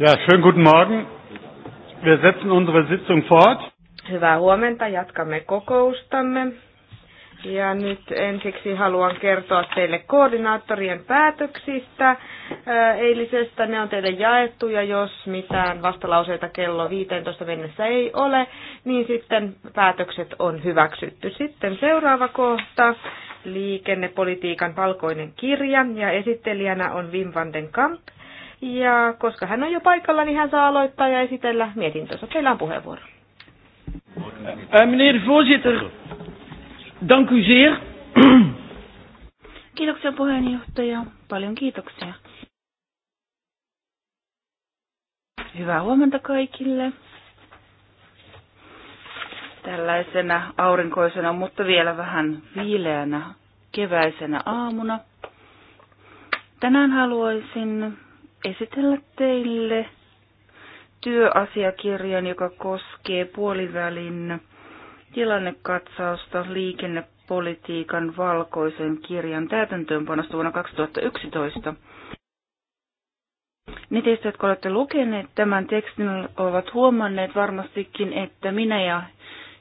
Ja, schönen guten Morgen. Wir setzen unsere Sitzung fort. Hyvää huomenta, jatkamme kokoustamme. Ja nyt ensiksi haluan kertoa teille koordinaattorien päätöksistä äh, eilisestä. Ne on teille jaettu ja jos mitään vastalauseita kello 15 mennessä ei ole, niin sitten päätökset on hyväksytty. Sitten seuraava kohta, liikennepolitiikan valkoinen kirja ja esittelijänä on Wim van den Kamp. Ja koska hän on jo paikalla, niin hän saa aloittaa ja esitellä mietintönsä. Teillä on puheenvuoro. Eh, meneer voorzitter, dank u zeer. Kiitoksia puheenjohtaja. Paljon kiitoksia. Hyvää huomenta kaikille. Tällaisena aurinkoisena, mutta vielä vähän viileänä keväisenä aamuna. Tänään haluaisin esitellä teille työasiakirjan, joka koskee puolivälin tilannekatsausta liikennepolitiikan valkoisen kirjan täytäntöönpanosta vuonna 2011. Ne teistä, jotka olette lukeneet tämän tekstin, ovat huomanneet varmastikin, että minä ja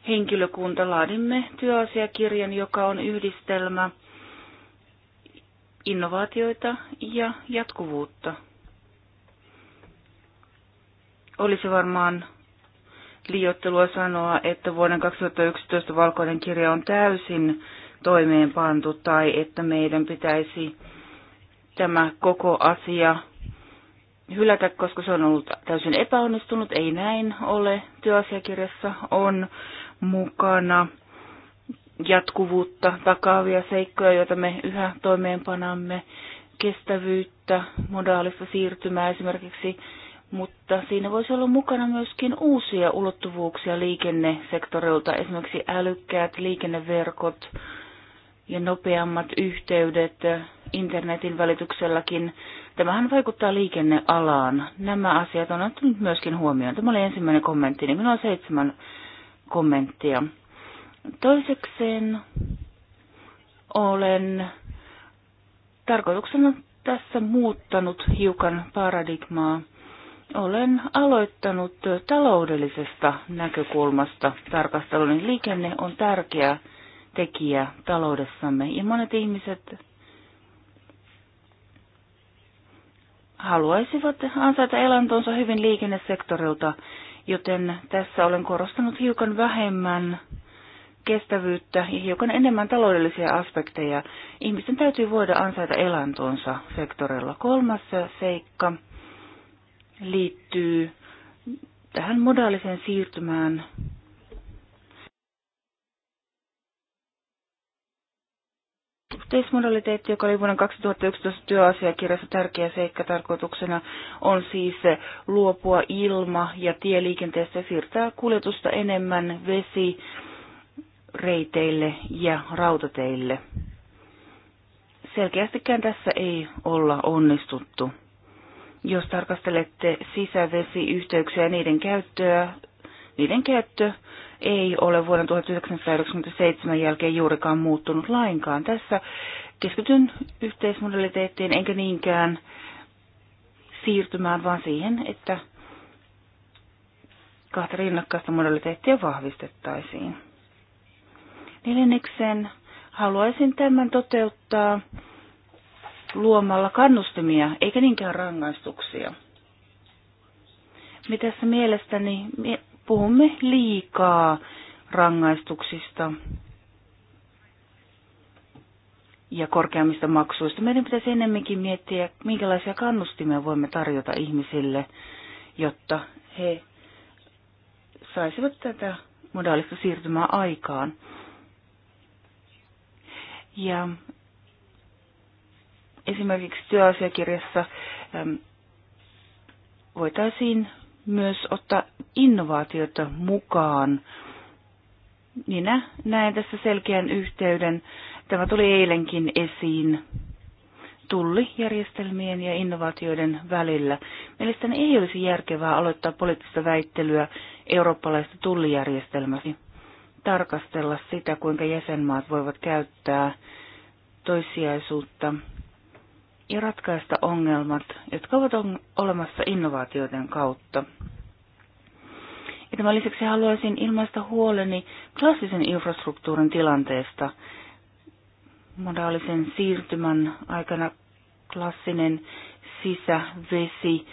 henkilökunta laadimme työasiakirjan, joka on yhdistelmä innovaatioita ja jatkuvuutta olisi varmaan liiottelua sanoa, että vuoden 2011 valkoinen kirja on täysin toimeenpantu tai että meidän pitäisi tämä koko asia hylätä, koska se on ollut täysin epäonnistunut. Ei näin ole. Työasiakirjassa on mukana jatkuvuutta takaavia seikkoja, joita me yhä toimeenpanamme, kestävyyttä, modaalista siirtymää esimerkiksi mutta siinä voisi olla mukana myöskin uusia ulottuvuuksia liikennesektorilta, esimerkiksi älykkäät liikenneverkot ja nopeammat yhteydet internetin välitykselläkin. Tämähän vaikuttaa liikennealaan. Nämä asiat on ottanut myöskin huomioon. Tämä oli ensimmäinen kommentti, niin minulla on seitsemän kommenttia. Toisekseen olen tarkoituksena tässä muuttanut hiukan paradigmaa – olen aloittanut taloudellisesta näkökulmasta tarkastelun. Liikenne on tärkeä tekijä taloudessamme ja monet ihmiset haluaisivat ansaita elantonsa hyvin liikennesektorilta, joten tässä olen korostanut hiukan vähemmän kestävyyttä ja hiukan enemmän taloudellisia aspekteja. Ihmisten täytyy voida ansaita elantonsa sektorilla. Kolmas seikka – liittyy tähän modaaliseen siirtymään Yhteismodaliteetti, joka oli vuonna 2011 työasiakirjassa tärkeä seikka tarkoituksena, on siis luopua ilma- ja tieliikenteestä ja siirtää kuljetusta enemmän vesi reiteille ja rautateille. Selkeästikään tässä ei olla onnistuttu. Jos tarkastelette sisävesiyhteyksiä ja niiden käyttöä, niiden käyttö ei ole vuoden 1997 jälkeen juurikaan muuttunut lainkaan. Tässä keskityn yhteismodaliteettiin enkä niinkään siirtymään, vaan siihen, että kahta rinnakkaista modaliteettia vahvistettaisiin. Neljänneksen haluaisin tämän toteuttaa luomalla kannustimia eikä niinkään rangaistuksia. Me tässä mielestäni me puhumme liikaa rangaistuksista ja korkeammista maksuista. Meidän pitäisi enemmänkin miettiä, minkälaisia kannustimia voimme tarjota ihmisille, jotta he saisivat tätä modaalista siirtymää aikaan. Ja esimerkiksi työasiakirjassa ähm, voitaisiin myös ottaa innovaatiota mukaan. Minä näen tässä selkeän yhteyden. Tämä tuli eilenkin esiin tullijärjestelmien ja innovaatioiden välillä. Mielestäni ei olisi järkevää aloittaa poliittista väittelyä eurooppalaista tullijärjestelmäsi. Tarkastella sitä, kuinka jäsenmaat voivat käyttää toissijaisuutta ja ratkaista ongelmat, jotka ovat on, olemassa innovaatioiden kautta. Ja tämän lisäksi haluaisin ilmaista huoleni klassisen infrastruktuurin tilanteesta. Modaalisen siirtymän aikana klassinen sisävesi,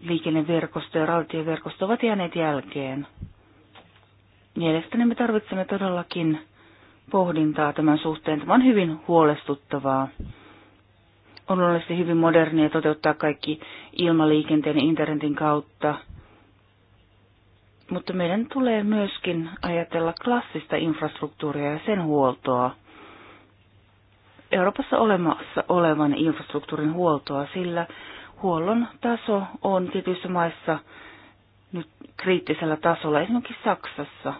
liikenneverkosto ja rautatieverkosto ovat jääneet jälkeen. Mielestäni me tarvitsemme todellakin pohdintaa tämän suhteen. Tämä on hyvin huolestuttavaa on luonnollisesti hyvin modernia toteuttaa kaikki ilmaliikenteen ja internetin kautta. Mutta meidän tulee myöskin ajatella klassista infrastruktuuria ja sen huoltoa. Euroopassa olemassa olevan infrastruktuurin huoltoa, sillä huollon taso on tietyissä maissa nyt kriittisellä tasolla, esimerkiksi Saksassa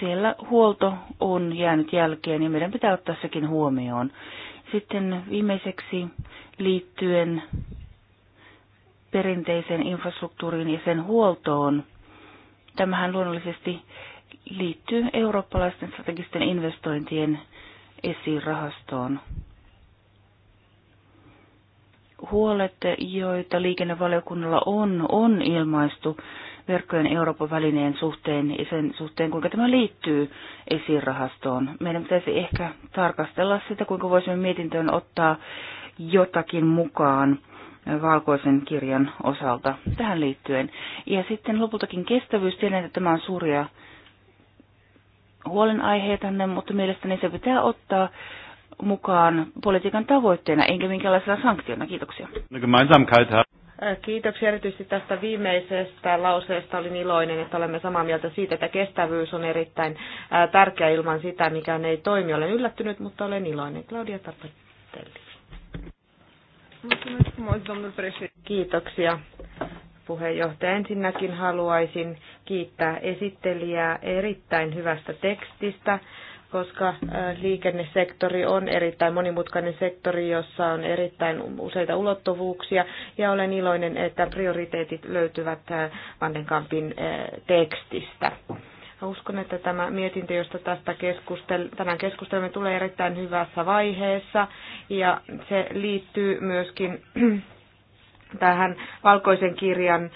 siellä huolto on jäänyt jälkeen ja niin meidän pitää ottaa sekin huomioon. Sitten viimeiseksi liittyen perinteiseen infrastruktuuriin ja sen huoltoon. Tämähän luonnollisesti liittyy eurooppalaisten strategisten investointien esirahastoon. Huolet, joita liikennevaliokunnalla on, on ilmaistu verkkojen Euroopan välineen suhteen ja niin sen suhteen, kuinka tämä liittyy esirahastoon. Meidän pitäisi ehkä tarkastella sitä, kuinka voisimme mietintöön ottaa jotakin mukaan valkoisen kirjan osalta tähän liittyen. Ja sitten lopultakin kestävyys. Tiedän, että tämä on suuria huolenaiheitanne, mutta mielestäni se pitää ottaa mukaan politiikan tavoitteena, enkä minkälaisena sanktiona. Kiitoksia. Kiitoksia erityisesti tästä viimeisestä lauseesta. Olin iloinen, että olemme samaa mieltä siitä, että kestävyys on erittäin tärkeä ilman sitä, mikä ei toimi. Olen yllättynyt, mutta olen iloinen. Claudia Tarpatelli. Kiitoksia puheenjohtaja. Ensinnäkin haluaisin kiittää esittelijää erittäin hyvästä tekstistä koska äh, liikennesektori on erittäin monimutkainen sektori, jossa on erittäin useita ulottuvuuksia, ja olen iloinen, että prioriteetit löytyvät äh, Vandenkampin äh, tekstistä. Uskon, että tämä mietintö, josta tästä keskustel, tänään keskustelemme, tulee erittäin hyvässä vaiheessa ja se liittyy myöskin tähän valkoisen kirjan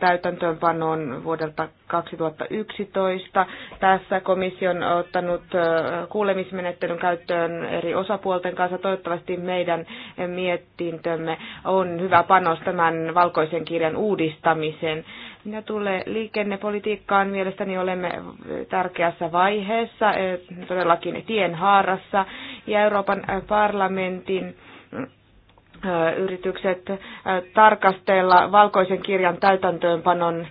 täytäntöönpanoon vuodelta 2011. Tässä komissio on ottanut kuulemismenettelyn käyttöön eri osapuolten kanssa. Toivottavasti meidän mietintömme on hyvä panos tämän valkoisen kirjan uudistamiseen. Minä tulee liikennepolitiikkaan, mielestäni olemme tärkeässä vaiheessa, todellakin tien haarassa, ja Euroopan parlamentin yritykset tarkastella valkoisen kirjan täytäntöönpanon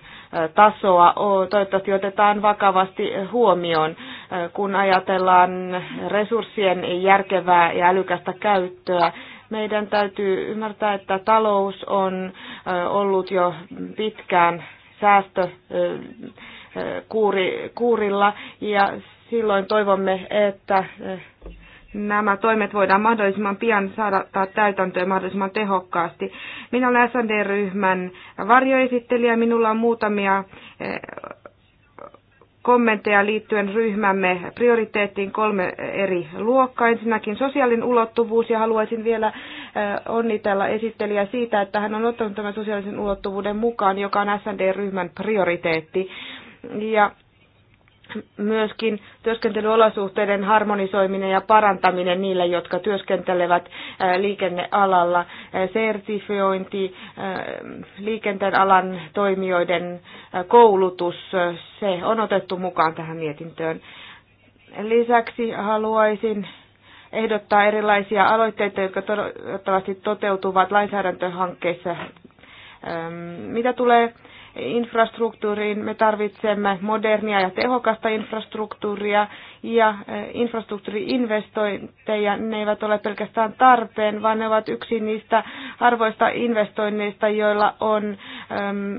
tasoa toivottavasti otetaan vakavasti huomioon, kun ajatellaan resurssien järkevää ja älykästä käyttöä. Meidän täytyy ymmärtää, että talous on ollut jo pitkään säästö kuurilla ja silloin toivomme, että nämä toimet voidaan mahdollisimman pian saada täytäntöön mahdollisimman tehokkaasti. Minä olen SND-ryhmän varjoesittelijä. Minulla on muutamia eh, kommentteja liittyen ryhmämme prioriteettiin kolme eri luokkaa. Ensinnäkin sosiaalinen ulottuvuus ja haluaisin vielä eh, onnitella esittelijä siitä, että hän on ottanut tämän sosiaalisen ulottuvuuden mukaan, joka on SND-ryhmän prioriteetti. Ja myöskin työskentelyolosuhteiden harmonisoiminen ja parantaminen niille, jotka työskentelevät liikennealalla, sertifiointi, liikenteen alan toimijoiden koulutus, se on otettu mukaan tähän mietintöön. Lisäksi haluaisin ehdottaa erilaisia aloitteita, jotka toivottavasti toteutuvat lainsäädäntöhankkeissa. Mitä tulee infrastruktuuriin. Me tarvitsemme modernia ja tehokasta infrastruktuuria ja eh, infrastruktuuriinvestointeja. Ne eivät ole pelkästään tarpeen, vaan ne ovat yksi niistä harvoista investoinneista, joilla on äm, ehm,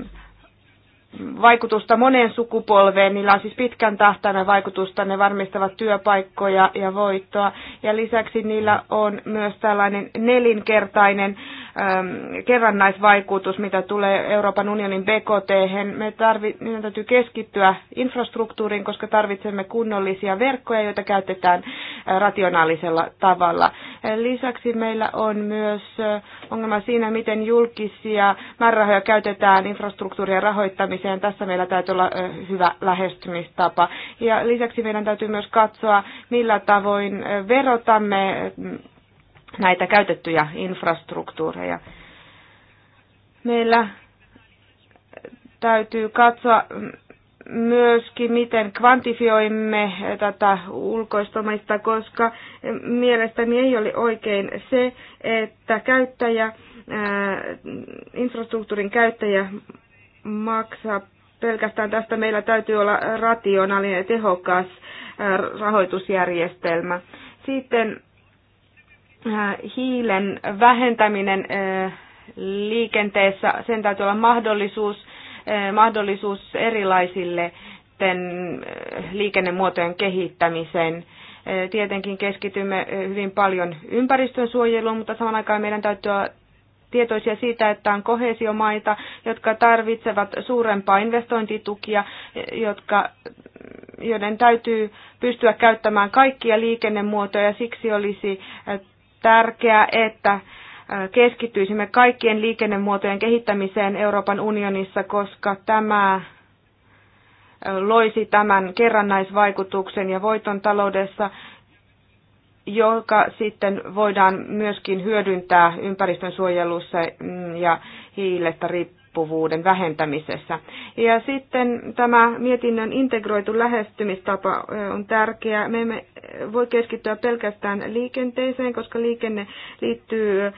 vaikutusta moneen sukupolveen. Niillä on siis pitkän tähtäimen vaikutusta. Ne varmistavat työpaikkoja ja voittoa. Ja lisäksi niillä on myös tällainen nelinkertainen Ähm, kerrannaisvaikutus, mitä tulee Euroopan unionin BKT. Me tarvi, meidän täytyy keskittyä infrastruktuuriin, koska tarvitsemme kunnollisia verkkoja, joita käytetään äh, rationaalisella tavalla. Äh, lisäksi meillä on myös äh, ongelma siinä, miten julkisia määrärahoja käytetään infrastruktuurien rahoittamiseen. Tässä meillä täytyy olla hyvä lähestymistapa. Ja lisäksi meidän täytyy myös katsoa, millä tavoin verotamme näitä käytettyjä infrastruktuureja. Meillä täytyy katsoa myöskin, miten kvantifioimme tätä ulkoistamista, koska mielestäni ei ole oikein se, että käyttäjä, infrastruktuurin käyttäjä maksaa pelkästään tästä. Meillä täytyy olla rationaalinen ja tehokas rahoitusjärjestelmä. Sitten Äh, hiilen vähentäminen äh, liikenteessä, sen täytyy olla mahdollisuus, äh, mahdollisuus erilaisille liikennemuotojen kehittämiseen. Tietenkin keskitymme hyvin paljon ympäristön suojeluun, mutta saman aikaan meidän täytyy olla tietoisia siitä, että on kohesiomaita, jotka tarvitsevat suurempaa investointitukia, jotka, joiden täytyy pystyä käyttämään kaikkia liikennemuotoja. Siksi olisi tärkeää, että äh, keskittyisimme kaikkien liikennemuotojen kehittämiseen Euroopan unionissa, koska tämä äh, loisi tämän kerrannaisvaikutuksen ja voiton taloudessa, joka sitten voidaan myöskin hyödyntää ympäristön suojelussa mm, ja hiilestä riippuen riippuvuuden vähentämisessä. Ja sitten tämä mietinnön integroitu lähestymistapa on tärkeä. Me emme voi keskittyä pelkästään liikenteeseen, koska liikenne liittyy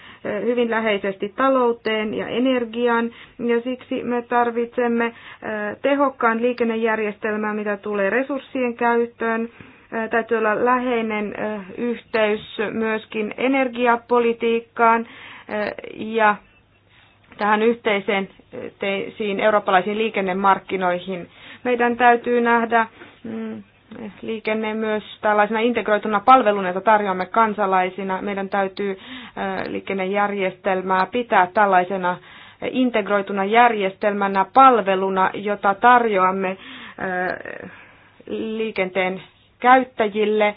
hyvin läheisesti talouteen ja energiaan, ja siksi me tarvitsemme tehokkaan liikennejärjestelmää, mitä tulee resurssien käyttöön, täytyy olla läheinen yhteys myöskin energiapolitiikkaan ja tähän yhteiseen teisiin eurooppalaisiin liikennemarkkinoihin. Meidän täytyy nähdä mm, liikenne myös tällaisena integroituna palveluna, jota tarjoamme kansalaisina. Meidän täytyy liikennejärjestelmää pitää tällaisena integroituna järjestelmänä, palveluna, jota tarjoamme liikenteen käyttäjille.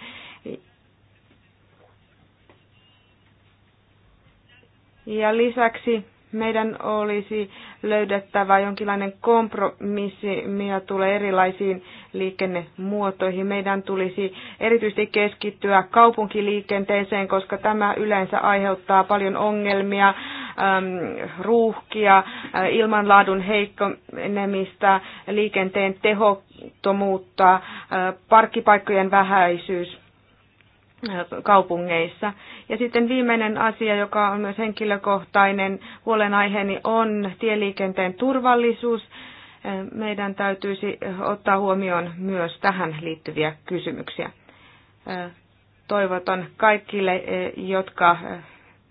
Ja lisäksi meidän olisi löydettävä jonkinlainen kompromissi, mitä tulee erilaisiin liikennemuotoihin. Meidän tulisi erityisesti keskittyä kaupunkiliikenteeseen, koska tämä yleensä aiheuttaa paljon ongelmia, ruuhkia, äh, ilmanlaadun heikkonemistä, liikenteen tehottomuutta, äh, parkkipaikkojen vähäisyys kaupungeissa. Ja sitten viimeinen asia, joka on myös henkilökohtainen huolenaiheeni, on tieliikenteen turvallisuus. Meidän täytyisi ottaa huomioon myös tähän liittyviä kysymyksiä. Toivotan kaikille, jotka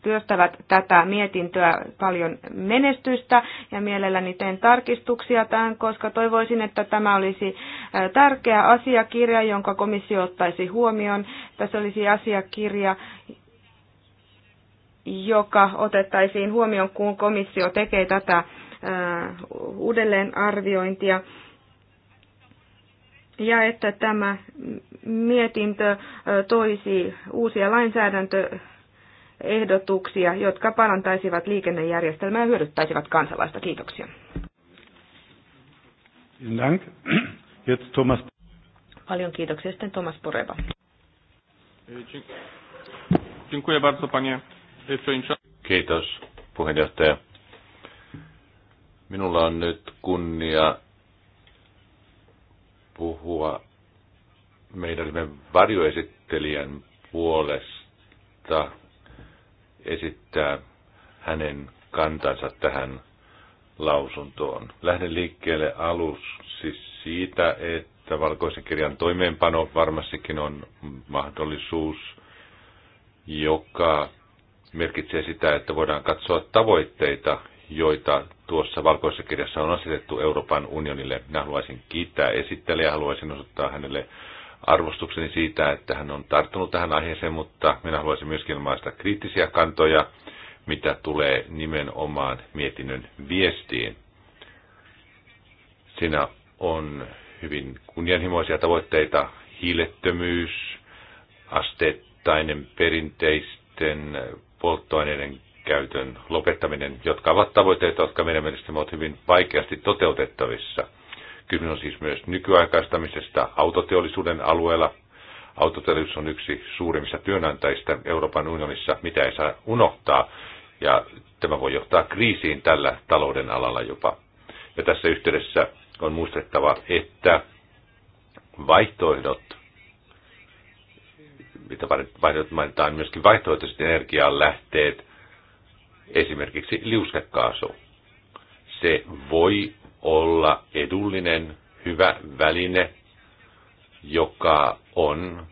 työstävät tätä mietintöä paljon menestystä ja mielelläni teen tarkistuksia tähän, koska toivoisin, että tämä olisi äh, tärkeä asiakirja, jonka komissio ottaisi huomioon. Tässä olisi asiakirja, joka otettaisiin huomioon, kun komissio tekee tätä äh, uudelleenarviointia. Ja että tämä mietintö äh, toisi uusia lainsäädäntö ehdotuksia, jotka parantaisivat liikennejärjestelmää ja hyödyttäisivät kansalaista. Kiitoksia. Dank. Jetzt Thomas. Paljon kiitoksia. Sitten Thomas Poreba. Dziękuję bardzo, panie Kiitos, puheenjohtaja. Minulla on nyt kunnia puhua meidän varjoesittelijän puolesta esittää hänen kantansa tähän lausuntoon. Lähden liikkeelle alus siis siitä, että valkoisen kirjan toimeenpano varmastikin on mahdollisuus, joka merkitsee sitä, että voidaan katsoa tavoitteita, joita tuossa valkoisessa kirjassa on asetettu Euroopan unionille. Minä haluaisin kiittää esittelijä, haluaisin osoittaa hänelle arvostukseni siitä, että hän on tarttunut tähän aiheeseen, mutta minä haluaisin myöskin maista kriittisiä kantoja, mitä tulee nimenomaan mietinnön viestiin. Siinä on hyvin kunnianhimoisia tavoitteita, hiilettömyys, asteittainen perinteisten polttoaineiden käytön lopettaminen, jotka ovat tavoitteita, jotka meidän mielestämme ovat hyvin vaikeasti toteutettavissa – Kysymys on siis myös nykyaikaistamisesta autoteollisuuden alueella. Autoteollisuus on yksi suurimmista työnantajista Euroopan unionissa, mitä ei saa unohtaa. Ja tämä voi johtaa kriisiin tällä talouden alalla jopa. Ja tässä yhteydessä on muistettava, että vaihtoehdot, mitä vaihtoehdot mainitaan, myöskin vaihtoehtoiset energialähteet, esimerkiksi liuskekaasu, se voi olla edullinen, hyvä väline, joka on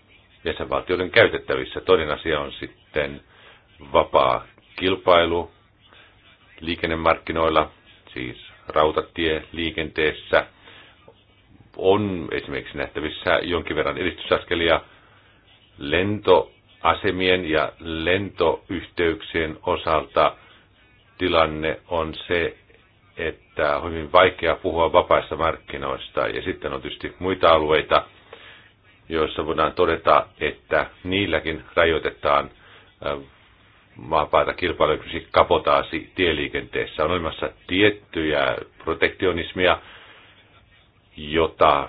jäsenvaltioiden käytettävissä. Toinen asia on sitten vapaa kilpailu liikennemarkkinoilla, siis rautatie liikenteessä. On esimerkiksi nähtävissä jonkin verran edistysaskelia lentoasemien ja lentoyhteyksien osalta tilanne on se, että on hyvin vaikea puhua vapaista markkinoista. Ja sitten on tietysti muita alueita, joissa voidaan todeta, että niilläkin rajoitetaan maanpäätä kilpailuja, kapotaasi tieliikenteessä. On olemassa tiettyjä protektionismia, jota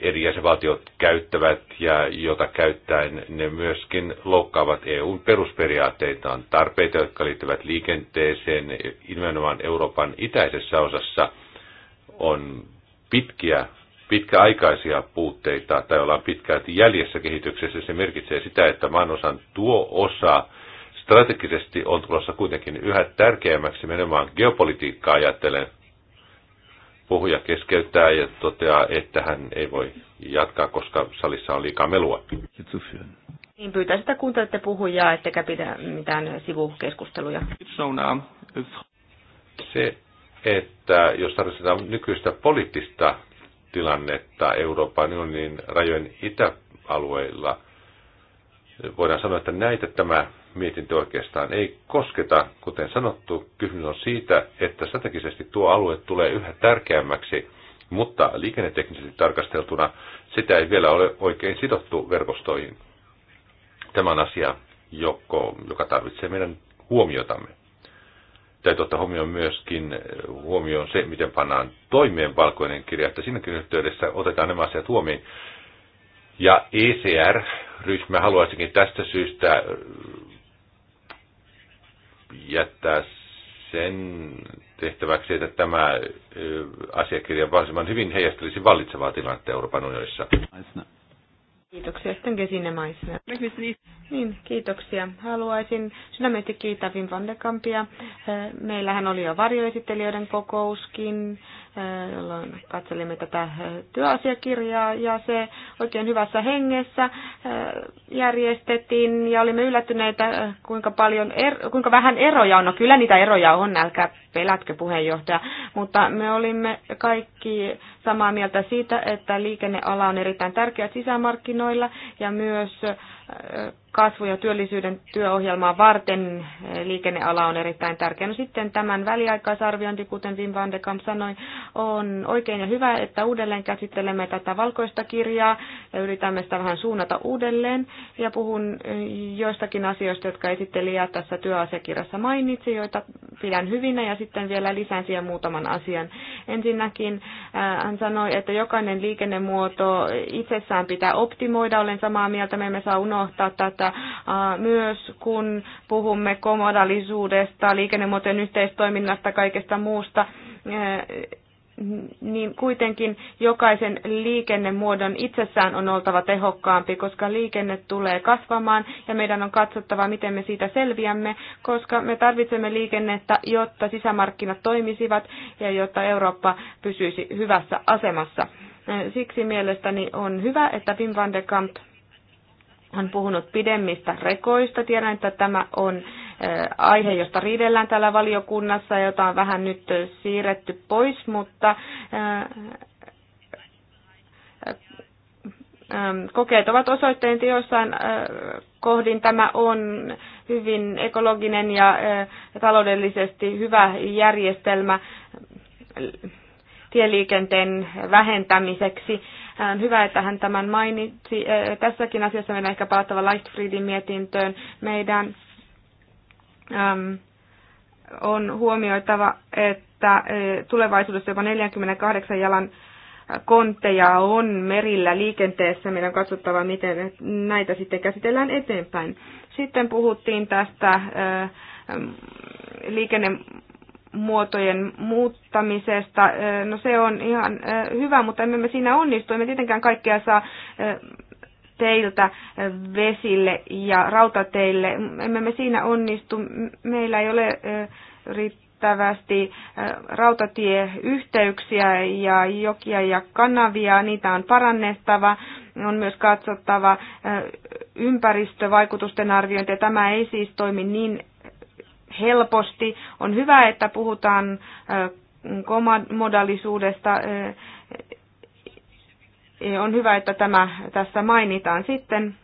eri jäsenvaltiot käyttävät ja jota käyttäen ne myöskin loukkaavat EUn perusperiaatteitaan, tarpeita, jotka liittyvät liikenteeseen. Nimenomaan Euroopan itäisessä osassa on pitkiä, pitkäaikaisia puutteita tai ollaan pitkälti jäljessä kehityksessä. Se merkitsee sitä, että maanosan tuo osa strategisesti on tulossa kuitenkin yhä tärkeämmäksi menemään geopolitiikkaa ajatellen. Puhuja keskeyttää ja toteaa, että hän ei voi jatkaa, koska salissa on liikaa melua. Niin pyytää sitä kuuntelette puhujaa, ettekä pidä mitään sivukeskusteluja. Se, että jos tarvitaan nykyistä poliittista tilannetta Euroopan unionin rajojen itäalueilla, voidaan sanoa, että näitä tämä mietintö oikeastaan ei kosketa. Kuten sanottu, kysymys on siitä, että strategisesti tuo alue tulee yhä tärkeämmäksi, mutta liikenneteknisesti tarkasteltuna sitä ei vielä ole oikein sidottu verkostoihin. Tämä on asia, joko, joka tarvitsee meidän huomiotamme. Täytyy ottaa huomioon myöskin eh, huomioon se, miten pannaan toimeen valkoinen kirja, että siinäkin yhteydessä otetaan nämä asiat huomioon. Ja ECR-ryhmä haluaisikin tästä syystä eh, jättää sen tehtäväksi, että tämä asiakirja varsin hyvin heijastelisi vallitsevaa tilannetta Euroopan unionissa. Kiitoksia. Sitten Gesine Maisner. Niin, kiitoksia. Haluaisin sydämesti kiittää Wim van de Meillähän oli jo varjoesittelijöiden kokouskin jolloin katselimme tätä eh, työasiakirjaa ja se oikein hyvässä hengessä eh, järjestettiin ja olimme yllättyneitä, eh, kuinka, paljon er, kuinka vähän eroja on. No kyllä niitä eroja on, älkää pelätkö puheenjohtaja, mutta me olimme kaikki samaa mieltä siitä, että liikenneala on erittäin tärkeä sisämarkkinoilla ja myös kasvu- ja työllisyyden työohjelmaa varten liikenneala on erittäin tärkeä. No sitten tämän väliaikaisarviointi, kuten Wim van de Kamp sanoi, on oikein ja hyvä, että uudelleen käsittelemme tätä valkoista kirjaa ja yritämme sitä vähän suunnata uudelleen. Ja puhun joistakin asioista, jotka esittelijä tässä työasiakirjassa mainitsi, joita pidän hyvinä ja sitten vielä lisään siihen muutaman asian. Ensinnäkin äh, hän sanoi, että jokainen liikennemuoto itsessään pitää optimoida. Olen samaa mieltä, me emme saa unohtaa tätä huomiota myös, kun puhumme komodallisuudesta, liikennemuotojen yhteistoiminnasta, kaikesta muusta niin kuitenkin jokaisen liikennemuodon itsessään on oltava tehokkaampi, koska liikenne tulee kasvamaan ja meidän on katsottava, miten me siitä selviämme, koska me tarvitsemme liikennettä, jotta sisämarkkinat toimisivat ja jotta Eurooppa pysyisi hyvässä asemassa. Siksi mielestäni on hyvä, että Wim van de Kamp on puhunut pidemmistä rekoista. Tiedän, että tämä on aihe, josta riidellään täällä valiokunnassa, jota on vähän nyt siirretty pois, mutta kokeet ovat osoitteet, joissain kohdin tämä on hyvin ekologinen ja taloudellisesti hyvä järjestelmä tieliikenteen vähentämiseksi, on hyvä, että hän tämän mainitsi. Tässäkin asiassa meidän ehkä palattava Lightfriedin mietintöön. Meidän on huomioitava, että tulevaisuudessa jopa 48 jalan kontteja on merillä liikenteessä. Meidän on katsottava, miten näitä sitten käsitellään eteenpäin. Sitten puhuttiin tästä liikenne muotojen muuttamisesta. No se on ihan hyvä, mutta emme me siinä onnistu. Emme tietenkään kaikkea saa teiltä vesille ja rautateille. Emme me siinä onnistu. Meillä ei ole riittävästi rautatieyhteyksiä ja jokia ja kanavia. Niitä on parannettava. On myös katsottava ympäristövaikutusten arviointia. Tämä ei siis toimi niin helposti. On hyvä, että puhutaan komodallisuudesta. On hyvä, että tämä tässä mainitaan sitten.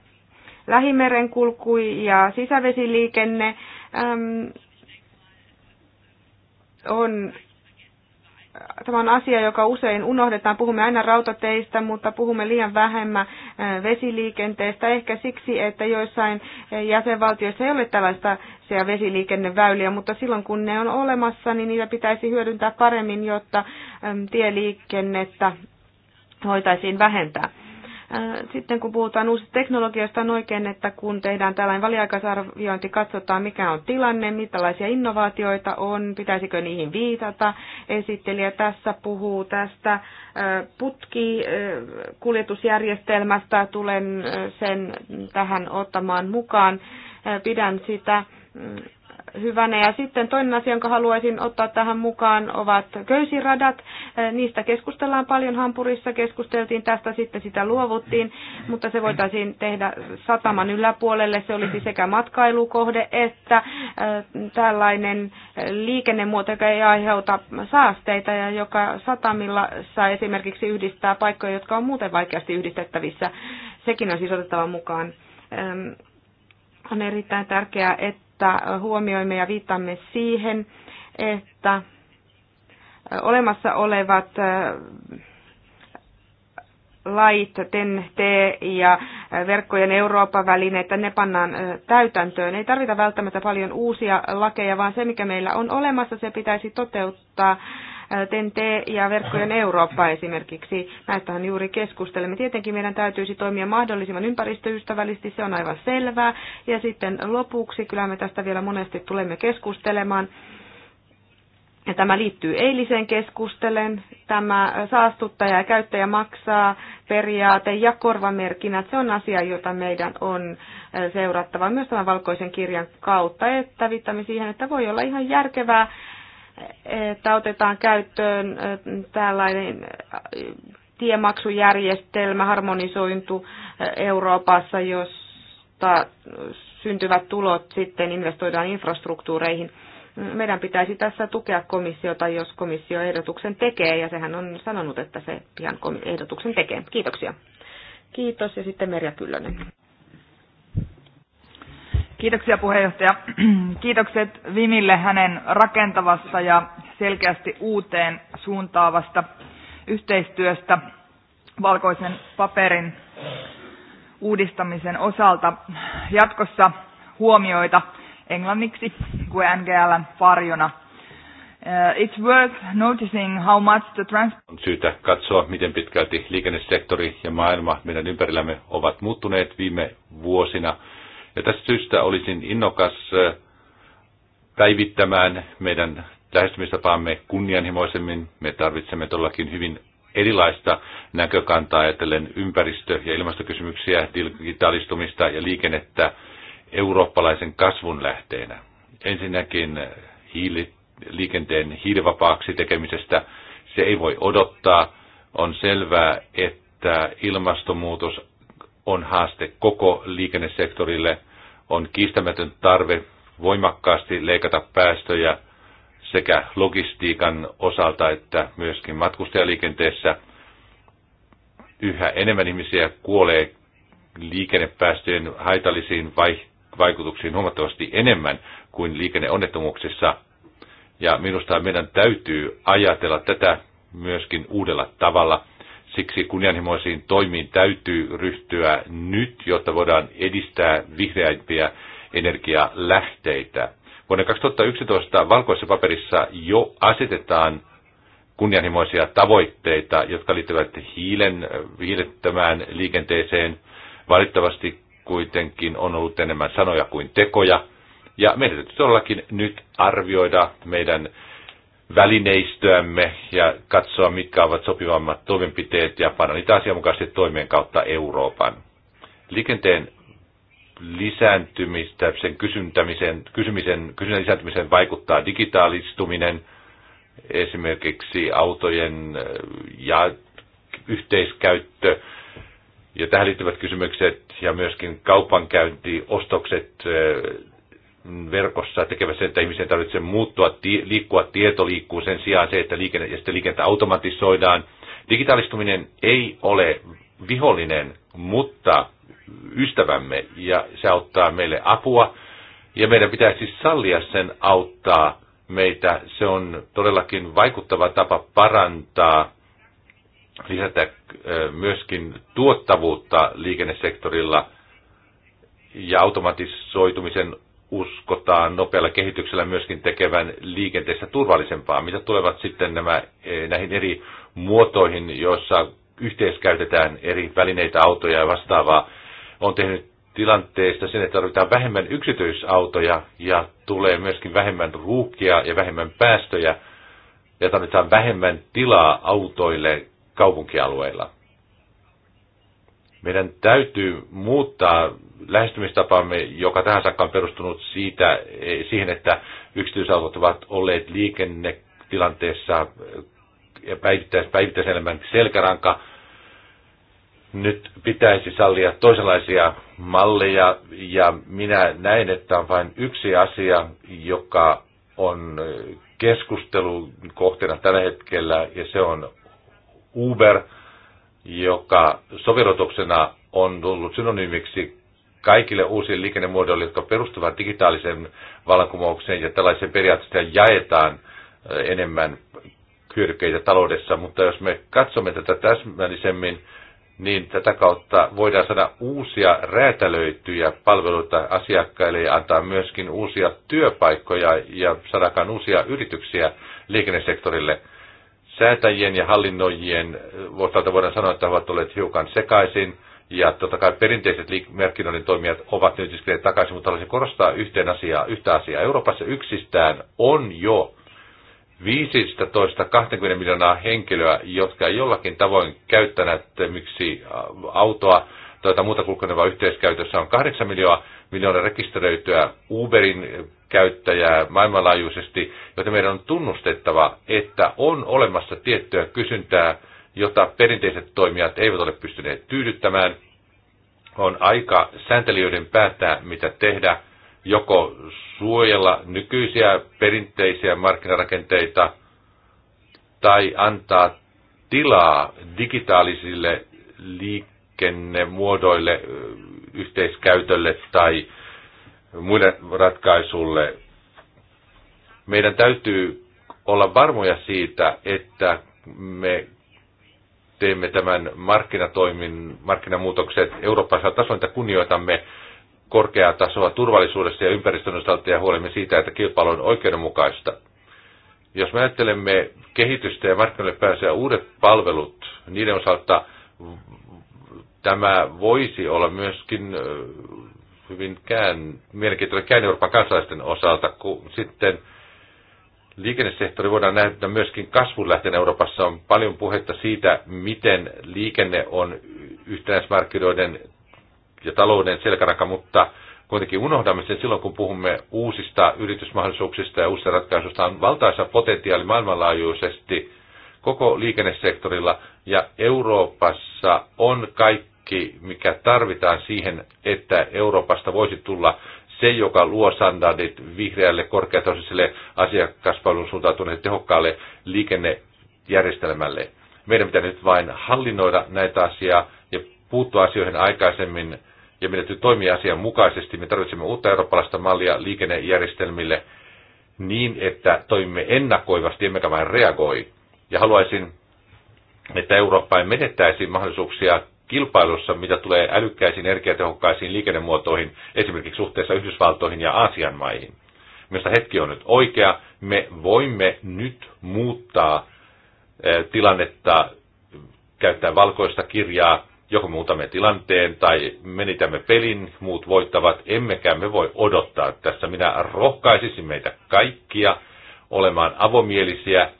Lähimerenkulku ja sisävesiliikenne on tämä on asia, joka usein unohdetaan. Puhumme aina rautateistä, mutta puhumme liian vähemmän vesiliikenteestä. Ehkä siksi, että joissain jäsenvaltioissa ei ole tällaista ja vesiliikenneväyliä, mutta silloin kun ne on olemassa, niin niitä pitäisi hyödyntää paremmin, jotta tieliikennettä voitaisiin vähentää. Sitten kun puhutaan uusista teknologioista, on oikein, että kun tehdään tällainen väliaikaisarviointi, katsotaan mikä on tilanne, mitälaisia innovaatioita on, pitäisikö niihin viitata. Esittelijä tässä puhuu tästä putkikuljetusjärjestelmästä, tulen sen tähän ottamaan mukaan. Pidän sitä Mm, hyvänä. Ja sitten toinen asia, jonka haluaisin ottaa tähän mukaan, ovat köysiradat. Niistä keskustellaan paljon Hampurissa, keskusteltiin tästä, sitten sitä luovuttiin, mutta se voitaisiin tehdä sataman yläpuolelle. Se olisi sekä matkailukohde että tällainen liikennemuoto, joka ei aiheuta saasteita ja joka satamilla saa esimerkiksi yhdistää paikkoja, jotka on muuten vaikeasti yhdistettävissä. Sekin on siis otettava mukaan on erittäin tärkeää, että että huomioimme ja viittamme siihen, että olemassa olevat lait, ten ja verkkojen Euroopan väline, että ne pannaan täytäntöön. Ei tarvita välttämättä paljon uusia lakeja, vaan se, mikä meillä on olemassa, se pitäisi toteuttaa TNT ja verkkojen Eurooppa esimerkiksi. Näistähän juuri keskustelemme. Tietenkin meidän täytyisi toimia mahdollisimman ympäristöystävällisesti, se on aivan selvää. Ja sitten lopuksi, kyllä me tästä vielä monesti tulemme keskustelemaan. Ja tämä liittyy eiliseen keskustelen. Tämä saastuttaja ja käyttäjä maksaa periaate ja korvamerkinnät, se on asia, jota meidän on seurattava myös tämän valkoisen kirjan kautta, että viittamme siihen, että voi olla ihan järkevää että otetaan käyttöön tällainen tiemaksujärjestelmä, harmonisointu Euroopassa, josta syntyvät tulot sitten investoidaan infrastruktuureihin. Meidän pitäisi tässä tukea komissiota, jos komissio ehdotuksen tekee, ja sehän on sanonut, että se pian ehdotuksen tekee. Kiitoksia. Kiitos, ja sitten Merja Kyllönen. Kiitoksia puheenjohtaja. Kiitokset Vimille hänen rakentavasta ja selkeästi uuteen suuntaavasta yhteistyöstä valkoisen paperin uudistamisen osalta. Jatkossa huomioita englanniksi kuin NGLn varjona. Uh, it's worth noticing how much the transport On syytä katsoa, miten pitkälti liikennesektori ja maailma meidän ympärillämme ovat muuttuneet viime vuosina – ja tästä syystä olisin innokas päivittämään meidän lähestymistapaamme kunnianhimoisemmin. Me tarvitsemme todellakin hyvin erilaista näkökantaa ajatellen ympäristö- ja ilmastokysymyksiä, digitalistumista ja liikennettä eurooppalaisen kasvun lähteenä. Ensinnäkin hiili, liikenteen hiilivapaaksi tekemisestä se ei voi odottaa. On selvää, että ilmastonmuutos on haaste koko liikennesektorille. On kiistämätön tarve voimakkaasti leikata päästöjä sekä logistiikan osalta että myöskin matkustajaliikenteessä. Yhä enemmän ihmisiä kuolee liikennepäästöjen haitallisiin vaikutuksiin huomattavasti enemmän kuin liikenneonnettomuuksissa. Ja minusta meidän täytyy ajatella tätä myöskin uudella tavalla – Siksi kunnianhimoisiin toimiin täytyy ryhtyä nyt, jotta voidaan edistää vihreämpiä energialähteitä. Vuonna 2011 valkoisessa paperissa jo asetetaan kunnianhimoisia tavoitteita, jotka liittyvät hiilen, hiilettömään liikenteeseen. Valitettavasti kuitenkin on ollut enemmän sanoja kuin tekoja. Ja meidän täytyy todellakin nyt arvioida meidän välineistöämme ja katsoa, mitkä ovat sopivammat toimenpiteet ja panna niitä asianmukaisesti toimeen kautta Euroopan. Liikenteen lisääntymistä, sen kysymisen, kysymisen, kysymisen lisääntymiseen vaikuttaa digitaalistuminen, esimerkiksi autojen äh, ja yhteiskäyttö ja tähän liittyvät kysymykset ja myöskin kaupankäynti, ostokset äh, verkossa tekevässä sen, että ihmisen tarvitsee muuttua, liikkua, tieto liikkuu sen sijaan se, että liikenne, ja sitten liikennettä automatisoidaan. Digitaalistuminen ei ole vihollinen, mutta ystävämme, ja se auttaa meille apua, ja meidän pitää siis sallia sen auttaa meitä. Se on todellakin vaikuttava tapa parantaa, lisätä myöskin tuottavuutta liikennesektorilla, ja automatisoitumisen uskotaan nopealla kehityksellä myöskin tekevän liikenteestä turvallisempaa. Mitä tulevat sitten nämä, eh, näihin eri muotoihin, joissa yhteiskäytetään eri välineitä, autoja ja vastaavaa, on tehnyt tilanteesta sen, että tarvitaan vähemmän yksityisautoja ja tulee myöskin vähemmän ruuhkia ja vähemmän päästöjä ja tarvitaan vähemmän tilaa autoille kaupunkialueilla. Meidän täytyy muuttaa lähestymistapamme, joka tähän saakka on perustunut siitä, e, siihen, että yksityisautot ovat olleet liikennetilanteessa e, päivittäis, päivittäiselämän selkäranka, nyt pitäisi sallia toisenlaisia malleja, ja minä näen, että on vain yksi asia, joka on keskustelun kohteena tällä hetkellä, ja se on Uber, joka sovellutuksena on tullut synonyymiksi kaikille uusille liikennemuodoille, jotka perustuvat digitaaliseen vallankumoukseen ja tällaisen periaatteessa jaetaan äh, enemmän hyödykkeitä taloudessa, mutta jos me katsomme tätä täsmällisemmin, niin tätä kautta voidaan saada uusia räätälöityjä palveluita asiakkaille ja antaa myöskin uusia työpaikkoja ja saadaan uusia yrityksiä liikennesektorille. Säätäjien ja hallinnoijien äh, voidaan sanoa, että ovat olleet hiukan sekaisin. Ja totta kai perinteiset markkinoinnin toimijat ovat nyt iskeneet takaisin, mutta haluaisin korostaa yhteen asiaa, yhtä asiaa. Euroopassa yksistään on jo 15-20 miljoonaa henkilöä, jotka jollakin tavoin käyttävät miksi autoa tai muuta kulkenevaa yhteiskäytössä on 8 miljoonaa, miljoonaa rekisteröityä Uberin käyttäjää maailmanlaajuisesti, joten meidän on tunnustettava, että on olemassa tiettyä kysyntää – jota perinteiset toimijat eivät ole pystyneet tyydyttämään. On aika sääntelijöiden päättää, mitä tehdä, joko suojella nykyisiä perinteisiä markkinarakenteita tai antaa tilaa digitaalisille liikennemuodoille, yhteiskäytölle tai muille ratkaisuille. Meidän täytyy olla varmoja siitä, että me teemme tämän markkinatoimin, markkinamuutokset eurooppalaisella tasolla, että kunnioitamme korkeaa tasoa turvallisuudessa ja ympäristön osalta ja huolemme siitä, että kilpailu on oikeudenmukaista. Jos me ajattelemme kehitystä ja markkinoille pääsyä uudet palvelut, niiden osalta tämä voisi olla myöskin hyvin kään, mielenkiintoinen kään Euroopan kansalaisten osalta, kun sitten – liikennesektori voidaan nähdä myöskin kasvun lähteen Euroopassa. On paljon puhetta siitä, miten liikenne on yhtenäismarkkinoiden ja talouden selkäranka, mutta kuitenkin unohdamme sen silloin, kun puhumme uusista yritysmahdollisuuksista ja uusista ratkaisuista. On valtaisa potentiaali maailmanlaajuisesti koko liikennesektorilla ja Euroopassa on kaikki, mikä tarvitaan siihen, että Euroopasta voisi tulla se, joka luo standardit vihreälle, korkeatasoiselle asiakaspalvelun suuntautuneelle tehokkaalle liikennejärjestelmälle. Meidän pitää nyt vain hallinnoida näitä asiaa ja puuttua asioihin aikaisemmin ja meidän täytyy toimia asian mukaisesti. Me tarvitsemme uutta eurooppalaista mallia liikennejärjestelmille niin, että toimimme ennakoivasti, emmekä vain reagoi. Ja haluaisin, että Eurooppa ei menettäisi mahdollisuuksia kilpailussa, mitä tulee älykkäisiin, energiatehokkaisiin liikennemuotoihin, esimerkiksi suhteessa Yhdysvaltoihin ja Aasian maihin. Minusta hetki on nyt oikea. Me voimme nyt muuttaa eh, tilannetta käyttää valkoista kirjaa, joko muutamme tilanteen tai menitämme pelin, muut voittavat, emmekä me voi odottaa tässä. Minä rohkaisisin meitä kaikkia olemaan avomielisiä,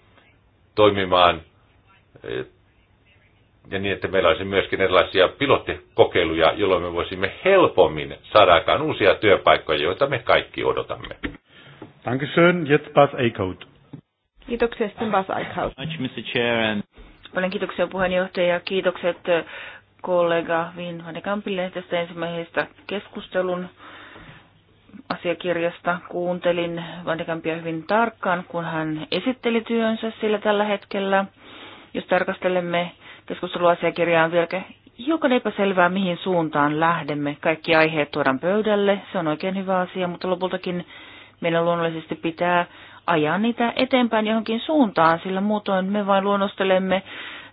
toimimaan eh, ja niin, että meillä olisi myöskin erilaisia pilottikokeiluja, jolloin me voisimme helpommin saada aikaan uusia työpaikkoja, joita me kaikki odotamme. Dankeschön, jetzt Bas Eichhout. Kiitoksia sitten Bas Eichhout. Paljon kiitoksia puheenjohtaja ja kiitokset kollega Vin Vanekampille tästä ensimmäisestä keskustelun asiakirjasta. Kuuntelin Vandekampia hyvin tarkkaan, kun hän esitteli työnsä, sillä tällä hetkellä, jos tarkastelemme keskusteluasiakirjaan vielä hiukan epäselvää, mihin suuntaan lähdemme. Kaikki aiheet tuodaan pöydälle, se on oikein hyvä asia, mutta lopultakin meidän luonnollisesti pitää ajaa niitä eteenpäin johonkin suuntaan, sillä muutoin me vain luonnostelemme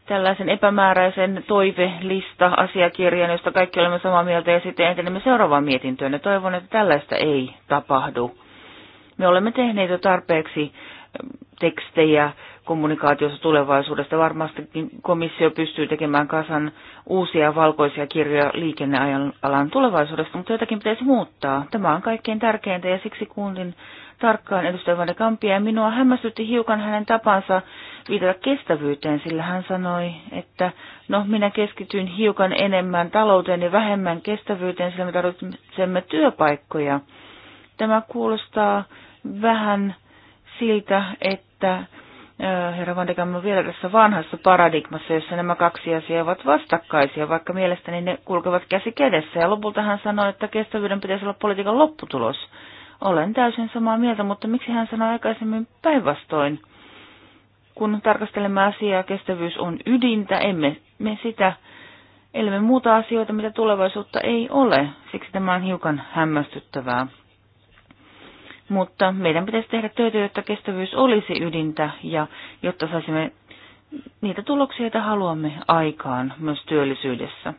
tällaisen epämääräisen toivelista-asiakirjan, josta kaikki olemme samaa mieltä ja sitten etenemme seuraavaan mietintöön. Ja toivon, että tällaista ei tapahdu. Me olemme tehneet jo tarpeeksi tekstejä kommunikaatiossa tulevaisuudesta. Varmastikin komissio pystyy tekemään kasan uusia valkoisia kirjoja liikennealan tulevaisuudesta, mutta jotakin pitäisi muuttaa. Tämä on kaikkein tärkeintä ja siksi kuuntin tarkkaan edustaja Vanne Kampia ja minua hämmästytti hiukan hänen tapansa viitata kestävyyteen, sillä hän sanoi, että no minä keskityin hiukan enemmän talouteen ja vähemmän kestävyyteen, sillä me tarvitsemme työpaikkoja. Tämä kuulostaa vähän siltä, että herra Van de vielä tässä vanhassa paradigmassa, jossa nämä kaksi asiaa ovat vastakkaisia, vaikka mielestäni ne kulkevat käsi kädessä. Ja lopulta hän sanoi, että kestävyyden pitäisi olla politiikan lopputulos. Olen täysin samaa mieltä, mutta miksi hän sanoi aikaisemmin päinvastoin? Kun tarkastelemme asiaa, kestävyys on ydintä, emme me sitä, ellei muuta asioita, mitä tulevaisuutta ei ole. Siksi tämä on hiukan hämmästyttävää mutta meidän pitäisi tehdä töitä, jotta kestävyys olisi ydintä ja jotta saisimme niitä tuloksia, joita haluamme aikaan myös työllisyydessä.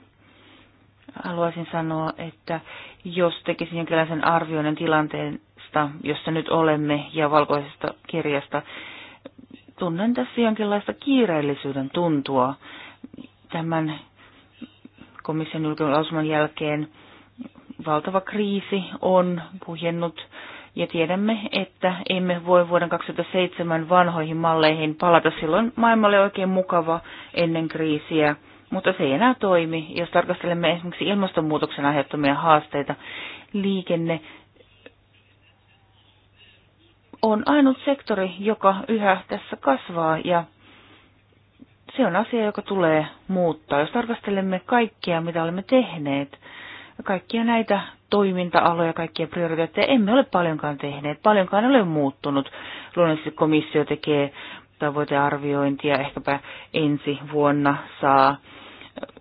Haluaisin sanoa, että jos tekisin jonkinlaisen arvioinnin tilanteesta, jossa nyt olemme, ja valkoisesta kirjasta, tunnen tässä jonkinlaista kiireellisyyden tuntua tämän komission julkilausuman jälkeen. Valtava kriisi on puhjennut ja tiedämme, että emme voi vuoden 2007 vanhoihin malleihin palata. Silloin maailma oli oikein mukava ennen kriisiä, mutta se ei enää toimi. Jos tarkastelemme esimerkiksi ilmastonmuutoksen aiheuttamia haasteita, liikenne on ainut sektori, joka yhä tässä kasvaa ja se on asia, joka tulee muuttaa. Jos tarkastelemme kaikkea, mitä olemme tehneet, kaikkia näitä toiminta-aloja, kaikkia prioriteetteja emme ole paljonkaan tehneet. Paljonkaan ole muuttunut. Luonnollisesti komissio tekee tavoitearviointia, ehkäpä ensi vuonna saa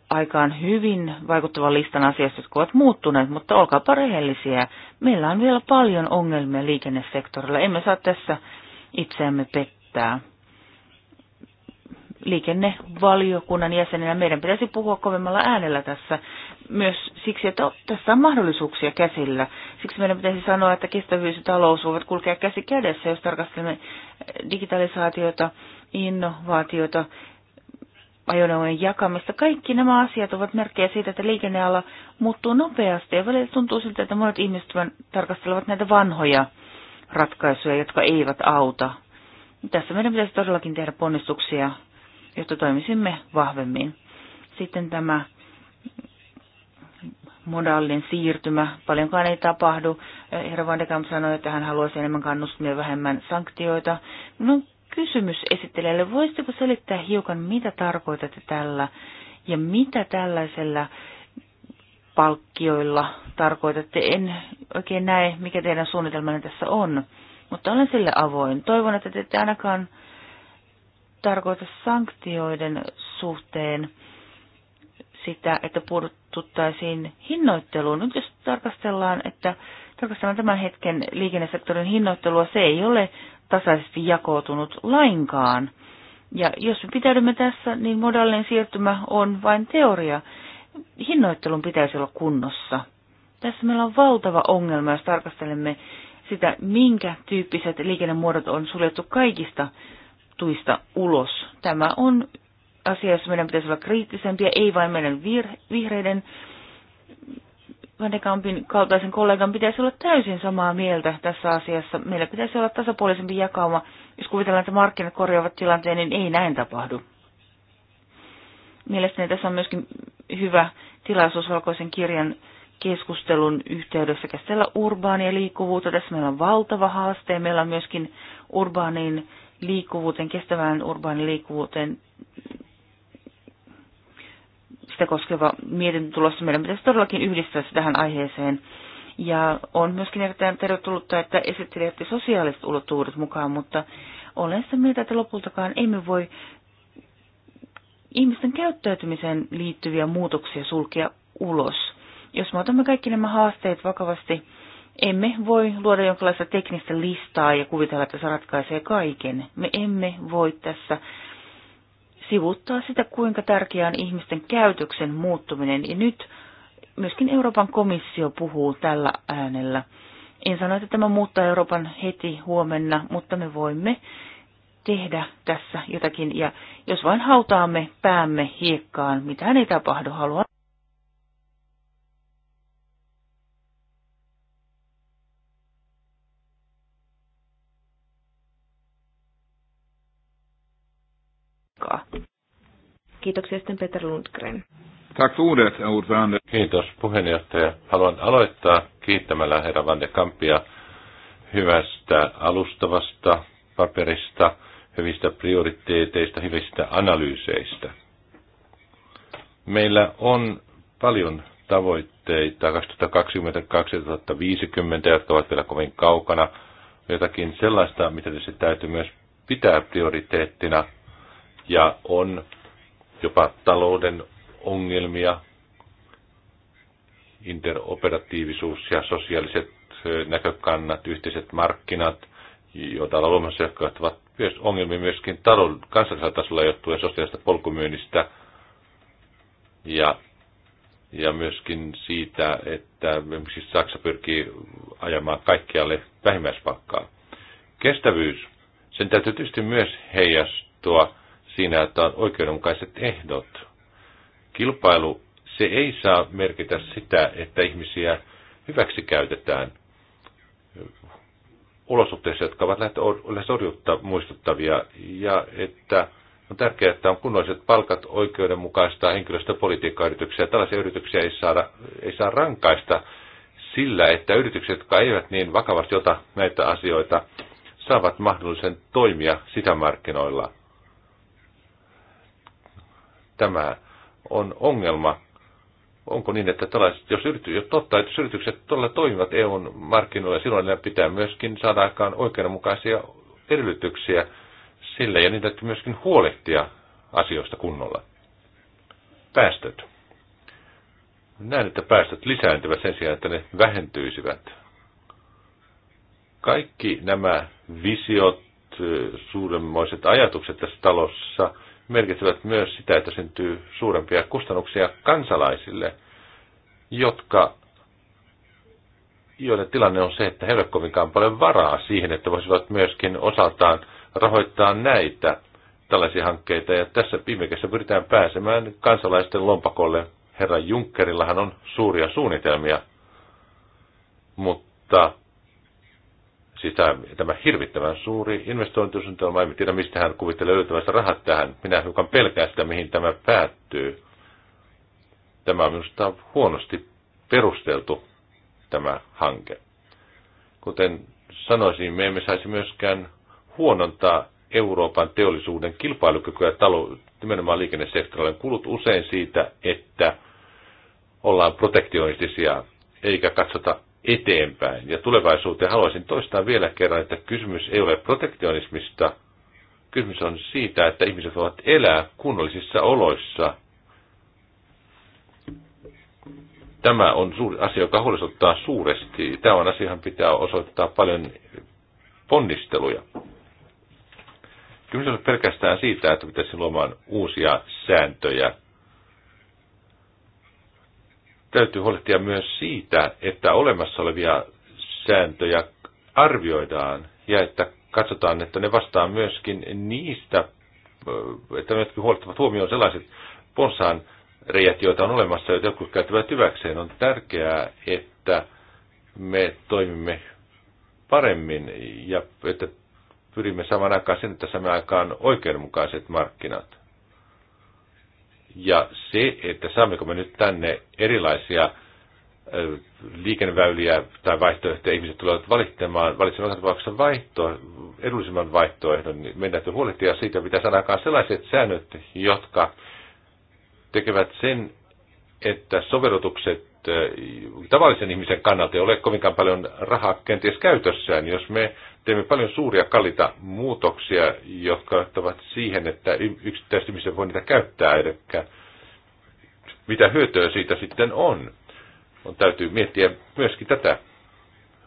aikaan hyvin vaikuttavan listan asioista, jotka ovat muuttuneet, mutta olkaapa rehellisiä. Meillä on vielä paljon ongelmia liikennesektorilla. Emme saa tässä itseämme pettää. Liikennevaliokunnan jäsenenä meidän pitäisi puhua kovemmalla äänellä tässä myös siksi, että tässä on mahdollisuuksia käsillä. Siksi meidän pitäisi sanoa, että kestävyys ja talous voivat kulkea käsi kädessä, jos tarkastelemme eh, digitalisaatiota, innovaatiota, ajoneuvojen jakamista. Kaikki nämä asiat ovat merkkejä siitä, että liikenneala muuttuu nopeasti ja välillä tuntuu siltä, että monet ihmiset tarkastelevat näitä vanhoja ratkaisuja, jotka eivät auta. Tässä meidän pitäisi todellakin tehdä ponnistuksia, jotta toimisimme vahvemmin. Sitten tämä modallin siirtymä. Paljonkaan ei tapahdu. Eh, Herra Van de Kamp sanoi, että hän haluaisi enemmän kannustimia vähemmän sanktioita. Minun kysymys esittelijälle, voisitteko selittää hiukan, mitä tarkoitatte tällä ja mitä tällaisella palkkioilla tarkoitatte? En oikein näe, mikä teidän suunnitelmanne tässä on, mutta olen sille avoin. Toivon, että te ette ainakaan tarkoita sanktioiden suhteen sitä, että puhut puututtaisiin hinnoitteluun. Nyt jos tarkastellaan, että tarkastellaan tämän hetken liikennesektorin hinnoittelua, se ei ole tasaisesti jakoutunut lainkaan. Ja jos me pitäydymme tässä, niin modaalinen siirtymä on vain teoria. Hinnoittelun pitäisi olla kunnossa. Tässä meillä on valtava ongelma, jos tarkastelemme sitä, minkä tyyppiset liikennemuodot on suljettu kaikista tuista ulos. Tämä on asia, jossa meidän pitäisi olla kriittisempiä, ei vain meidän vihreiden Vandekampin kaltaisen kollegan pitäisi olla täysin samaa mieltä tässä asiassa. Meillä pitäisi olla tasapuolisempi jakauma. Jos kuvitellaan, että markkinat korjaavat tilanteen, niin ei näin tapahdu. Mielestäni tässä on myöskin hyvä tilaisuus valkoisen kirjan keskustelun yhteydessä käsitellä urbaania liikkuvuutta. Tässä meillä on valtava haaste. Meillä on myöskin urbaaniin liikkuvuuteen, kestävään urbaaniin liikkuvuuteen sitä koskeva mietintö tulossa. Meidän pitäisi todellakin yhdistää se tähän aiheeseen. Ja on myöskin erittäin tervetullutta, että esittelijätte sosiaaliset ulottuvuudet mukaan, mutta olen sitä mieltä, että lopultakaan emme voi ihmisten käyttäytymiseen liittyviä muutoksia sulkea ulos. Jos me otamme kaikki nämä haasteet vakavasti, emme voi luoda jonkinlaista teknistä listaa ja kuvitella, että se ratkaisee kaiken. Me emme voi tässä sivuttaa sitä, kuinka tärkeää on ihmisten käytöksen muuttuminen. Ja nyt myöskin Euroopan komissio puhuu tällä äänellä. En sano, että tämä muuttaa Euroopan heti huomenna, mutta me voimme tehdä tässä jotakin. Ja jos vain hautaamme päämme hiekkaan, mitään ei tapahdu. Haluan Kiitoksia sitten Peter Lundgren. Tack för ordet, ordförande. Kiitos puheenjohtaja. Haluan aloittaa kiittämällä herra Van de Kampia hyvästä alustavasta paperista, hyvistä prioriteeteista, hyvistä analyyseistä. Meillä on paljon tavoitteita 2020-2050, jotka ovat vielä kovin kaukana. Jotakin sellaista, mitä se täytyy myös pitää prioriteettina ja on jopa talouden ongelmia, interoperatiivisuus ja sosiaaliset näkökannat, yhteiset markkinat, joita ollaan luomassa, jotka ovat myös ongelmia myöskin talouden kansallisella tasolla johtuen sosiaalista polkumyynnistä ja, ja myöskin siitä, että esimerkiksi Saksa pyrkii ajamaan kaikkialle vähimmäispalkkaa. Kestävyys, sen täytyy tietysti myös heijastua siinä, että on oikeudenmukaiset ehdot. Kilpailu, se ei saa merkitä sitä, että ihmisiä hyväksi käytetään olosuhteissa, jotka ovat lähes orjuutta muistuttavia, ja että on tärkeää, että on kunnolliset palkat oikeudenmukaista henkilöstöpolitiikkaa yrityksiä. Tällaisia yrityksiä ei, saada, ei saa rankaista sillä, että yritykset, jotka eivät niin vakavasti ota näitä asioita, saavat mahdollisen toimia sitä markkinoilla tämä on ongelma. Onko niin, että tällaiset, jos, yrity, jos totta, että yritykset todella toimivat EUn markkinoilla, silloin ne pitää myöskin saada aikaan oikeudenmukaisia edellytyksiä sille, ja niitä täytyy myöskin huolehtia asioista kunnolla. Päästöt. Näen, että päästöt lisääntyvät sen sijaan, että ne vähentyisivät. Kaikki nämä visiot, suuremmoiset ajatukset tässä talossa – merkitsevät myös sitä, että syntyy suurempia kustannuksia kansalaisille, jotka, joiden tilanne on se, että heillä ei ole kovinkaan paljon varaa siihen, että voisivat myöskin osaltaan rahoittaa näitä tällaisia hankkeita. Ja tässä viime pyritään pääsemään kansalaisten lompakolle. Herra Junckerillahan on suuria suunnitelmia, mutta Siis tämä, tämä hirvittävän suuri investointisuunnitelma, en tiedä mistä hän kuvittelee löytävästä rahat tähän. Minä hiukan pelkää sitä, mihin tämä päättyy. Tämä on minusta huonosti perusteltu, tämä hanke. Kuten sanoisin, me emme saisi myöskään huonontaa Euroopan teollisuuden kilpailukykyä talou- nimenomaan liikennesektorille. Kulut usein siitä, että ollaan protektionistisia eikä katsota eteenpäin ja tulevaisuuteen. Haluaisin toistaa vielä kerran, että kysymys ei ole protektionismista. Kysymys on siitä, että ihmiset voivat elää kunnollisissa oloissa. Tämä on suuri asia, joka huolestuttaa suuresti. Tämä on asia, johon pitää osoittaa paljon ponnisteluja. Kysymys on pelkästään siitä, että pitäisi luomaan uusia sääntöjä täytyy huolehtia myös siitä, että olemassa olevia sääntöjä arvioidaan ja että katsotaan, että ne vastaa myöskin niistä, että myöskin huolehtivat huomioon sellaiset ponsaan reijät, joita on olemassa, joita jotkut käyttävät hyväkseen. On tärkeää, että me toimimme paremmin ja että pyrimme saman aikaan sen, että saamme aikaan oikeudenmukaiset markkinat. Ja se, että saammeko me nyt tänne erilaisia liikenneväyliä tai vaihtoehtoja, ihmiset tulevat valittamaan, valitsemaan tapauksessa vaihto, edullisemman vaihtoehdon, niin meidän täytyy huolehtia siitä, mitä sanakaan sellaiset säännöt, jotka tekevät sen, että sovellutukset Äh, tavallisen ihmisen kannalta ei ole kovinkaan paljon rahaa kenties käytössään, jos me teemme paljon suuria kalliita muutoksia, jotka ottavat siihen, että yksittäiset ihmiset voi niitä käyttää, eli mitä hyötyä siitä sitten on. On täytyy miettiä myöskin tätä.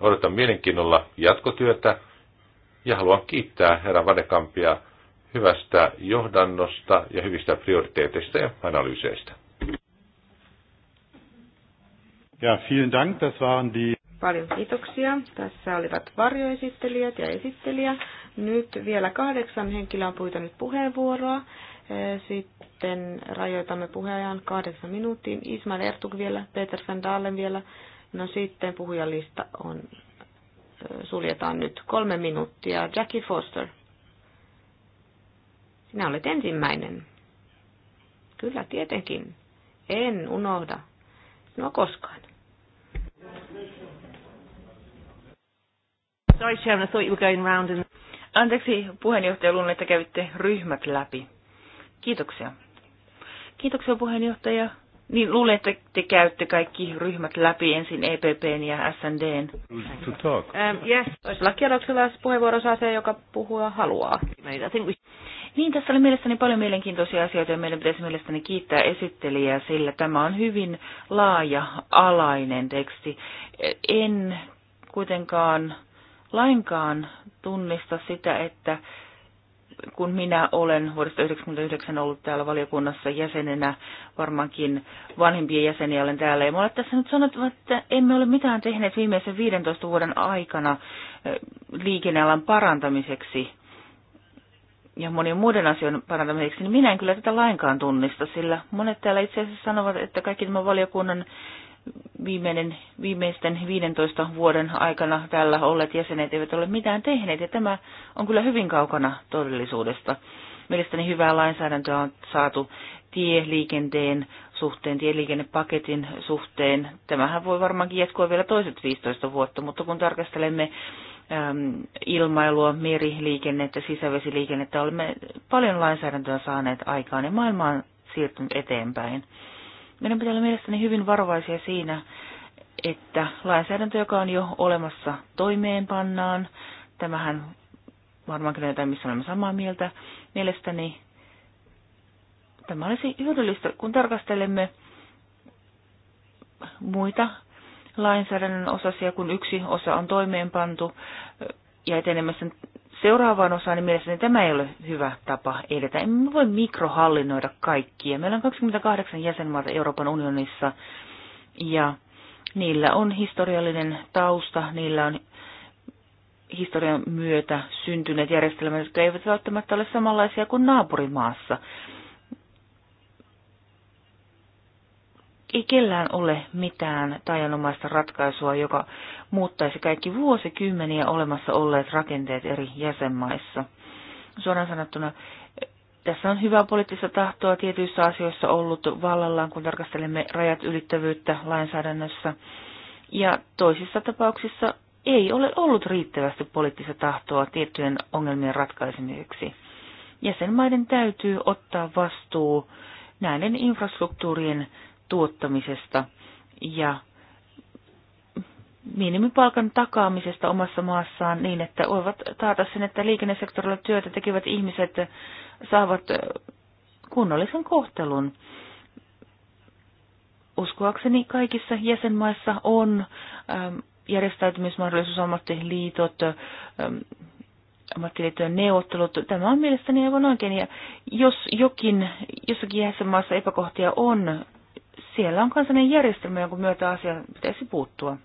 Odotan mielenkiinnolla jatkotyötä ja haluan kiittää herra Vadekampia hyvästä johdannosta ja hyvistä prioriteeteista ja analyyseistä. Ja, vielen Dank. Das waren die... Paljon kiitoksia. Tässä olivat varjoesittelijät ja esittelijä. Nyt vielä kahdeksan henkilöä on pyytänyt puheenvuoroa. Sitten rajoitamme puheajan kahdeksan minuuttiin. Ismail Ertug vielä, Peter van Dahlen vielä. No sitten puhujalista on, suljetaan nyt kolme minuuttia. Jackie Foster. Sinä olet ensimmäinen. Kyllä, tietenkin. En unohda. No koskaan. Sorry, Chairman, I thought you were going round in... Anteeksi, puheenjohtaja, luulen, että kävitte ryhmät läpi. Kiitoksia. Kiitoksia, puheenjohtaja. Niin, luulen, että te käytte kaikki ryhmät läpi ensin EPPn ja SNDn. To talk. Um, yes. Olisi lakialoksella puheenvuoro saa se, joka puhua haluaa. I think we... Niin, tässä oli mielestäni paljon mielenkiintoisia asioita ja meidän pitäisi mielestäni kiittää esittelijää, sillä tämä on hyvin laaja-alainen teksti. En kuitenkaan lainkaan tunnista sitä, että kun minä olen vuodesta 1999 ollut täällä valiokunnassa jäsenenä, varmaankin vanhempien jäseniä olen täällä, ja minulle tässä nyt sanottava, että emme ole mitään tehneet viimeisen 15 vuoden aikana eh, liikennealan parantamiseksi ja monien muiden asioiden parantamiseksi, niin minä en kyllä tätä lainkaan tunnista, sillä monet täällä itse asiassa sanovat, että kaikki tämä valiokunnan viimeinen, viimeisten 15 vuoden aikana täällä olleet jäsenet eivät ole mitään tehneet, ja tämä on kyllä hyvin kaukana todellisuudesta. Mielestäni hyvää lainsäädäntöä on saatu tieliikenteen suhteen, tieliikennepaketin suhteen. Tämähän voi varmaankin jatkua vielä toiset 15 vuotta, mutta kun tarkastelemme Ähm, ilmailua, meriliikennettä, sisävesiliikennettä. Olemme paljon lainsäädäntöä saaneet aikaan ja maailma on siirtynyt eteenpäin. Meidän pitää olla mielestäni hyvin varovaisia siinä, että lainsäädäntö, joka on jo olemassa, toimeenpannaan. Tämähän varmaankin on jotain, missä olemme samaa mieltä. Mielestäni tämä olisi hyödyllistä, kun tarkastelemme muita lainsäädännön osasia, kun yksi osa on toimeenpantu ja etenemässä seuraavaan osaan, niin mielestäni tämä ei ole hyvä tapa edetä. Emme voi mikrohallinnoida kaikkia. Meillä on 28 jäsenmaata Euroopan unionissa ja niillä on historiallinen tausta, niillä on historian myötä syntyneet järjestelmät, jotka eivät välttämättä ole samanlaisia kuin naapurimaassa. ei kellään ole mitään tajanomaista ratkaisua, joka muuttaisi kaikki vuosikymmeniä olemassa olleet rakenteet eri jäsenmaissa. Suoraan sanottuna tässä on hyvää poliittista tahtoa tietyissä asioissa ollut vallallaan, kun tarkastelemme rajat ylittävyyttä lainsäädännössä. Ja toisissa tapauksissa ei ole ollut riittävästi poliittista tahtoa tiettyjen ongelmien ratkaisemiseksi. Jäsenmaiden täytyy ottaa vastuu näiden infrastruktuurien tuottamisesta ja minimipalkan takaamisesta omassa maassaan niin, että voivat taata sen, että liikennesektorilla työtä tekevät ihmiset saavat kunnollisen kohtelun. Uskoakseni kaikissa jäsenmaissa on ähm, järjestäytymismahdollisuus, ammattiliitot, ähm, ammattiliittojen neuvottelut. Tämä on mielestäni aivan oikein. Ja jos jokin, jossakin jäsenmaassa epäkohtia on, siellä on kansallinen järjestelmä, jonka myötä asiaan pitäisi puuttua.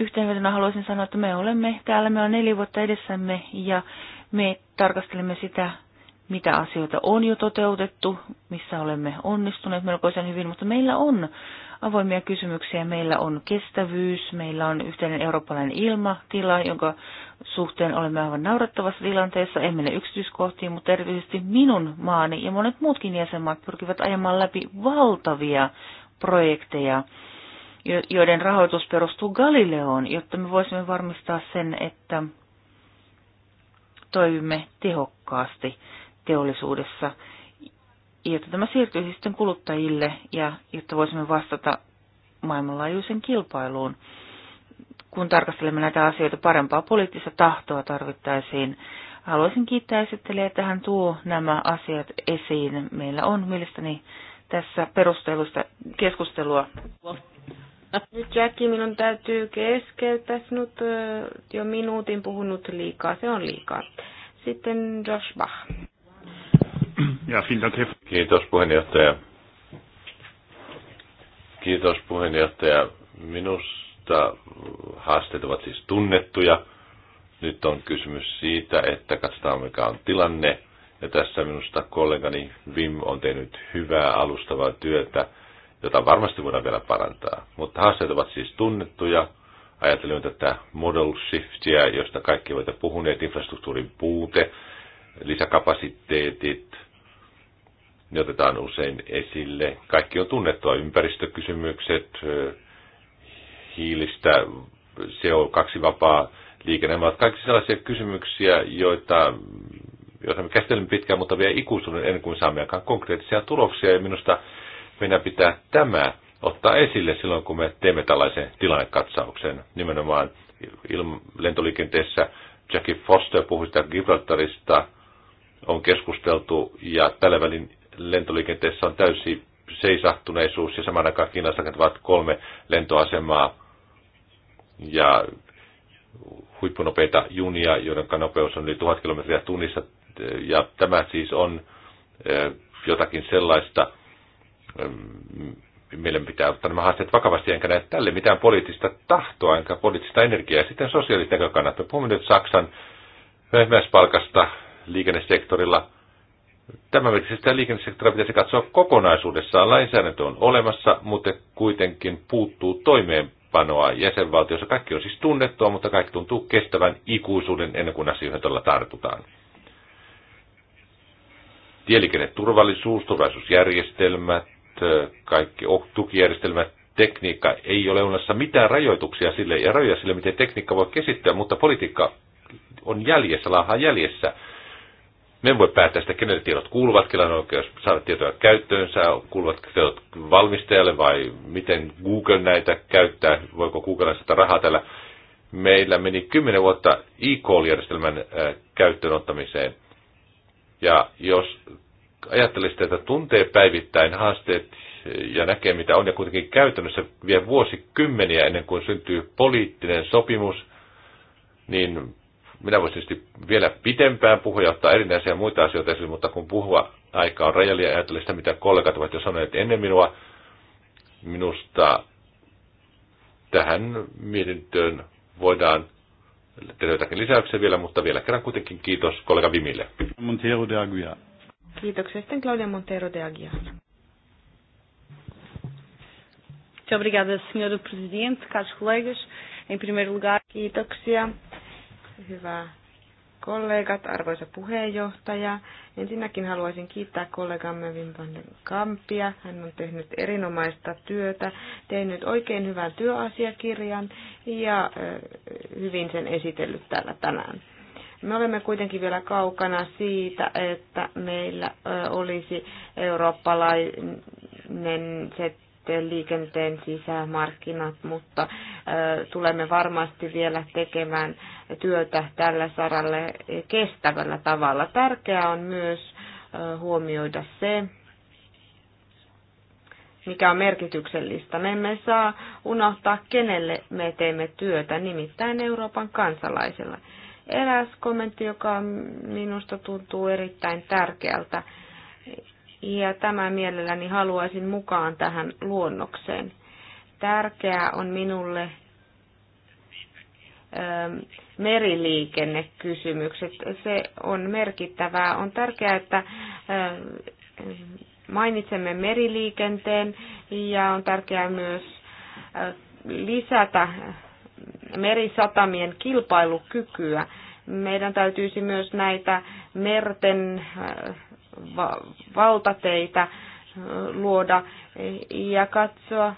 Yhteenvetona haluaisin sanoa, että me olemme täällä, me on neljä vuotta edessämme ja me tarkastelemme sitä, mitä asioita on jo toteutettu, missä olemme onnistuneet melkoisen hyvin, mutta meillä on avoimia kysymyksiä. Meillä on kestävyys, meillä on yhteinen eurooppalainen ilmatila, jonka suhteen olemme aivan naurattavassa tilanteessa. En mene yksityiskohtiin, mutta erityisesti minun maani ja monet muutkin jäsenmaat pyrkivät ajamaan läpi valtavia projekteja, joiden rahoitus perustuu Galileoon, jotta me voisimme varmistaa sen, että toimimme tehokkaasti teollisuudessa jotta tämä siirtyisi sitten kuluttajille ja jotta voisimme vastata maailmanlaajuisen kilpailuun. Kun tarkastelemme näitä asioita, parempaa poliittista tahtoa tarvittaisiin. Haluaisin kiittää esittelijä, että hän tuo nämä asiat esiin. Meillä on mielestäni tässä perusteluista keskustelua. Nyt Jackie, minun täytyy keskeyttää sinut. Jo minuutin puhunut liikaa, se on liikaa. Sitten Josh Bach. Ja, vielen Dank, Kiitos puheenjohtaja. Kiitos puheenjohtaja. Minusta haasteet ovat siis tunnettuja. Nyt on kysymys siitä, että katsotaan mikä on tilanne. Ja tässä minusta kollegani Vim on tehnyt hyvää alustavaa työtä, jota varmasti voidaan vielä parantaa. Mutta haasteet ovat siis tunnettuja. Ajattelin tätä model shiftia, josta kaikki voivat puhuneet, infrastruktuurin puute, lisäkapasiteetit, ne otetaan usein esille. Kaikki on tunnettua. Ympäristökysymykset, hiilistä, CO2-vapaa liikenne. ovat kaikki sellaisia kysymyksiä, joita, joita me käsittelemme pitkään, mutta vielä ikuisuuden ennen kuin saamme aikaan konkreettisia tuloksia. Ja minusta meidän pitää tämä ottaa esille silloin, kun me teemme tällaisen tilannekatsauksen. Nimenomaan ilma- lentoliikenteessä Jackie Foster puhui sitä Gibraltarista, on keskusteltu ja tällä välin lentoliikenteessä on täysi seisahtuneisuus ja samaan aikaan Kiinassa rakentavat kolme lentoasemaa ja huippunopeita junia, joiden nopeus on yli tuhat kilometriä tunnissa. Ja tämä siis on jotakin sellaista, meidän pitää ottaa nämä haasteet vakavasti, enkä näe tälle mitään poliittista tahtoa, enkä poliittista energiaa. Ja sitten sosiaaliset näkökannat. Me puhumme nyt Saksan vähimmäispalkasta liikennesektorilla – Tämä merkitsee sitä liikennesektoria pitäisi katsoa kokonaisuudessaan. Lainsäädäntö on olemassa, mutta kuitenkin puuttuu toimeenpanoa jäsenvaltiossa. Kaikki on siis tunnettua, mutta kaikki tuntuu kestävän ikuisuuden ennen kuin asioihin todella tartutaan. Tieliikenneturvallisuus, turvallisuusjärjestelmät, kaikki tukijärjestelmät, tekniikka ei ole olemassa mitään rajoituksia sille ja rajoja sille, miten tekniikka voi kesittää, mutta politiikka on jäljessä, laahaa jäljessä. Me voi päättää sitä, kenelle tiedot kuuluvat, kenellä on oikeus saada tietoja käyttöönsä, kuuluvat tiedot valmistajalle vai miten Google näitä käyttää, voiko Google sitä rahaa tällä. Meillä meni kymmenen vuotta e-call-järjestelmän äh, käyttöön ottamiseen. Ja jos ajattelisitte, että tuntee päivittäin haasteet äh, ja näkee mitä on, ja kuitenkin käytännössä vie vuosikymmeniä ennen kuin syntyy poliittinen sopimus, niin minä voisin tietysti vielä pitempään puhua ja ottaa erinäisiä muita asioita esille, mutta kun puhua aika on rajallinen ja sitä, mitä kollegat ovat jo sanoneet ennen minua, minusta tähän mietintöön voidaan tehdä jotakin lisäyksiä vielä, mutta vielä kerran kuitenkin kiitos kollega Vimille. Montero de Aguiar. Kiitoksia sitten Claudia Montero de Aguiar. Muito obrigada, Sr. Presidente, caros colegas. Em primeiro lugar, kiitoksia hyvä kollegat, arvoisa puheenjohtaja. Ensinnäkin haluaisin kiittää kollegamme Wim van den Kampia. Hän on tehnyt erinomaista työtä, tehnyt oikein hyvän työasiakirjan ja hyvin sen esitellyt täällä tänään. Me olemme kuitenkin vielä kaukana siitä, että meillä olisi eurooppalainen se sitten liikenteen sisämarkkinat, mutta tulemme varmasti vielä tekemään työtä tällä saralla kestävällä tavalla. Tärkeää on myös huomioida se, mikä on merkityksellistä. Me emme saa unohtaa, kenelle me teemme työtä, nimittäin Euroopan kansalaisilla. Eräs kommentti, joka minusta tuntuu erittäin tärkeältä, ja tämän mielelläni haluaisin mukaan tähän luonnokseen. Tärkeää on minulle ähm, meriliikennekysymykset. Se on merkittävää. On tärkeää, että äh, mainitsemme meriliikenteen ja on tärkeää myös äh, lisätä merisatamien kilpailukykyä. Meidän täytyisi myös näitä merten äh, valtateitä luoda ja katsoa,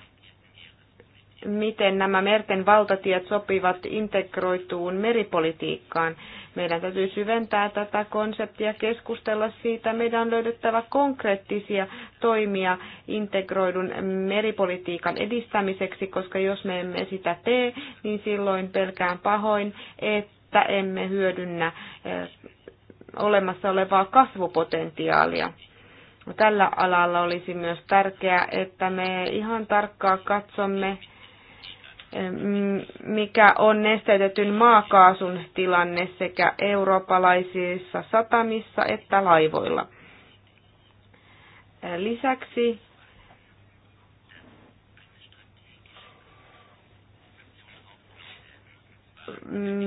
miten nämä merten valtatiet sopivat integroituun meripolitiikkaan. Meidän täytyy syventää tätä konseptia, keskustella siitä. Meidän on löydettävä konkreettisia toimia integroidun meripolitiikan edistämiseksi, koska jos me emme sitä tee, niin silloin pelkään pahoin, että emme hyödynnä olemassa olevaa kasvupotentiaalia. Tällä alalla olisi myös tärkeää, että me ihan tarkkaan katsomme, mikä on nesteytetyn maakaasun tilanne sekä eurooppalaisissa satamissa että laivoilla. Lisäksi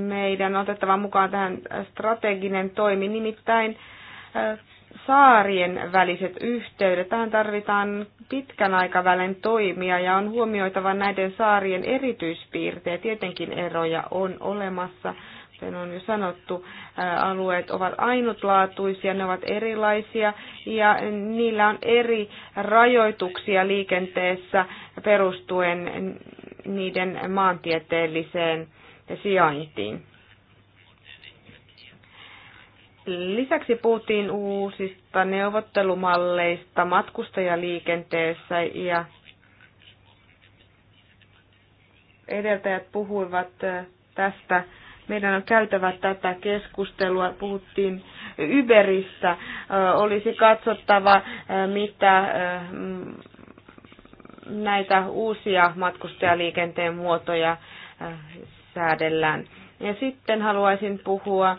meidän otettava mukaan tähän strateginen toimi, nimittäin äh, saarien väliset yhteydet. Tähän tarvitaan pitkän aikavälin toimia ja on huomioitava näiden saarien erityispiirteet. Tietenkin eroja on olemassa, kuten on jo sanottu. Äh, alueet ovat ainutlaatuisia, ne ovat erilaisia ja niillä on eri rajoituksia liikenteessä perustuen niiden maantieteelliseen ja sijaintiin. Lisäksi puhuttiin uusista neuvottelumalleista matkustajaliikenteessä ja edeltäjät puhuivat äh, tästä. Meidän on käytävä tätä keskustelua. Puhuttiin Uberissä. Äh, olisi katsottava, äh, mitä näitä uusia matkustajaliikenteen muotoja säädellään. Ja sitten haluaisin puhua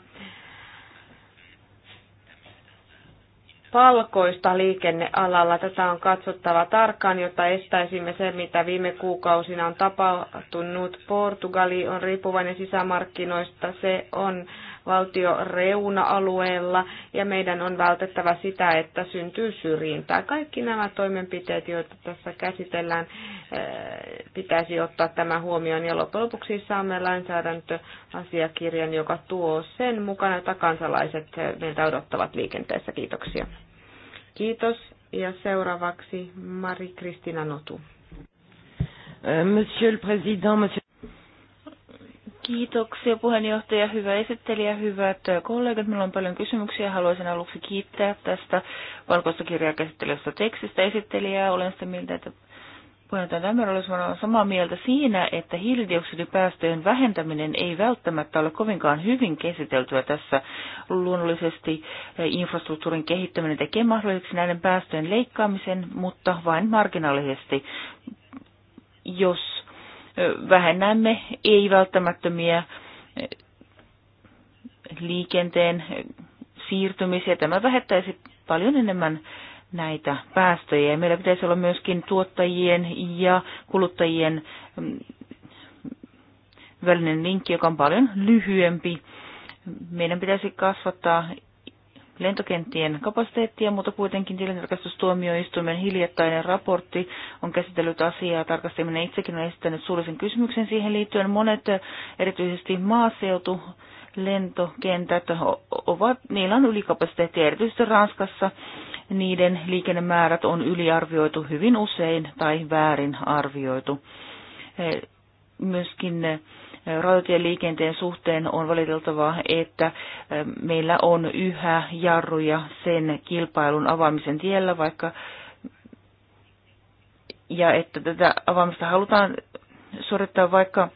palkoista liikennealalla. Tätä on katsottava tarkkaan, jotta estäisimme se, mitä viime kuukausina on tapahtunut. Portugali on riippuvainen sisämarkkinoista. Se on äh, valtioreuna-alueella ja meidän on vältettävä sitä, että syntyy syrjintää. Kaikki nämä toimenpiteet, joita tässä käsitellään, eh, pitäisi ottaa tämä huomioon ja loppujen lopuksi saamme lainsäädäntöasiakirjan, joka tuo sen mukana, jota kansalaiset eh, meiltä odottavat liikenteessä. Kiitoksia. Kiitos ja seuraavaksi Mari-Kristina Notu. Euh, Monsieur le Président, Monsieur Kiitoksia puheenjohtaja, hyvä esittelijä, hyvät kollegat. Meillä on paljon kysymyksiä. Haluaisin aluksi kiittää tästä valkoista kirjaa käsittelystä tekstistä esittelijää. Olen sitä mieltä, että puheenjohtaja Tämmer olisi samaa mieltä siinä, että hiilidioksidipäästöjen vähentäminen ei välttämättä ole kovinkaan hyvin käsiteltyä tässä. Luonnollisesti eh, infrastruktuurin kehittäminen tekee mahdolliseksi näiden päästöjen leikkaamisen, mutta vain marginaalisesti jos vähennämme ei-välttämättömiä liikenteen siirtymisiä. Tämä vähettäisi paljon enemmän näitä päästöjä. meillä pitäisi olla myöskin tuottajien ja kuluttajien mm, välinen linkki, joka on paljon lyhyempi. Meidän pitäisi kasvattaa lentokenttien kapasiteettia, mutta kuitenkin tilintarkastustuomioistuimen hiljattainen raportti on käsitellyt asiaa. Tarkastaminen itsekin on esittänyt suullisen kysymyksen siihen liittyen. Monet, erityisesti maaseutu, lentokentät ovat, niillä on ylikapasiteettia, erityisesti Ranskassa niiden liikennemäärät on yliarvioitu hyvin usein tai väärin arvioitu. Myöskin rautatieliikenteen suhteen on valiteltavaa, että meillä on yhä jarruja sen kilpailun avaamisen tiellä, vaikka ja että tätä avaamista halutaan suorittaa, vaikka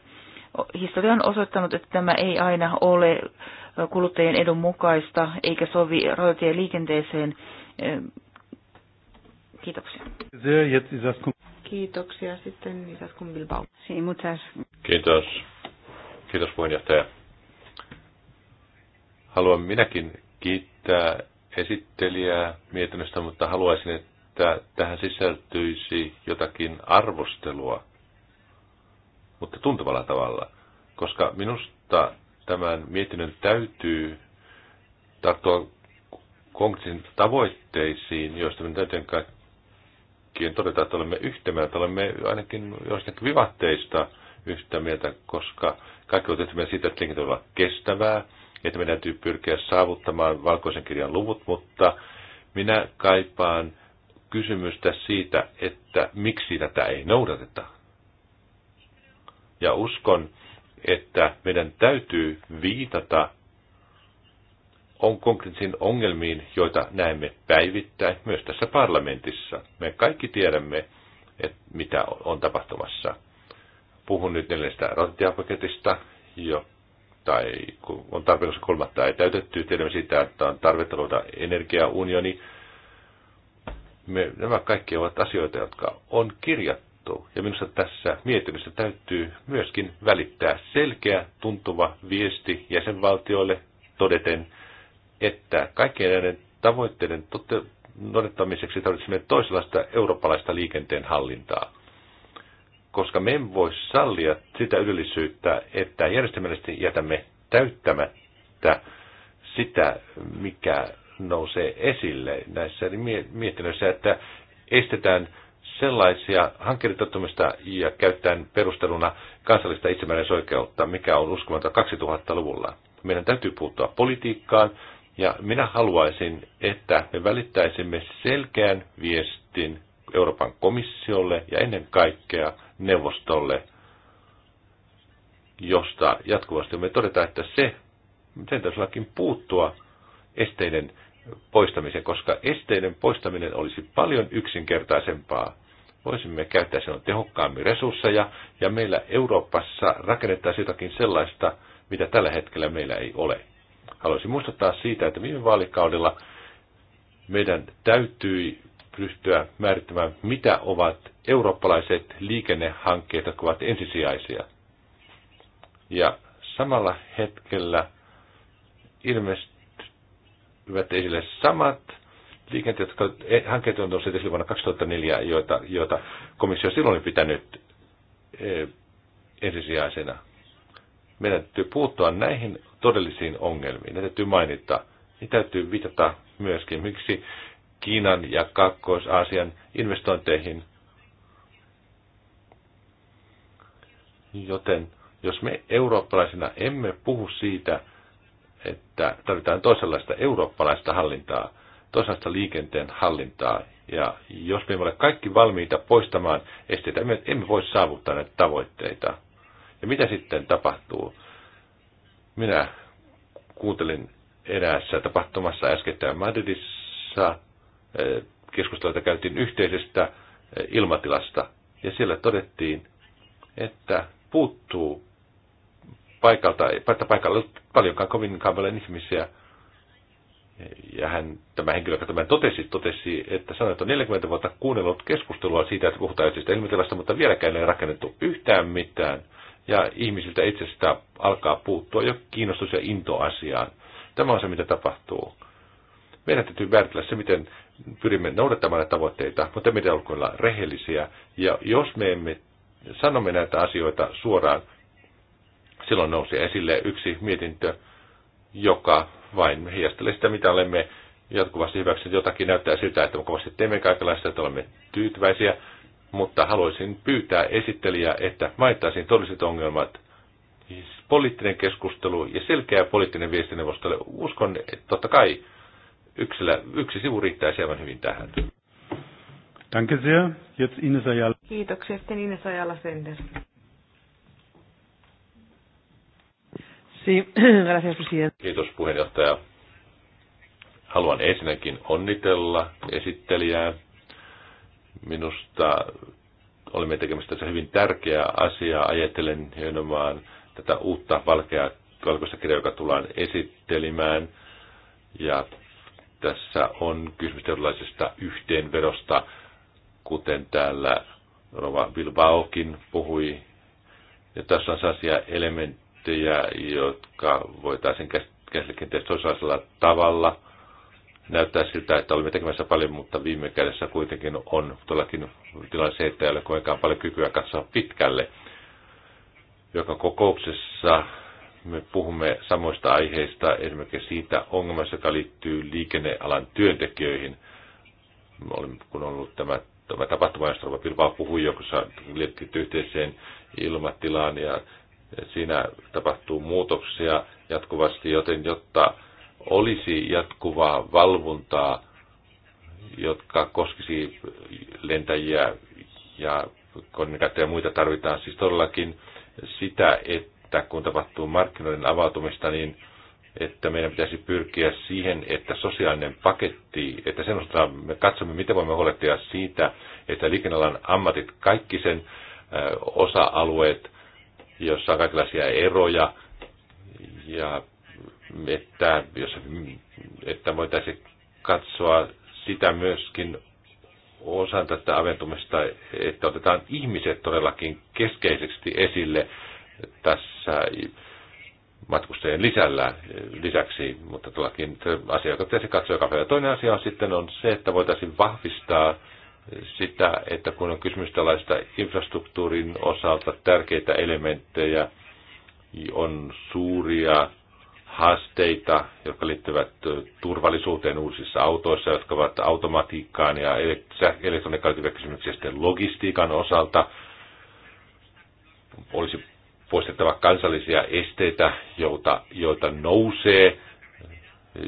historia on osoittanut, että tämä ei aina ole kuluttajien edun mukaista eikä sovi rautatieliikenteeseen. Kiitoksia. Kiitoksia. Sitten Isaskun Bilbao. Kiitos. Kiitos puheenjohtaja. Haluan minäkin kiittää esittelijää mietinnöstä, mutta haluaisin, että tähän sisältyisi jotakin arvostelua, mutta tuntuvalla tavalla, koska minusta tämän mietinnön täytyy tarttua konkreettisiin tavoitteisiin, joista me täytyy kaikkien todeta, että olemme yhtä mieltä, olemme ainakin joistakin vivatteista – yhtä mieltä, koska kaikki on yhtä siitä, että liikenteen olla kestävää, että meidän täytyy pyrkiä saavuttamaan valkoisen kirjan luvut, mutta minä kaipaan kysymystä siitä, että miksi tätä ei noudateta. Ja uskon, että meidän täytyy viitata on konkreettisiin ongelmiin, joita näemme päivittäin myös tässä parlamentissa. Me kaikki tiedämme, että mitä on tapahtumassa. Puhun nyt neljästä rottiapaketista, jo, tai kun on tarpeen, kolmatta ei täytetty. Tiedämme sitä, että on tarvetta luoda energiaunioni. Me, nämä kaikki ovat asioita, jotka on kirjattu. Ja minusta tässä mietinnössä täytyy myöskin välittää selkeä, tuntuva viesti jäsenvaltioille todeten, että kaikkien näiden tavoitteiden tote- noudattamiseksi tarvitsemme toisenlaista eurooppalaista liikenteen hallintaa koska me emme voi sallia sitä ylellisyyttä, että järjestelmällisesti jätämme täyttämättä sitä, mikä nousee esille näissä eri mietinnöissä, että estetään sellaisia hankkeiden ja käyttäen perusteluna kansallista itsemääräisoikeutta, mikä on uskomatonta 2000-luvulla. Meidän täytyy puuttua politiikkaan, ja minä haluaisin, että me välittäisimme selkeän viestin Euroopan komissiolle ja ennen kaikkea – neuvostolle, josta jatkuvasti me todetaan, että se, sen tosiaankin puuttua esteiden poistamiseen, koska esteiden poistaminen olisi paljon yksinkertaisempaa. Voisimme käyttää sen tehokkaammin resursseja, ja meillä Euroopassa rakennettaisiin jotakin sellaista, mitä tällä hetkellä meillä ei ole. Haluaisin muistuttaa siitä, että viime vaalikaudella meidän täytyi ryhtyä määrittämään, mitä ovat eurooppalaiset liikennehankkeet, jotka ovat ensisijaisia. Ja samalla hetkellä ilmestyvät esille samat liikenteet, jotka e, hankkeet on tullut esille vuonna 2004, joita, joita komissio silloin oli pitänyt e, ensisijaisena. Meidän täytyy puuttua näihin todellisiin ongelmiin. Ne täytyy mainita. Niitä täytyy viitata myöskin, miksi Kiinan ja kakkois aasian investointeihin. Joten jos me eurooppalaisina emme puhu siitä, että tarvitaan toisenlaista eurooppalaista hallintaa, toisenlaista liikenteen hallintaa, ja jos me emme ole kaikki valmiita poistamaan esteitä, me emme voi saavuttaa näitä tavoitteita. Ja mitä sitten tapahtuu? Minä kuuntelin eräässä tapahtumassa äskettäin Madridissa keskustelua, käytiin yhteisestä eh, ilmatilasta. Ja siellä todettiin, että puuttuu paikalta, että paikalla ei ollut paljonkaan kovinkaan paljon ihmisiä. Ja hän, tämä henkilö, joka tämän totesi, totesi, että sanoi, että on 40 vuotta kuunnellut keskustelua siitä, että puhutaan yhteisestä ilmatilasta, mutta vieläkään ei rakennettu yhtään mitään. Ja ihmisiltä itsestään alkaa puuttua jo kiinnostus ja into asiaan. Tämä on se, mitä tapahtuu. Meidän täytyy määritellä se, miten pyrimme noudattamaan tavoitteita, mutta meidän olkoon olla rehellisiä. Ja jos me emme sanomme näitä asioita suoraan, silloin nousi esille yksi mietintö, joka vain heijastelee sitä, mitä olemme jatkuvasti hyväksyneet. Jotakin näyttää siltä, että me kovasti teemme kaikenlaista, että olemme tyytyväisiä, mutta haluaisin pyytää esittelijää, että mainittaisiin todelliset ongelmat, poliittinen keskustelu ja selkeä poliittinen viestinneuvostolle. Uskon, että totta kai Yksilä, yksi sivu riittää aivan hyvin tähän. Danke sehr. Jetzt Ines Ayala. Kiitoksia. Sitten Ines Ayala Sender. Sí, gracias, presidente. Kiitos puheenjohtaja. Haluan ensinnäkin onnitella esittelijää. Minusta olimme tekemässä tässä hyvin tärkeää asiaa. Ajattelen hienomaan tätä uutta valkea, valkoista kirjaa, joka tullaan esittelemään. Ja tässä on kysymys erilaisesta yhteenvedosta, kuten täällä Rova Bilbaokin puhui. Ja tässä on sellaisia elementtejä, jotka voitaisiin käsitellä kenties toisella tavalla. Näyttää siltä, että olemme tekemässä paljon, mutta viime kädessä kuitenkin on todellakin tilanne se, että ei ole paljon kykyä katsoa pitkälle. Joka kokouksessa me puhumme samoista aiheista, esimerkiksi siitä ongelmasta, joka liittyy liikennealan työntekijöihin. Kun on ollut tämä, tämä tapahtuma, josta Rova Pilvaa puhui, jossa liittyy yhteiseen ilmatilaan ja siinä tapahtuu muutoksia jatkuvasti, joten jotta olisi jatkuvaa valvontaa, jotka koskisi lentäjiä ja koneenkäyttäjiä ja muita, tarvitaan siis todellakin sitä, että että kun tapahtuu markkinoiden avautumista, niin että meidän pitäisi pyrkiä siihen, että sosiaalinen paketti, että sen osalta me katsomme, miten voimme huolehtia siitä, että liikennealan ammatit, kaikki sen osa-alueet, jossa on kaikenlaisia eroja, ja että, jos, että voitaisiin katsoa sitä myöskin osan tästä aventumista, että otetaan ihmiset todellakin keskeisesti esille tässä matkustajien lisällä, lisäksi, mutta tuollakin asia, joka pitäisi katsoa joka päivä. Toinen asia on sitten on se, että voitaisiin vahvistaa sitä, että kun on kysymys tällaista infrastruktuurin osalta tärkeitä elementtejä, on suuria haasteita, jotka liittyvät turvallisuuteen uusissa autoissa, jotka ovat automatiikkaan ja elektroniikkaan liittyviä kysymyksiä sitten logistiikan osalta. Olisi poistettava kansallisia esteitä, joita, joita nousee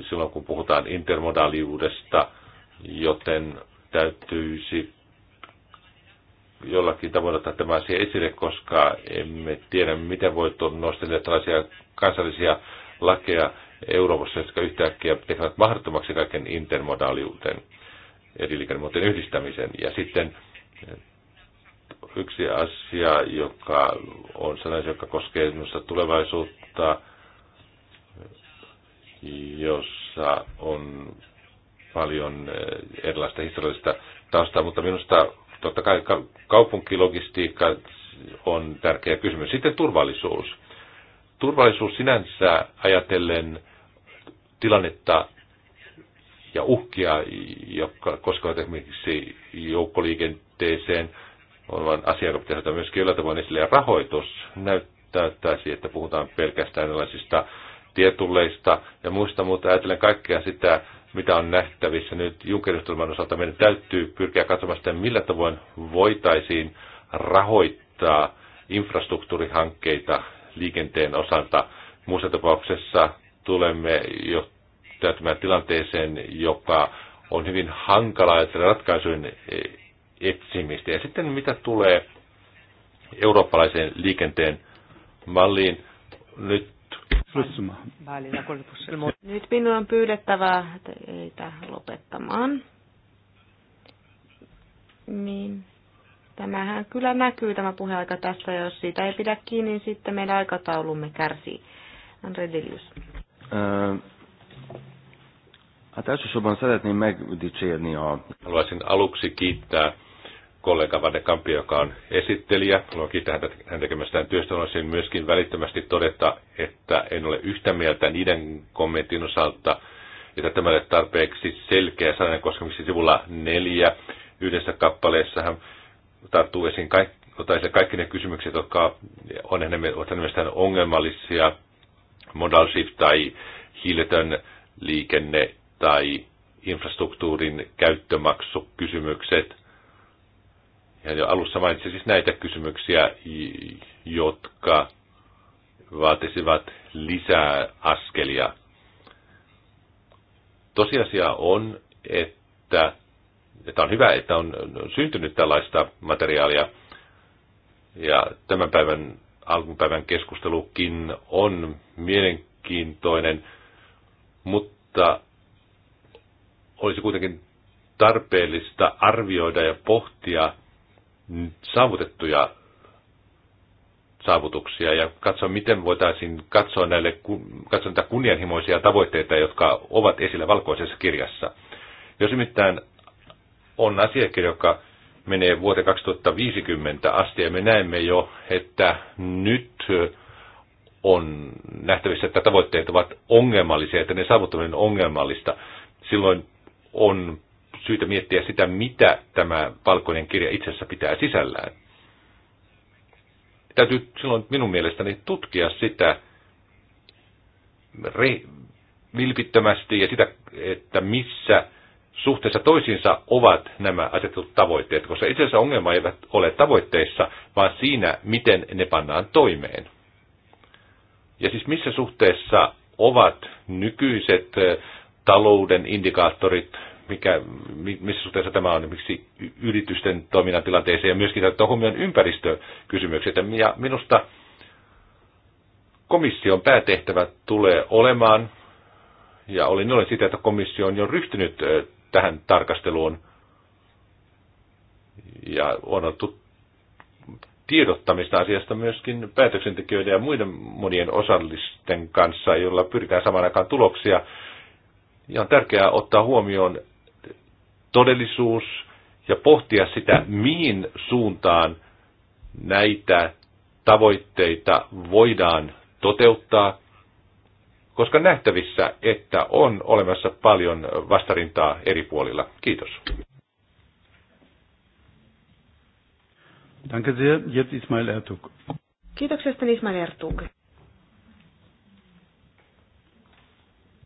silloin, kun puhutaan intermodaaliudesta, joten täytyisi jollakin tavoin ottaa tämä asia esille, koska emme tiedä, miten voi nostella tällaisia kansallisia lakeja Euroopassa, jotka yhtäkkiä tekevät mahdottomaksi kaiken intermodaaliuden eri liikennemuotojen yhdistämisen. Ja sitten yksi asia, joka on sellainen, joka koskee minusta tulevaisuutta, jossa on paljon eh, erilaista historiallista taustaa, mutta minusta totta kai kaupunkilogistiikka on tärkeä kysymys. Sitten turvallisuus. Turvallisuus sinänsä ajatellen tilannetta ja uhkia, jotka koskevat esimerkiksi joukkoliikenteeseen on asia, joka pitäisi ottaa myöskin jollain tavoin esille. Ja rahoitus näyttää siihen, että puhutaan pelkästään erilaisista tietulleista ja muista, mutta ajatellen kaikkea sitä, mitä on nähtävissä nyt Junkeristelman osalta. Meidän täytyy pyrkiä katsomaan sitä, millä tavoin voitaisiin rahoittaa infrastruktuurihankkeita liikenteen osalta. Muussa tapauksessa tulemme jo täytymään tilanteeseen, joka on hyvin hankala ajatella ratkaisujen etsimistä. Ja sitten mitä tulee eurooppalaiseen liikenteen malliin, nyt nyt minun on pyydettävää teitä lopettamaan. Niin. Tämähän kyllä näkyy tämä puheaika tässä, jos siitä ei pidä kiinni, niin sitten meidän aikataulumme kärsii. Andre Dilius. Hát äh, niin Haluaisin aluksi kiittää kollega Vade Kampi, joka on esittelijä. Haluan kiittää häntä hänen tekemästään työstä. Haluaisin myöskin välittömästi todeta, että en ole yhtä mieltä niiden kommentin osalta, että tämä ei tarpeeksi selkeä sana, koska miksi sivulla neljä yhdessä kappaleessa hän tarttuu esiin kaikki, kaikki ne kysymykset, jotka on hänen ongelmallisia, modal shift tai hiiletön liikenne tai infrastruktuurin käyttömaksukysymykset, hän jo alussa mainitsi siis näitä kysymyksiä, jotka vaatisivat lisää askelia. Tosiasia on, että, että on hyvä, että on syntynyt tällaista materiaalia, ja tämän päivän alkupäivän keskustelukin on mielenkiintoinen, mutta olisi kuitenkin tarpeellista arvioida ja pohtia saavutettuja saavutuksia ja katsoa, miten voitaisiin katsoa, näille, katsoa kunnianhimoisia tavoitteita, jotka ovat esillä valkoisessa kirjassa. Jos nimittäin on asiakirja, joka menee vuoteen 2050 asti, ja me näemme jo, että nyt on nähtävissä, että tavoitteet ovat ongelmallisia, että ne saavuttaminen on ongelmallista. Silloin on syytä miettiä sitä, mitä tämä valkoinen kirja itsessä pitää sisällään. Täytyy silloin minun mielestäni tutkia sitä re- vilpittömästi ja sitä, että missä suhteessa toisiinsa ovat nämä asetetut tavoitteet, koska itse asiassa ongelma ei ole tavoitteissa, vaan siinä, miten ne pannaan toimeen. Ja siis missä suhteessa ovat nykyiset talouden indikaattorit mikä, missä suhteessa tämä on miksi yritysten toiminnan tilanteeseen ja myöskin ottaa huomioon ympäristökysymykset. Ja minusta komission päätehtävä tulee olemaan, ja olin olen sitä, että komissio on jo ryhtynyt tähän tarkasteluun ja on otettu tiedottamista asiasta myöskin päätöksentekijöiden ja muiden monien osallisten kanssa, jolla pyritään samaan aikaan tuloksia. Ja on tärkeää ottaa huomioon todellisuus ja pohtia sitä, mihin suuntaan näitä tavoitteita voidaan toteuttaa, koska nähtävissä, että on olemassa paljon vastarintaa eri puolilla. Kiitos. Danke sehr. Jetzt Ismail Ertug. Kiitoksesta Ismail Ertug.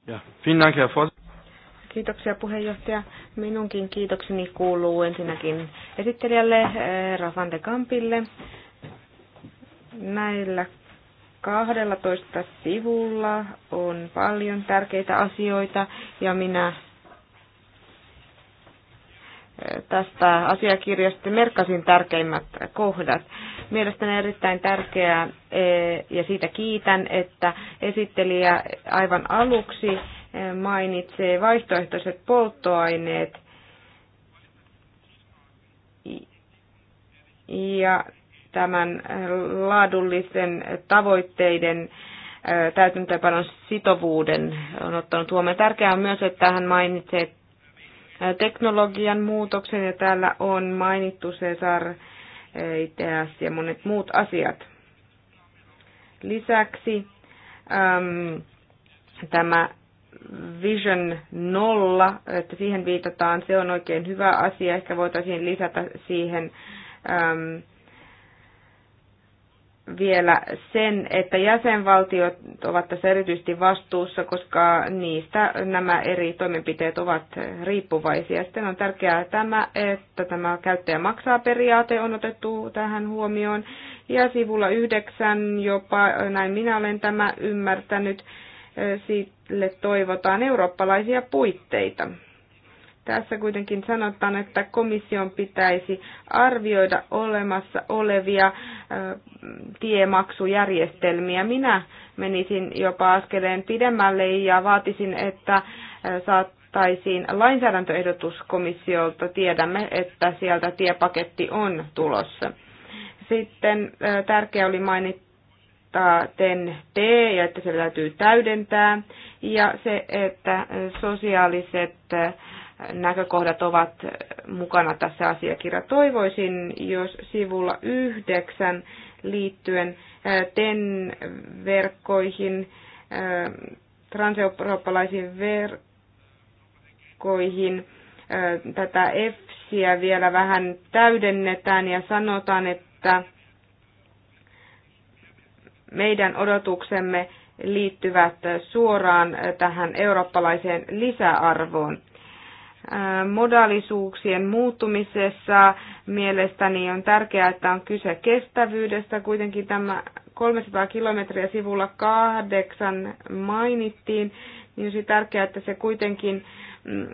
Ja, vielen Dank, Herr Kiitoksia puheenjohtaja. Minunkin kiitokseni kuuluu ensinnäkin esittelijälle eh, Rafan de Kampille. Näillä 12 sivulla on paljon tärkeitä asioita ja minä eh, tästä asiakirjasta merkkasin tärkeimmät kohdat. Mielestäni erittäin tärkeää, eh, ja siitä kiitän, että esittelijä aivan aluksi mainitsee vaihtoehtoiset polttoaineet. Ja tämän laadullisen tavoitteiden täytäntöönpanon sitovuuden on ottanut huomioon. Tärkeää on myös, että hän mainitsee teknologian muutoksen ja täällä on mainittu Cesar ITS ja monet muut asiat. Lisäksi äm, tämä Vision 0, että siihen viitataan, se on oikein hyvä asia. Ehkä voitaisiin lisätä siihen äm, vielä sen, että jäsenvaltiot ovat tässä erityisesti vastuussa, koska niistä nämä eri toimenpiteet ovat riippuvaisia. Sitten on tärkeää tämä, että tämä käyttäjä maksaa periaate on otettu tähän huomioon. Ja sivulla yhdeksän jopa, näin minä olen tämä ymmärtänyt, äh, siitä toivotaan eurooppalaisia puitteita. Tässä kuitenkin sanotaan, että komission pitäisi arvioida olemassa olevia tiemaksujärjestelmiä. Minä menisin jopa askeleen pidemmälle ja vaatisin, että saattaisiin lainsäädäntöehdotus komissiolta. Tiedämme, että sieltä tiepaketti on tulossa. Sitten tärkeä oli mainita tarkoittaa TEN-T ja että se täytyy täydentää ja se, että sosiaaliset äh, näkökohdat ovat mukana tässä asiakirja. Toivoisin, jos sivulla yhdeksän liittyen äh, TEN-verkkoihin, äh, transeurooppalaisiin verkkoihin, tätä EFSiä vielä vähän täydennetään ja sanotaan, että meidän odotuksemme liittyvät suoraan tähän eurooppalaiseen lisäarvoon. Äh, modaalisuuksien muuttumisessa mielestäni on tärkeää, että on kyse kestävyydestä. Kuitenkin tämä 300 kilometriä sivulla kahdeksan mainittiin, niin on tärkeää, että se kuitenkin mm,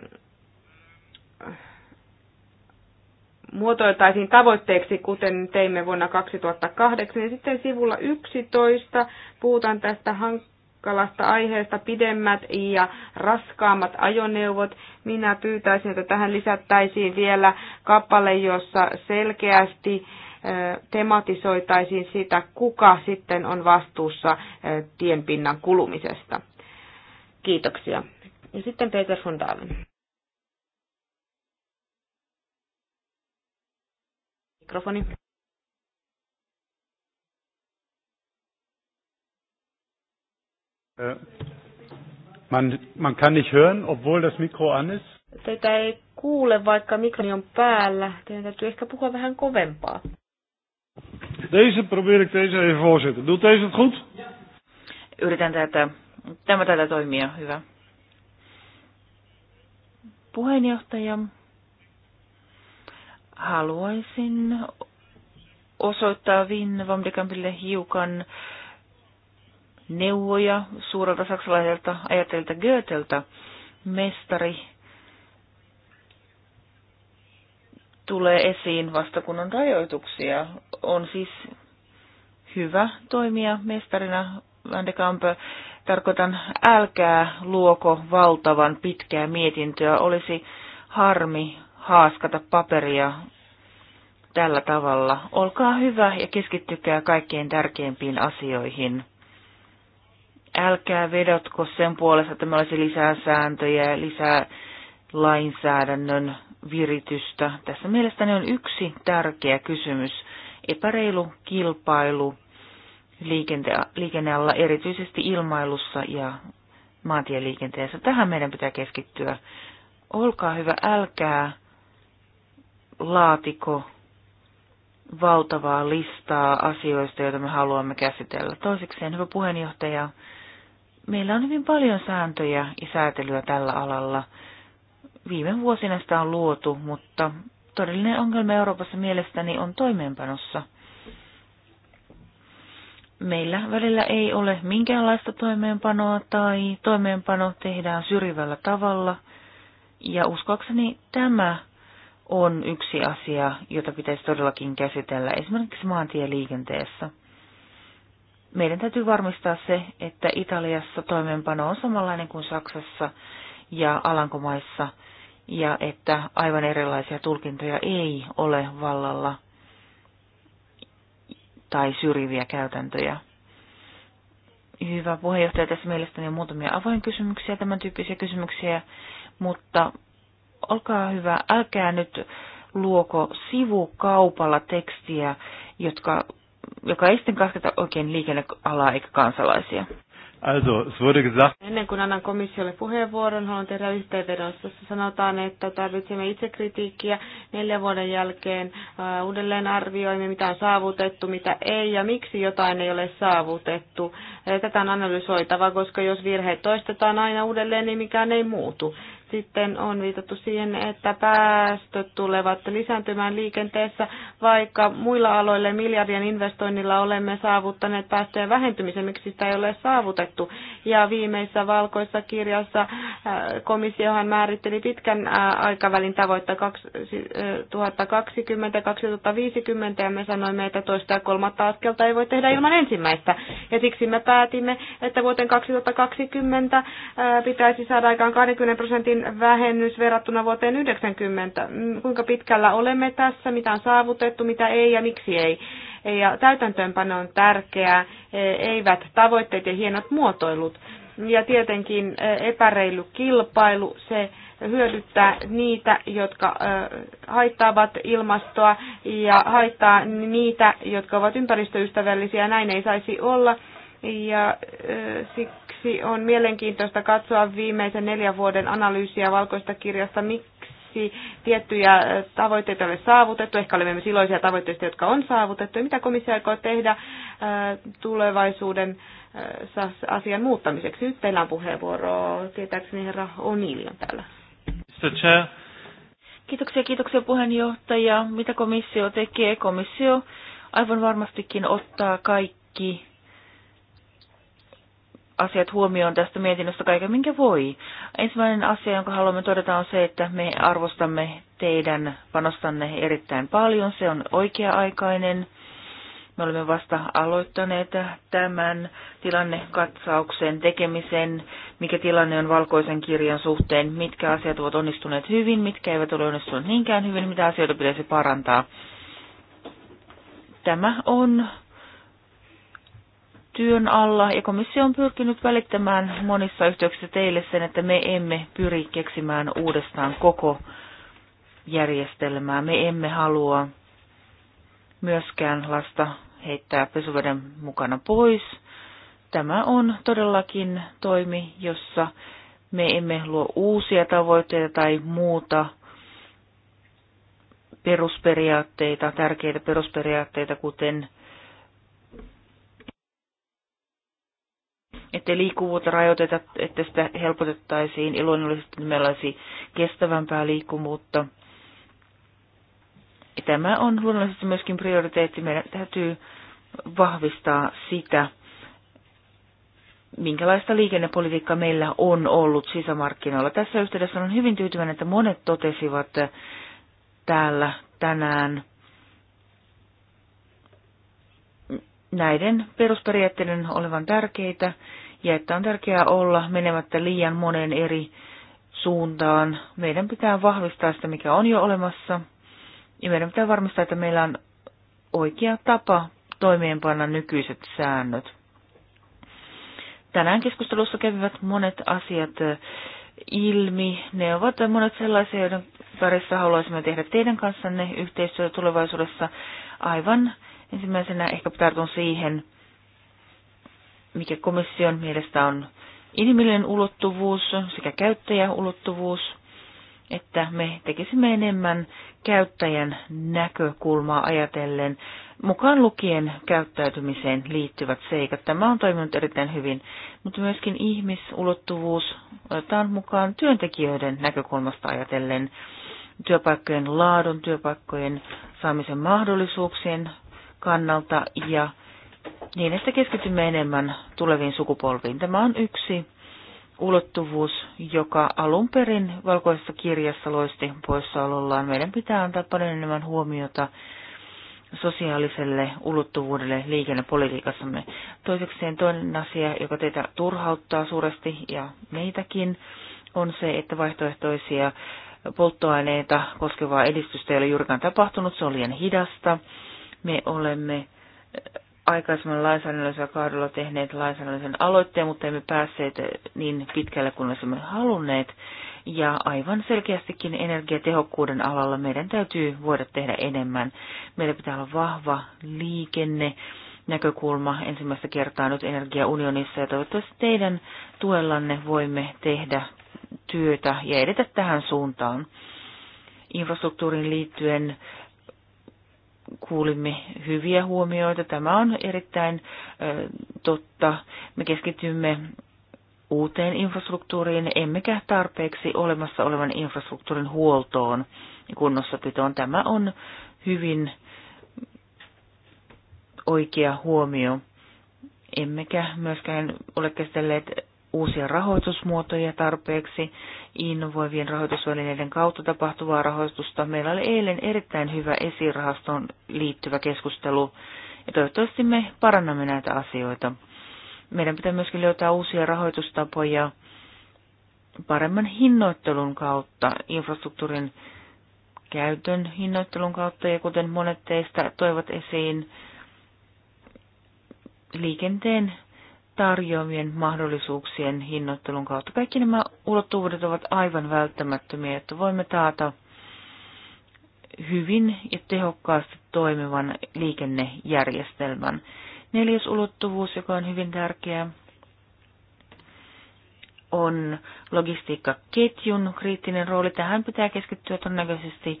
muotoiltaisiin tavoitteeksi, kuten teimme vuonna 2008. Ja sitten sivulla 11 puhutaan tästä hankalasta aiheesta pidemmät ja raskaammat ajoneuvot. Minä pyytäisin, että tähän lisättäisiin vielä kappale, jossa selkeästi tematisoitaisiin sitä, kuka sitten on vastuussa tienpinnan kulumisesta. Kiitoksia. Ja sitten Peter von Dahlen. Mikrofoni. Äh, man, man kann nicht hören, obwohl das Mikro an ist. Teitä ei kuule, vaikka mikroni on päällä. Teidän täytyy ehkä puhua vähän kovempaa. Deze probeer ik deze even voorzetten. Doet deze het goed? Yritän tätä. Tämä tätä toimia. hyvä. Puheenjohtaja haluaisin osoittaa Vin Vomdekampille hiukan neuvoja suurelta saksalaiselta ajatelta Goetheltä. Mestari tulee esiin vasta kun on rajoituksia. On siis hyvä toimia mestarina Van de Kamp. Tarkoitan, älkää luoko valtavan pitkää mietintöä. Olisi harmi haaskata paperia tällä tavalla. Olkaa hyvä ja keskittykää kaikkein tärkeimpiin asioihin. Älkää vedotko sen puolesta, että me olisi lisää sääntöjä ja lisää lainsäädännön viritystä. Tässä mielestäni on yksi tärkeä kysymys. Epäreilu kilpailu liikennealla, erityisesti ilmailussa ja maantieliikenteessä. Tähän meidän pitää keskittyä. Olkaa hyvä, älkää laatiko valtavaa listaa asioista, joita me haluamme käsitellä. Toisekseen, hyvä puheenjohtaja, meillä on hyvin paljon sääntöjä ja säätelyä tällä alalla. Viime vuosina sitä on luotu, mutta todellinen ongelma Euroopassa mielestäni on toimeenpanossa. Meillä välillä ei ole minkäänlaista toimeenpanoa tai toimeenpano tehdään syrjivällä tavalla, ja uskoakseni tämä on yksi asia, jota pitäisi todellakin käsitellä esimerkiksi maantieliikenteessä. Meidän täytyy varmistaa se, että Italiassa toimeenpano on samanlainen kuin Saksassa ja Alankomaissa, ja että aivan erilaisia tulkintoja ei ole vallalla tai syrjiviä käytäntöjä. Hyvä puheenjohtaja, tässä mielestäni on muutamia avainkysymyksiä, tämän tyyppisiä kysymyksiä, mutta olkaa hyvä, älkää nyt luoko sivukaupalla tekstiä, jotka, joka ei sitten kasketa oikein liikennealaa eikä kansalaisia. Also, es wurde gesagt... Ennen kuin annan komissiolle puheenvuoron, haluan tehdä yhteenvedon. Tässä sanotaan, että tarvitsemme itsekritiikkiä neljän vuoden jälkeen. Uh, uudelleen arvioimme, mitä on saavutettu, mitä ei ja miksi jotain ei ole saavutettu. Äh, tätä on analysoitava, koska jos virheet toistetaan aina uudelleen, niin mikään ei muutu. Sitten on viitattu siihen, että päästöt tulevat lisääntymään liikenteessä, vaikka muilla aloilla miljardien investoinnilla olemme saavuttaneet päästöjen vähentymisen, miksi sitä ei ole saavutettu. Ja viimeisessä valkoisessa kirjassa äh, komissiohan määritteli pitkän äh, aikavälin tavoitta äh, 2020-2050 ja me sanoimme, että toista ja kolmatta askelta ei voi tehdä ilman ensimmäistä. Ja siksi me päätimme, että vuoteen 2020 pitäisi saada aikaan 20 prosentin vähennys verrattuna vuoteen 90. Kuinka pitkällä olemme tässä, mitä on saavutettu, mitä ei ja miksi ei. Ja täytäntöönpano on tärkeää, eivät tavoitteet ja hienot muotoilut. Ja tietenkin epäreilu kilpailu, se hyödyttää niitä, jotka haittaavat ilmastoa ja haittaa niitä, jotka ovat ympäristöystävällisiä. Näin ei saisi olla ja siksi Siksi on mielenkiintoista katsoa viimeisen neljän vuoden analyysiä valkoista kirjasta, miksi tiettyjä tavoitteita ei ole saavutettu. Ehkä olemme myös iloisia tavoitteista, jotka on saavutettu. Ja mitä komissio aikoo tehdä tulevaisuuden asian muuttamiseksi? Nyt teillä on puheenvuoro. Tietääkseni herra O'Neill on täällä. Kiitoksia, kiitoksia puheenjohtaja. Mitä komissio tekee? Komissio aivan varmastikin ottaa kaikki asiat huomioon tästä mietinnöstä kaiken, minkä voi. Ensimmäinen asia, jonka haluamme todeta, on se, että me arvostamme teidän panostanne erittäin paljon. Se on oikea-aikainen. Me olemme vasta aloittaneet tämän tilannekatsauksen tekemisen, mikä tilanne on valkoisen kirjan suhteen, mitkä asiat ovat onnistuneet hyvin, mitkä eivät ole onnistuneet niinkään hyvin, mitä asioita pitäisi parantaa. Tämä on työn alla ja komissio on pyrkinyt välittämään monissa yhteyksissä teille sen, että me emme pyri keksimään uudestaan koko järjestelmää. Me emme halua myöskään lasta heittää pesuveden mukana pois. Tämä on todellakin toimi, jossa me emme luo uusia tavoitteita tai muuta perusperiaatteita, tärkeitä perusperiaatteita, kuten ettei liikkuvuutta rajoiteta, että sitä helpotettaisiin ja luonnollisesti meillä olisi kestävämpää liikkuvuutta. Ja tämä on luonnollisesti myöskin prioriteetti. Meidän täytyy vahvistaa sitä, minkälaista liikennepolitiikkaa meillä on ollut sisämarkkinoilla. Tässä yhteydessä on hyvin tyytyväinen, että monet totesivat täällä tänään näiden perusperiaatteiden olevan tärkeitä ja että on tärkeää olla menemättä liian monen eri suuntaan. Meidän pitää vahvistaa sitä, mikä on jo olemassa, ja meidän pitää varmistaa, että meillä on oikea tapa toimeenpanna nykyiset säännöt. Tänään keskustelussa kävivät monet asiat ilmi. Ne ovat monet sellaisia, joiden parissa haluaisimme tehdä teidän kanssanne yhteistyötä tulevaisuudessa. Aivan ensimmäisenä ehkä tartun siihen, mikä komission mielestä on inhimillinen ulottuvuus sekä käyttäjäulottuvuus, että me tekisimme enemmän käyttäjän näkökulmaa ajatellen, mukaan lukien käyttäytymiseen liittyvät seikat. Tämä on toiminut erittäin hyvin, mutta myöskin ihmisulottuvuus otetaan mukaan työntekijöiden näkökulmasta ajatellen työpaikkojen laadun, työpaikkojen saamisen mahdollisuuksien kannalta ja niin, että keskitymme enemmän tuleviin sukupolviin. Tämä on yksi ulottuvuus, joka alun perin valkoisessa kirjassa loisti poissaolollaan. Meidän pitää antaa paljon enemmän huomiota sosiaaliselle ulottuvuudelle liikennepolitiikassamme. Toisekseen toinen asia, joka teitä turhauttaa suuresti ja meitäkin, on se, että vaihtoehtoisia polttoaineita koskevaa edistystä ei ole juurikaan tapahtunut. Se on liian hidasta. Me olemme Aikaisemmin lainsäädännöllisellä kaudella tehneet lainsäädännöllisen aloitteen, mutta emme päässeet niin pitkälle kuin olisimme halunneet. Ja aivan selkeästikin energiatehokkuuden alalla meidän täytyy voida tehdä enemmän. Meillä pitää olla vahva liikenne, näkökulma ensimmäistä kertaa nyt energiaunionissa ja toivottavasti teidän tuellanne voimme tehdä työtä ja edetä tähän suuntaan. Infrastruktuuriin liittyen kuulimme hyviä huomioita. Tämä on erittäin totta. Me keskitymme uuteen infrastruktuuriin, emmekä tarpeeksi olemassa olevan infrastruktuurin huoltoon ja kunnossapitoon. Tämä on hyvin oikea huomio. Emmekä myöskään ole käsitelleet uusia rahoitusmuotoja tarpeeksi innovoivien rahoitusvälineiden kautta tapahtuvaa rahoitusta. Meillä oli eilen erittäin hyvä esirahastoon liittyvä keskustelu ja toivottavasti me parannamme näitä asioita. Meidän pitää myöskin löytää uusia rahoitustapoja paremman hinnoittelun kautta, infrastruktuurin käytön hinnoittelun kautta ja kuten monet teistä toivat esiin, liikenteen tarjoamien mahdollisuuksien hinnoittelun kautta. Kaikki nämä ulottuvuudet ovat aivan välttämättömiä, että voimme taata hyvin ja tehokkaasti toimivan liikennejärjestelmän. Neljäs ulottuvuus, joka on hyvin tärkeä, on logistiikkaketjun kriittinen rooli. Tähän pitää keskittyä todennäköisesti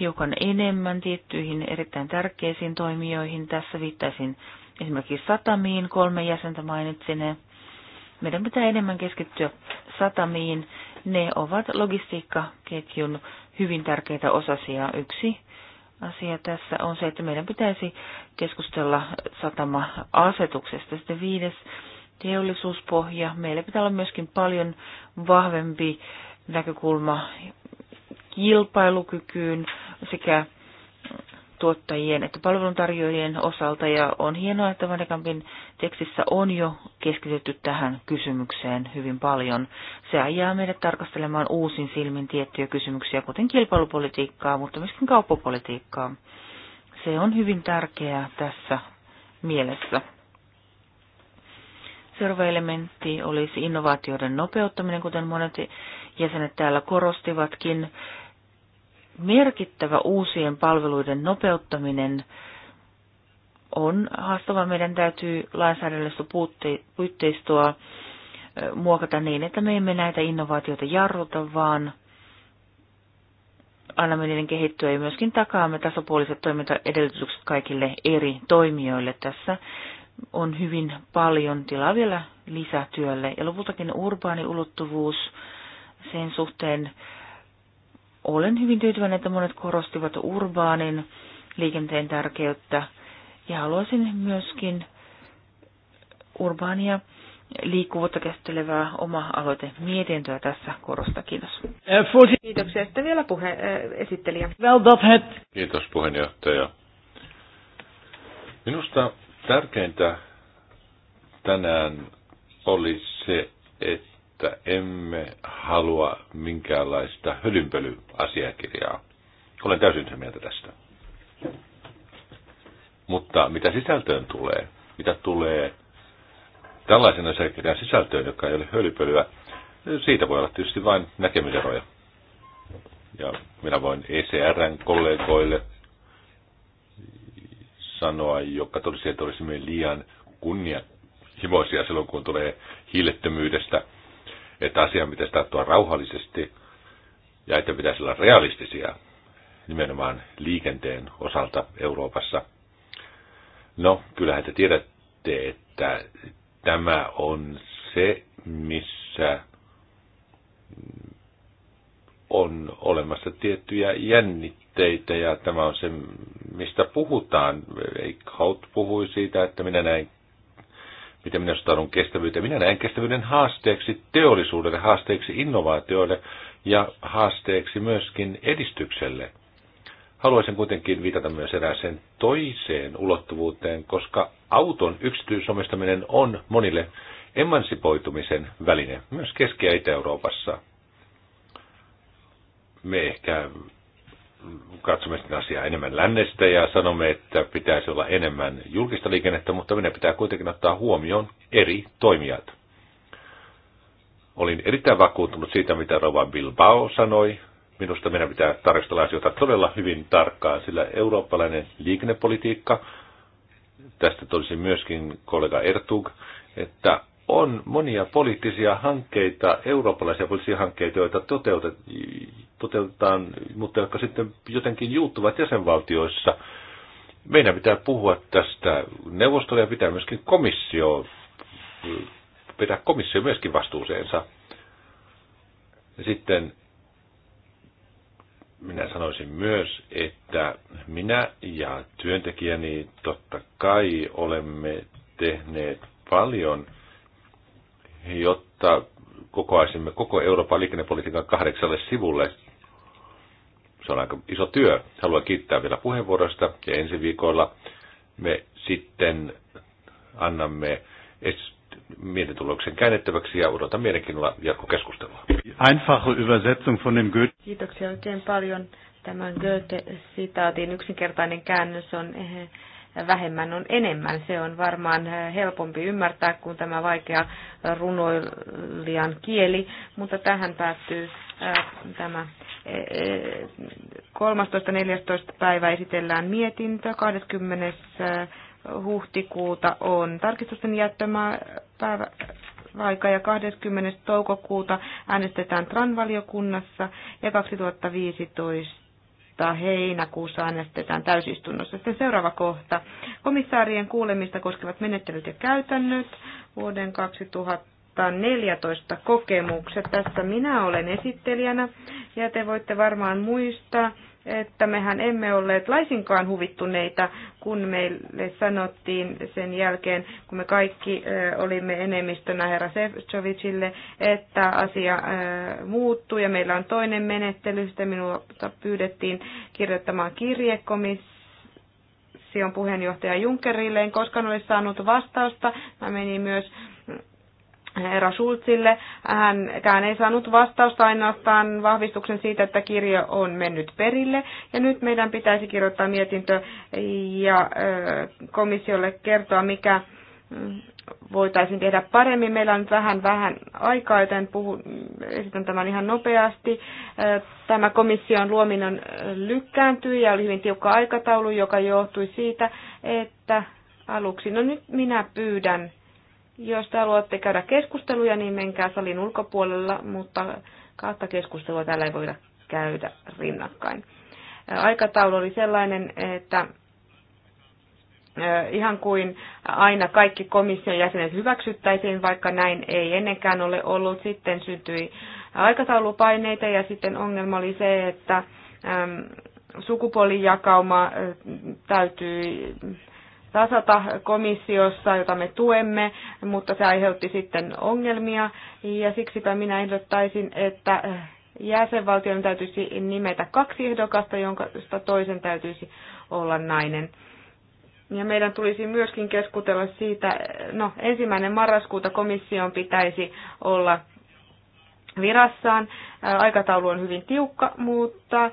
hiukan enemmän tiettyihin erittäin tärkeisiin toimijoihin. Tässä viittaisin esimerkiksi satamiin, kolme jäsentä mainitsine. Meidän pitää enemmän keskittyä satamiin. Ne ovat logistiikkaketjun hyvin tärkeitä osasia. Yksi asia tässä on se, että meidän pitäisi keskustella satama-asetuksesta. Sitten viides teollisuuspohja. Meillä pitää olla myöskin paljon vahvempi näkökulma kilpailukykyyn sekä tuottajien että palveluntarjoajien osalta, ja on hienoa, että Vanekampin tekstissä on jo keskitytty tähän kysymykseen hyvin paljon. Se ajaa meidät tarkastelemaan uusin silmin tiettyjä kysymyksiä, kuten kilpailupolitiikkaa, mutta myöskin kauppapolitiikkaa. Se on hyvin tärkeää tässä mielessä. Seuraava elementti olisi innovaatioiden nopeuttaminen, kuten monet jäsenet täällä korostivatkin merkittävä uusien palveluiden nopeuttaminen on haastava. Meidän täytyy lainsäädännöllistä puitteistoa muokata niin, että me emme näitä innovaatioita jarruta, vaan annamme niiden kehittyä ja myöskin takaamme tasapuoliset toimintaedellytykset kaikille eri toimijoille. Tässä on hyvin paljon tilaa vielä lisätyölle. Ja lopultakin urbaani ulottuvuus sen suhteen olen hyvin tyytyväinen, että monet korostivat urbaanin liikenteen tärkeyttä ja haluaisin myöskin urbaania liikkuvuutta käsittelevää oma-aloite mietintöä tässä korostaa. Kiitos. Eh, Kiitoksia. Sitten vielä puhe, eh, esittelijä. Well, Kiitos puheenjohtaja. Minusta tärkeintä tänään oli se, että että emme halua minkäänlaista hölynpölyasiakirjaa. Olen täysin yhtä mieltä tästä. Mutta mitä sisältöön tulee, mitä tulee tällaisen asiakirjan sisältöön, joka ei ole hölynpölyä, siitä voi olla tietysti vain näkemyseroja. Ja minä voin ECRn kollegoille sanoa, joka totesi, että olisimme liian himoisia silloin, kun tulee hiilettömyydestä – että asiaan pitäisi tarttua rauhallisesti ja että pitäisi olla realistisia nimenomaan liikenteen osalta Euroopassa. No, kyllähän te tiedätte, että tämä on se, missä on olemassa tiettyjä jännitteitä ja tämä on se, mistä puhutaan. Eichhout puhui siitä, että minä näin miten minä suhtaudun kestävyyteen. Minä näen kestävyyden haasteeksi teollisuudelle, haasteeksi innovaatioille ja haasteeksi myöskin edistykselle. Haluaisin kuitenkin viitata myös erääseen toiseen ulottuvuuteen, koska auton yksityisomistaminen on monille emansipoitumisen väline, myös Keski- ja Itä-Euroopassa. Me ehkä katsomme sitä asiaa enemmän lännestä ja sanomme, että pitäisi olla enemmän julkista liikennettä, mutta meidän pitää kuitenkin ottaa huomioon eri toimijat. Olin erittäin vakuuttunut siitä, mitä Rova Bilbao sanoi. Minusta meidän pitää tarkastella asioita todella hyvin tarkkaan, sillä eurooppalainen liikennepolitiikka, tästä tulisi myöskin kollega Ertug, että on monia poliittisia hankkeita, eurooppalaisia poliittisia hankkeita, joita toteutetaan, mutta jotka sitten jotenkin juuttuvat jäsenvaltioissa. Meidän pitää puhua tästä neuvostolle ja pitää myöskin komissio, pitää komissio myöskin vastuuseensa. Sitten minä sanoisin myös, että minä ja työntekijäni totta kai olemme tehneet paljon – jotta kokoaisimme koko Euroopan liikennepolitiikan kahdeksalle sivulle. Se on aika iso työ. Haluan kiittää vielä puheenvuorosta ja ensi viikolla me sitten annamme mietintuloksen käännettäväksi ja odotan mielenkiinnolla jatkokeskustelua. Einfache Übersetzung von dem Goethe. Kiitoksia oikein paljon. Tämän Goethe-sitaatin yksinkertainen käännös on eh, vähemmän on enemmän. Se on varmaan helpompi ymmärtää kuin tämä vaikea runoilijan kieli, mutta tähän päättyy äh, tämä 13.14. Äh, päivä esitellään mietintö, 20. Äh, huhtikuuta on tarkistusten jättämä päivä, aika ja 20. toukokuuta äänestetään TRAN-valiokunnassa ja 2015 jota heinäkuussa äänestetään täysistunnossa. Sitten seuraava kohta. Komissaarien kuulemista koskevat menettelyt ja käytännöt vuoden 2014 kokemukset. Tässä minä olen esittelijänä ja te voitte varmaan muistaa, että mehän emme olleet laisinkaan huvittuneita, kun meille sanottiin sen jälkeen, kun me kaikki olimme enemmistönä herra Sefcovicille, että asia muuttuu ja meillä on toinen menettely. Sitten minulta pyydettiin kirjoittamaan kirje komission puheenjohtaja Junckerille. En koskaan olisi saanut vastausta. Mä menin myös Herra Schulzille. Hänkään ei saanut vastausta ainoastaan vahvistuksen siitä, että kirja on mennyt perille. Ja nyt meidän pitäisi kirjoittaa mietintö ja komissiolle kertoa, mikä mm, voitaisiin tehdä paremmin. Meillä on nyt vähän, vähän aikaa, joten puhun, esitän tämän ihan nopeasti. Tämä komission luominen lykkääntyi ja oli hyvin tiukka aikataulu, joka johtui siitä, että aluksi, no nyt minä pyydän jos te haluatte käydä keskusteluja, niin menkää salin ulkopuolella, mutta kahta keskustelua täällä ei voida käydä rinnakkain. Aikataulu oli sellainen, että ihan kuin aina kaikki komission jäsenet hyväksyttäisiin, vaikka näin ei ennenkään ole ollut. Sitten syntyi aikataulupaineita ja sitten ongelma oli se, että sukupuolijakauma täytyy tasata komissiossa, jota me tuemme, mutta se aiheutti sitten ongelmia ja siksipä minä ehdottaisin, että jäsenvaltion täytyisi nimetä kaksi ehdokasta, jonka toisen täytyisi olla nainen. Ja meidän tulisi myöskin keskustella siitä, no ensimmäinen marraskuuta komission pitäisi olla virassaan. Aikataulu on hyvin tiukka, mutta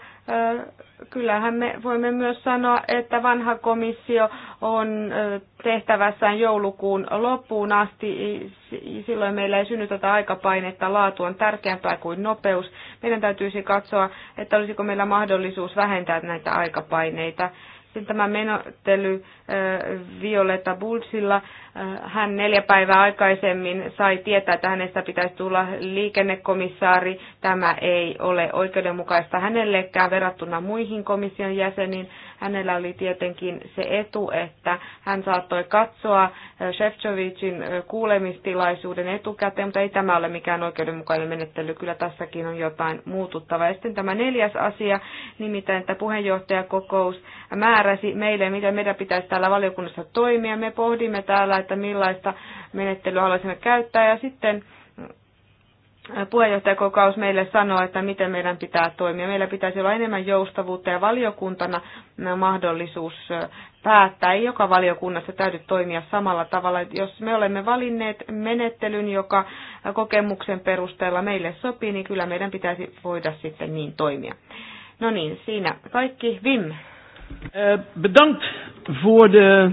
kyllähän me voimme myös sanoa, että vanha komissio on tehtävässään joulukuun loppuun asti. Silloin meillä ei synny tätä aikapainetta. Laatu on tärkeämpää kuin nopeus. Meidän täytyisi katsoa, että olisiko meillä mahdollisuus vähentää näitä aikapaineita. Sitten tämä menottely violetta Bulsilla. Hän neljä päivää aikaisemmin sai tietää, että hänestä pitäisi tulla liikennekomissaari. Tämä ei ole oikeudenmukaista hänellekään verrattuna muihin komission jäseniin. Hänellä oli tietenkin se etu, että hän saattoi katsoa Shevchovicin kuulemistilaisuuden etukäteen, mutta ei tämä ole mikään oikeudenmukainen menettely. Kyllä tässäkin on jotain muututtavaa. Ja sitten tämä neljäs asia, nimittäin että puheenjohtajakokous määräsi meille, mitä meidän pitäisi täällä valiokunnassa toimia. Me pohdimme täällä, että millaista menettelyä haluaisimme käyttää ja sitten mm, puheenjohtajakokous meille sanoo, että miten meidän pitää toimia. Meillä pitäisi olla enemmän joustavuutta ja valiokuntana mahdollisuus päättää. Ei joka valiokunnassa täytyy toimia samalla tavalla. Jos me olemme valinneet menettelyn, joka kokemuksen perusteella meille sopii, niin kyllä meidän pitäisi voida sitten niin toimia. No niin, siinä kaikki. Vim. Eh, bedankt voor de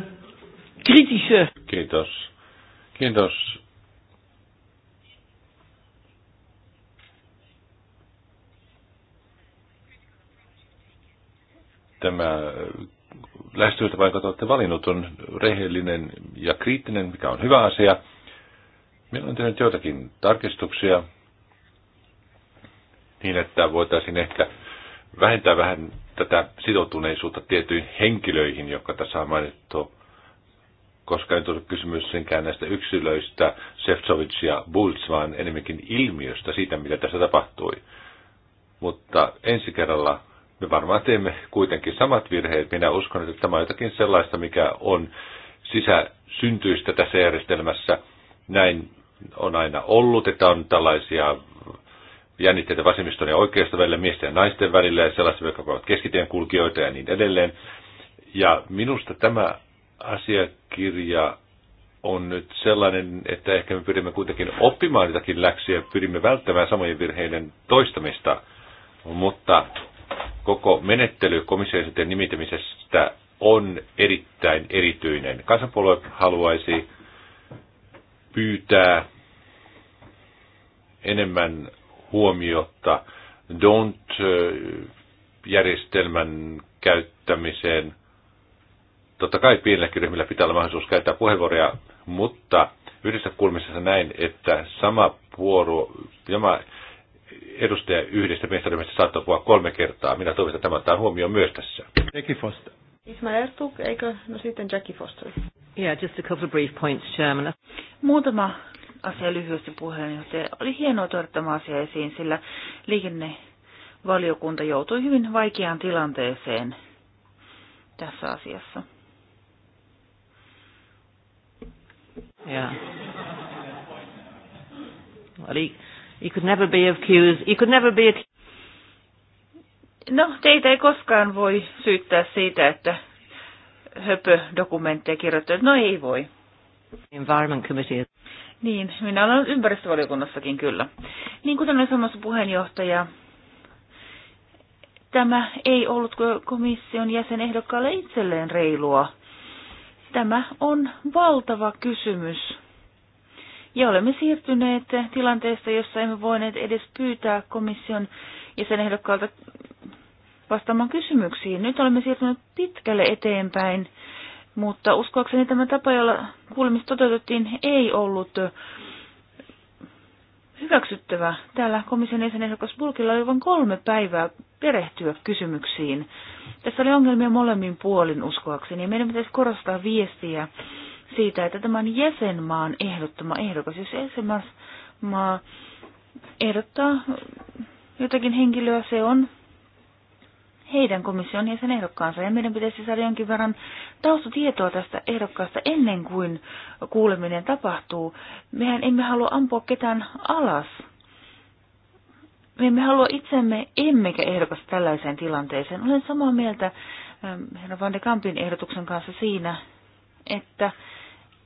kritische... Kiitos. Kritos. Tämä eh, lähestymistapa, jonka olette valinnut, on rehellinen ja kriittinen, mikä on hyvä asia. Meillä on tehnyt joitakin tarkistuksia niin, että voitaisiin ehkä vähentää vähän tätä sitoutuneisuutta tiettyihin henkilöihin, jotka tässä on mainittu, koska ei on kysymys senkään näistä yksilöistä, Sefcovic ja Bulls, vaan enemmänkin ilmiöstä, siitä mitä tässä tapahtui. Mutta ensi kerralla me varmaan teemme kuitenkin samat virheet. Minä uskon, että tämä on jotakin sellaista, mikä on sisäsyntyistä tässä järjestelmässä. Näin on aina ollut, että on tällaisia jännitteitä vasemmiston ja oikeiston välillä, miesten ja naisten välillä ja sellaisia, jotka ovat keskitien kulkijoita ja niin edelleen. Ja minusta tämä asiakirja on nyt sellainen, että ehkä me pyrimme kuitenkin oppimaan jotakin läksiä, pyrimme välttämään samojen virheiden toistamista, mutta koko menettely komission nimittämisestä on erittäin erityinen. Kansanpuolue haluaisi pyytää enemmän huomiota don't-järjestelmän käyttämiseen. Totta kai pienelläkin ryhmillä pitää olla mahdollisuus käyttää puheenvuoroja, mutta yhdessä kulmissa näin, että sama puoru, sama edustaja yhdestä miestä ryhmästä saattaa puhua kolme kertaa. Minä toivon, että tämä ottaa huomioon myös tässä. Jackie Foster. Ismail Ertug, eikö? No sitten Jackie Foster. Yeah, just a couple of brief points, Chairman. Muutama asia lyhyesti puheenjohtaja. Oli hienoa tuoda tämä asia esiin, sillä liikennevaliokunta joutui hyvin vaikeaan tilanteeseen tässä asiassa. Ja. Well, he, he could never be accused. He could never be accused. No, teitä ei koskaan voi syyttää siitä, että höpö dokumentteja kirjoittaa. No ei voi. Environment Committee. Niin, minä olen ympäristövaliokunnassakin kyllä. Niin kuten olen samassa puheenjohtaja, tämä ei ollut komission jäsenehdokkaalle itselleen reilua. Tämä on valtava kysymys. Ja olemme siirtyneet tilanteesta, jossa emme voineet edes pyytää komission jäsenehdokkaalta vastaamaan kysymyksiin. Nyt olemme siirtyneet pitkälle eteenpäin mutta uskoakseni tämä tapa, jolla kuulemista toteutettiin, ei ollut hyväksyttävä. Täällä komission jäsenehdokas Bulkilla oli vain kolme päivää perehtyä kysymyksiin. Tässä oli ongelmia molemmin puolin uskoakseni. Meidän pitäisi korostaa viestiä siitä, että tämä on jäsenmaan ehdottama ehdokas. Jos jäsenmaa ehdottaa jotakin henkilöä, se on heidän komission sen ehdokkaansa. Ja meidän pitäisi saada jonkin verran taustatietoa tästä ehdokkaasta ennen kuin kuuleminen tapahtuu. Mehän emme halua ampua ketään alas. Me emme halua itsemme emmekä ehdokas tällaiseen tilanteeseen. Olen samaa mieltä ähm, herra Van de Kampin ehdotuksen kanssa siinä, että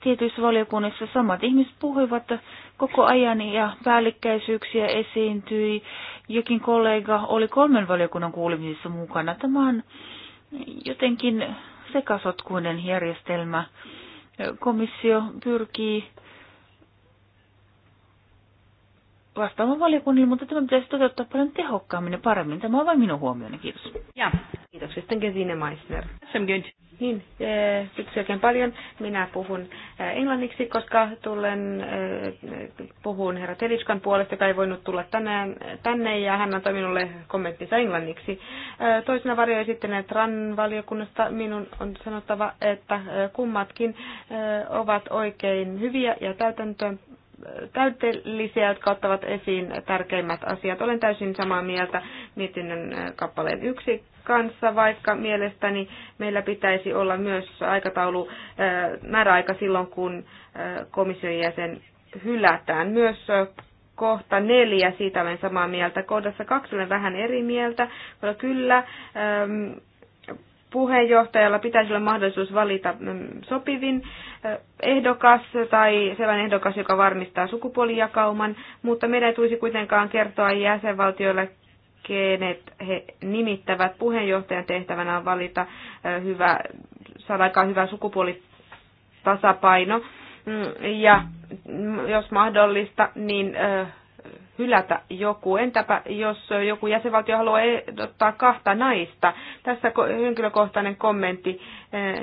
tietyissä valiokunnissa samat ihmiset puhuivat koko ajan ja päällikkäisyyksiä esiintyi. Jokin kollega oli kolmen valiokunnan kuulemisissa mukana. Tämä on jotenkin sekasotkuinen järjestelmä. Komissio pyrkii vastaavan valiokunnille, mutta tämä pitäisi toteuttaa paljon tehokkaammin ja paremmin. Tämä on vain minun huomioni. Kiitos. Ja, kiitoksia sitten Gesine Meissner. Niin, siksi e, oikein paljon. Minä puhun e, englanniksi, koska tulen, e, puhun herra Teliskan puolesta, joka ei voinut tulla tänään, tänne, ja hän antoi minulle kommenttinsa englanniksi. Toisena varjoesittelijänä TRAN-valiokunnasta minun on sanottava, että kummatkin ovat oikein hyviä ja täytäntöön täytteellisiä, jotka ottavat esiin tärkeimmät asiat. Olen täysin samaa mieltä mietinnön kappaleen yksi kanssa, vaikka mielestäni meillä pitäisi olla myös aikataulu määräaika silloin, kun komission jäsen hylätään. Myös kohta neljä, siitä olen samaa mieltä. Kohdassa kaksi olen vähän eri mieltä. kyllä puheenjohtajalla pitäisi olla mahdollisuus valita mm, sopivin ehdokas tai sellainen ehdokas, joka varmistaa sukupuolijakauman, mutta meidän ei tulisi kuitenkaan kertoa jäsenvaltioille, kenet he nimittävät. Puheenjohtajan tehtävänä on valita hyvä, saada aikaan hyvä sukupuolitasapaino mm, ja mm, jos mahdollista, niin hylätä joku. Entäpä jos joku jäsenvaltio haluaa ehdottaa kahta naista? Tässä henkilökohtainen kommentti. Eh,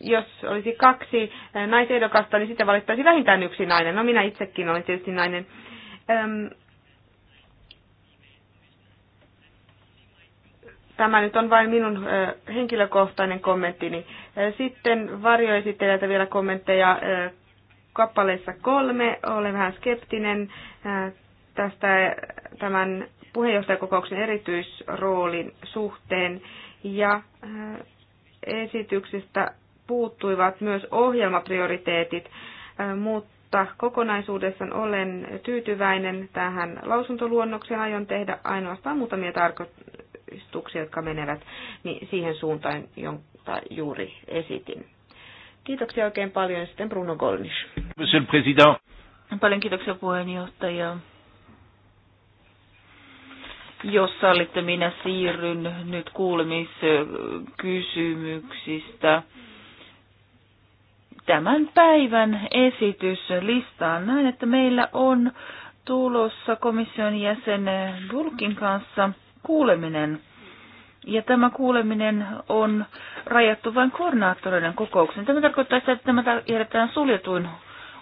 jos olisi kaksi eh, naisehdokasta, niin sitten valittaisi vähintään yksi nainen. No minä itsekin olen tietysti nainen. Tämä nyt on vain minun eh, henkilökohtainen kommenttini. Sitten varjoesittelijältä vielä kommentteja kappaleessa kolme. Olen vähän skeptinen tästä tämän puheenjohtajakokouksen erityisroolin suhteen ja äh, esityksistä puuttuivat myös ohjelmaprioriteetit, äh, mutta kokonaisuudessaan olen tyytyväinen tähän lausuntoluonnokseen. Aion tehdä ainoastaan muutamia tarkoituksia, jotka menevät siihen suuntaan, jonka juuri esitin. Kiitoksia oikein paljon. Sitten Bruno Gollnisch. Monsieur Paljon kiitoksia puheenjohtaja. Jos sallitte, minä siirryn nyt kuulemiskysymyksistä tämän päivän listaa näin, että meillä on tulossa komission jäsen Bulkin kanssa kuuleminen. Ja tämä kuuleminen on rajattu vain koordinaattoreiden kokouksen. Tämä tarkoittaa sitä, että tämä järjestetään suljetuin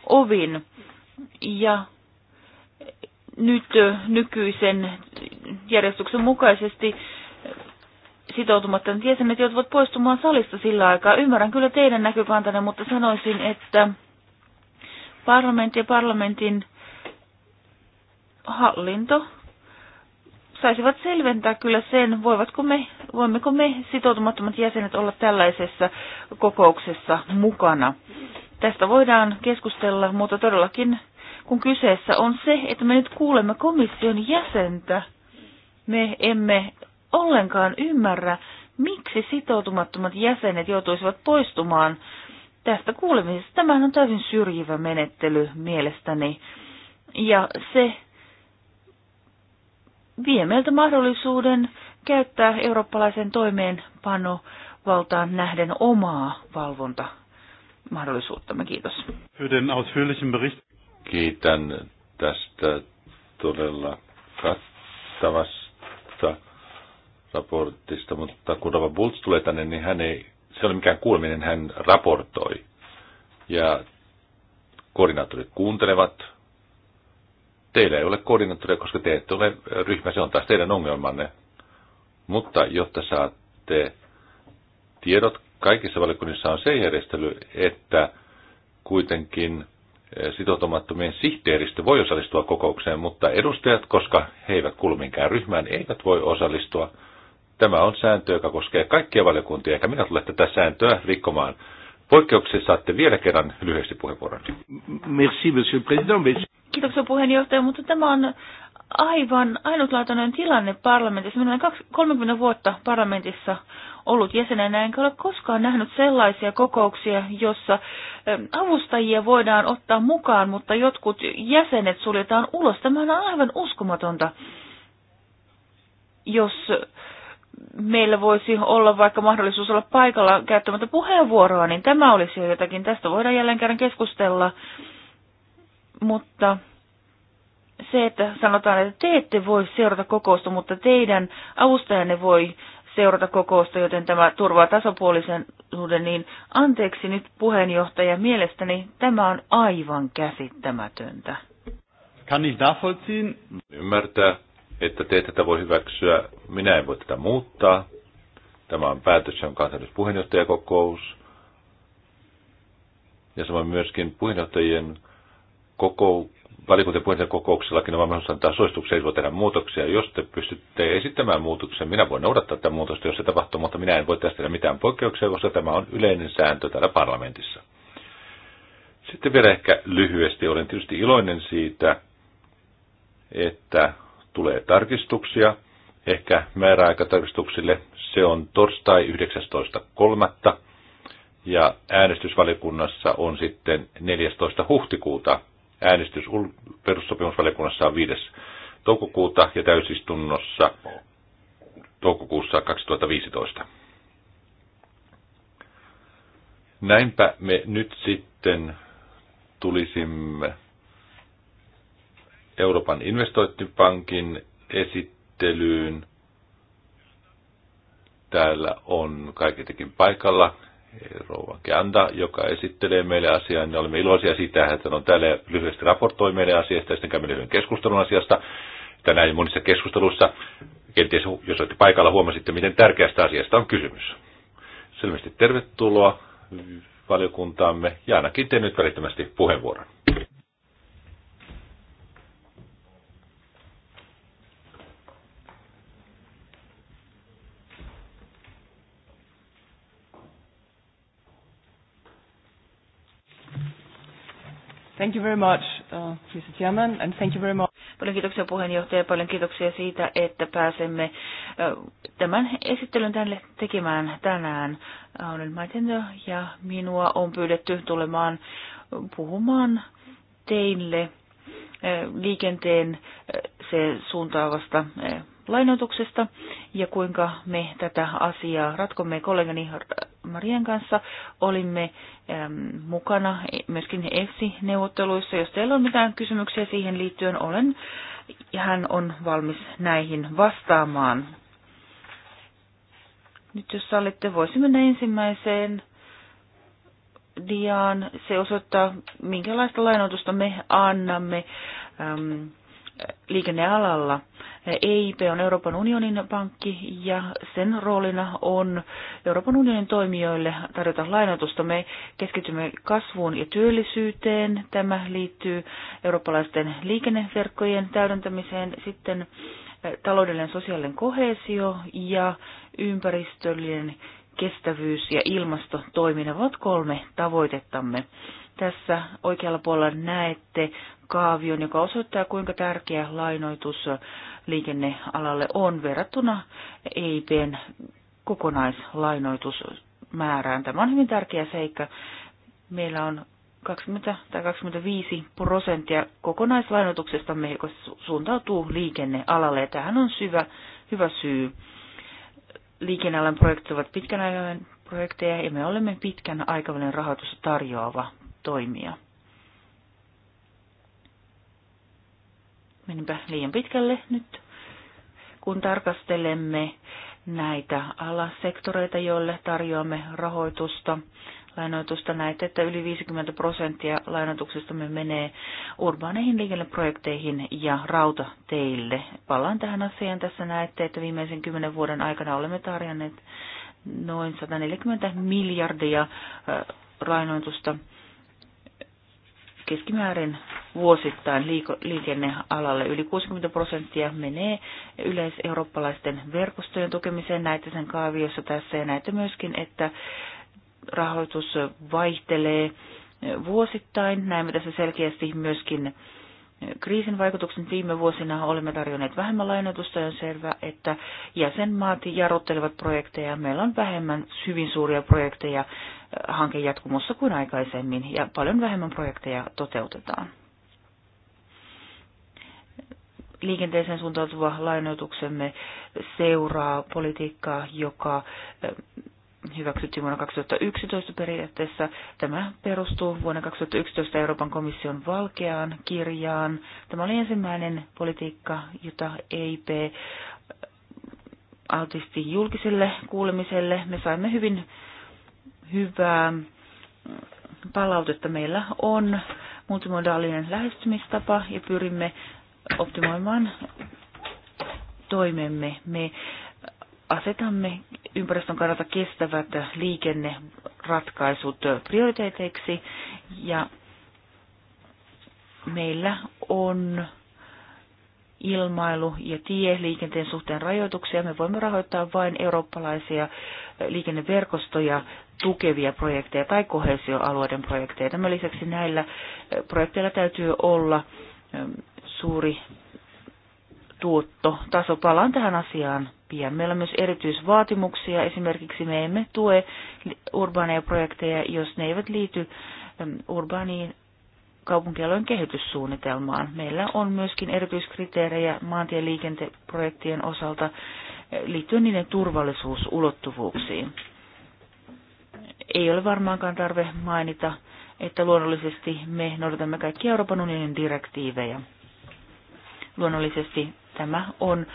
ovin. Ja nyt nykyisen järjestyksen mukaisesti sitoutumatta. Tiesin, että joutuvat poistumaan salista sillä aikaa. Ymmärrän kyllä teidän näkökantanne, mutta sanoisin, että parlamentti ja parlamentin hallinto saisivat selventää kyllä sen, voivatko me, voimmeko me sitoutumattomat jäsenet olla tällaisessa kokouksessa mukana. Tästä voidaan keskustella, mutta todellakin kun kyseessä on se, että me nyt kuulemme komission jäsentä. Me emme ollenkaan ymmärrä, miksi sitoutumattomat jäsenet joutuisivat poistumaan tästä kuulemisesta. Tämä on täysin syrjivä menettely mielestäni. Ja se vie meiltä mahdollisuuden käyttää eurooppalaisen toimeenpanovaltaan nähden omaa valvonta mahdollisuuttamme. Kiitos kiitän tästä todella kattavasta raportista, mutta kun Rava Bultz tulee tänne, niin hän ei, se oli mikään kuuleminen, hän raportoi. Ja koordinaattorit kuuntelevat. Teillä ei ole koordinaattoria, koska te ette ole ryhmä, se on taas teidän ongelmanne. Mutta jotta saatte tiedot, kaikissa valikunnissa on se järjestely, että kuitenkin sitoutumattomien sihteeristö voi osallistua kokoukseen, mutta edustajat, koska he eivät kuulu minkään ryhmään, eivät voi osallistua. Tämä on sääntö, joka koskee kaikkia valiokuntia, eikä minä tule tätä sääntöä rikkomaan. Poikkeuksessa saatte vielä kerran lyhyesti puheenvuoron. Merci, monsieur président. Kiitoksia puheenjohtaja, mutta tämä on aivan ainutlaatuinen tilanne parlamentissa. Minä olen 30 vuotta parlamentissa ollut jäsenenä, enkä ole koskaan nähnyt sellaisia kokouksia, jossa avustajia voidaan ottaa mukaan, mutta jotkut jäsenet suljetaan ulos. Tämä on aivan uskomatonta, jos meillä voisi olla vaikka mahdollisuus olla paikalla käyttämättä puheenvuoroa, niin tämä olisi jo jotakin. Tästä voidaan jälleen kerran keskustella, mutta se, että sanotaan, että te ette voi seurata kokousta, mutta teidän avustajanne voi seurata kokousta, joten tämä turvaa tasapuolisuuden, niin anteeksi nyt puheenjohtaja, mielestäni tämä on aivan käsittämätöntä. Kann ich nachvollziehen? Ymmärtää, että te tätä voi hyväksyä. Minä en voi tätä muuttaa. Tämä on päätös, on kansallispuheenjohtajakokous. Ja samoin myöskin puheenjohtajien kokous valikunta puheenjohtajan kokouksellakin on mahdollisuus antaa suosituksia, ei voi tehdä muutoksia. Jos te pystytte esittämään muutoksen, minä voin noudattaa tätä muutosta, jos se tapahtuu, mutta minä en voi tästä tehdä mitään poikkeuksia, koska tämä on yleinen sääntö täällä parlamentissa. Sitten vielä ehkä lyhyesti. Olen tietysti iloinen siitä, että tulee tarkistuksia. Ehkä määräaikatarkistuksille se on torstai 19.3. Ja äänestysvaliokunnassa on sitten 14. huhtikuuta Äänestys perussopimusvaliokunnassa on 5. toukokuuta ja täysistunnossa toukokuussa 2015. Näinpä me nyt sitten tulisimme Euroopan investointipankin esittelyyn. Täällä on kaiketikin paikalla rouva Kanda, joka esittelee meille asiaa. ja niin olemme iloisia siitä, että hän on täällä lyhyesti raportoi meille asiasta ja sitten käymme lyhyen keskustelun asiasta. Tänään monissa keskusteluissa, kenties jos olette paikalla, huomasitte, miten tärkeästä asiasta on kysymys. Selvästi tervetuloa valiokuntaamme ja ainakin teen nyt välittömästi puheenvuoron. Thank you very much, uh, Mr. Chairman, and thank you very much. Paljon kiitoksia puheenjohtaja, paljon kiitoksia siitä, että pääsemme tämän esittelyn tänne tekemään tänään. Olen Maitento ja minua on pyydetty tulemaan puhumaan teille liikenteen se suuntaavasta lainoituksesta ja kuinka me tätä asiaa ratkomme kollegani Marian kanssa. Olimme äm, mukana myöskin EFSI-neuvotteluissa. Jos teillä on mitään kysymyksiä siihen liittyen, olen ja hän on valmis näihin vastaamaan. Nyt jos sallitte, voisimme mennä ensimmäiseen diaan. Se osoittaa, minkälaista lainoitusta me annamme äm, liikennealalla. EIP on Euroopan unionin pankki ja sen roolina on Euroopan unionin toimijoille tarjota lainoitusta. Me keskitymme kasvuun ja työllisyyteen. Tämä liittyy eurooppalaisten liikenneverkkojen täydentämiseen, sitten eh, taloudellinen sosiaalinen kohesio ja ympäristöllinen kestävyys ja ilmastotoiminnan ovat kolme tavoitettamme. Tässä oikealla puolella näette kaavion, joka osoittaa, kuinka tärkeä lainoitus liikennealalle on verrattuna EIPn kokonaislainoitusmäärään. Tämä on hyvin tärkeä seikka. Meillä on 20 tai 25 prosenttia kokonaislainoituksesta joka suuntautuu liikennealalle. tähän on syvä, hyvä syy. Liikennealan projektit ovat pitkän ajan projekteja ja me olemme pitkän aikavälin rahoitusta tarjoava toimija. meninpä liian pitkälle nyt, kun tarkastelemme näitä alasektoreita, joille tarjoamme rahoitusta, lainoitusta. Näitä, että yli 50 prosenttia me menee urbaaneihin liikenneprojekteihin ja rautateille. Palaan tähän asiaan. Tässä näette, että viimeisen kymmenen vuoden aikana olemme tarjonneet noin 140 miljardia lainoitusta keskimäärin vuosittain liikennealalle. Yli 60 prosenttia menee yleiseurooppalaisten verkostojen tukemiseen. Näitä sen kaaviossa tässä ja näitä myöskin, että rahoitus vaihtelee vuosittain. Näemme tässä selkeästi myöskin kriisin vaikutuksen viime vuosina olemme tarjonneet vähemmän lainoitusta ja on selvä, että jäsenmaat jarruttelevat projekteja. Meillä on vähemmän hyvin suuria projekteja hankejatkumossa kuin aikaisemmin ja paljon vähemmän projekteja toteutetaan. Liikenteeseen suuntautuva lainoituksemme seuraa politiikkaa, joka eh, hyväksyttiin vuonna 2011 periaatteessa. Tämä perustuu vuonna 2011 Euroopan komission valkeaan kirjaan. Tämä oli ensimmäinen politiikka, jota EIP eh, altisti julkiselle kuulemiselle. Me saimme hyvin hyvää palautetta. Meillä on multimodaalinen lähestymistapa ja pyrimme optimoimaan toimemme. Me asetamme ympäristön kannalta kestävät liikenneratkaisut prioriteeteiksi ja meillä on ilmailu- ja tieliikenteen suhteen rajoituksia. Me voimme rahoittaa vain eurooppalaisia eh, liikenneverkostoja tukevia projekteja tai kohesioalueiden projekteja. Tämän lisäksi näillä eh, projekteilla täytyy olla suuri tuotto. Taso palaan tähän asiaan pian. Meillä on myös erityisvaatimuksia. Esimerkiksi me emme tue urbaaneja projekteja, jos ne eivät liity urbaaniin kaupunkialueen kehityssuunnitelmaan. Meillä on myöskin erityiskriteerejä maantieliikenteprojektien osalta eh, liittyen niiden turvallisuusulottuvuuksiin. Ei ole varmaankaan tarve mainita, että luonnollisesti me noudatamme kaikkia Euroopan unionin direktiivejä. Luonnollisesti tämä on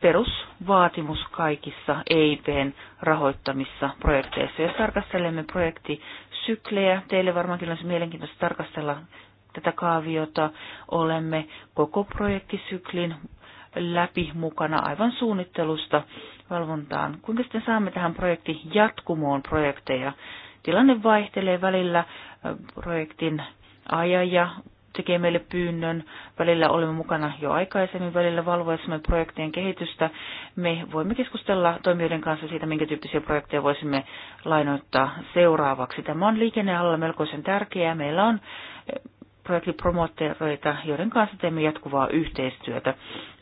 perusvaatimus kaikissa EIPn rahoittamissa projekteissa. Jos tarkastelemme projekti syklejä. Teille varmaankin olisi mielenkiintoista tarkastella tätä kaaviota. Olemme koko projektisyklin läpi mukana aivan suunnittelusta valvontaan. Kuinka sitten saamme tähän projekti jatkumoon projekteja? Tilanne vaihtelee välillä projektin ajaja tekee meille pyynnön. Välillä olemme mukana jo aikaisemmin, välillä valvoisimme projektien kehitystä. Me voimme keskustella toimijoiden kanssa siitä, minkä tyyppisiä projekteja voisimme lainoittaa seuraavaksi. Tämä on liikennealalla melkoisen tärkeää. Meillä on projektipromottereita, joiden kanssa teemme jatkuvaa yhteistyötä.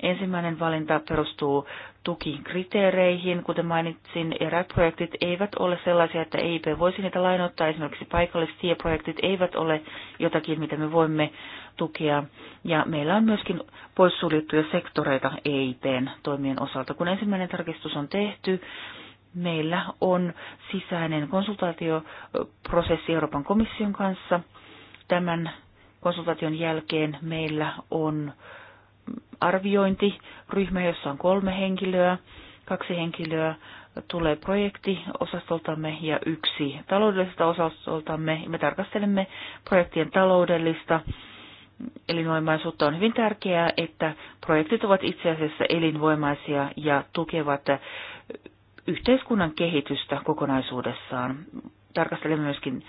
Ensimmäinen valinta perustuu tukikriteereihin. Kuten mainitsin, eräät projektit eivät ole sellaisia, että EIP voisi niitä lainoittaa. Esimerkiksi paikallistieprojektit eivät ole jotakin, mitä me voimme tukea. Ja meillä on myöskin poissuljettuja sektoreita EIPn toimien osalta. Kun ensimmäinen tarkistus on tehty, meillä on sisäinen konsultaatioprosessi Euroopan komission kanssa. Tämän konsultaation jälkeen meillä on arviointiryhmä, jossa on kolme henkilöä. Kaksi henkilöä tulee projektiosastoltamme ja yksi taloudellisesta osastoltamme. Me tarkastelemme projektien taloudellista elinvoimaisuutta. On hyvin tärkeää, että projektit ovat itse asiassa elinvoimaisia ja tukevat yhteiskunnan kehitystä kokonaisuudessaan. Tarkastelemme myöskin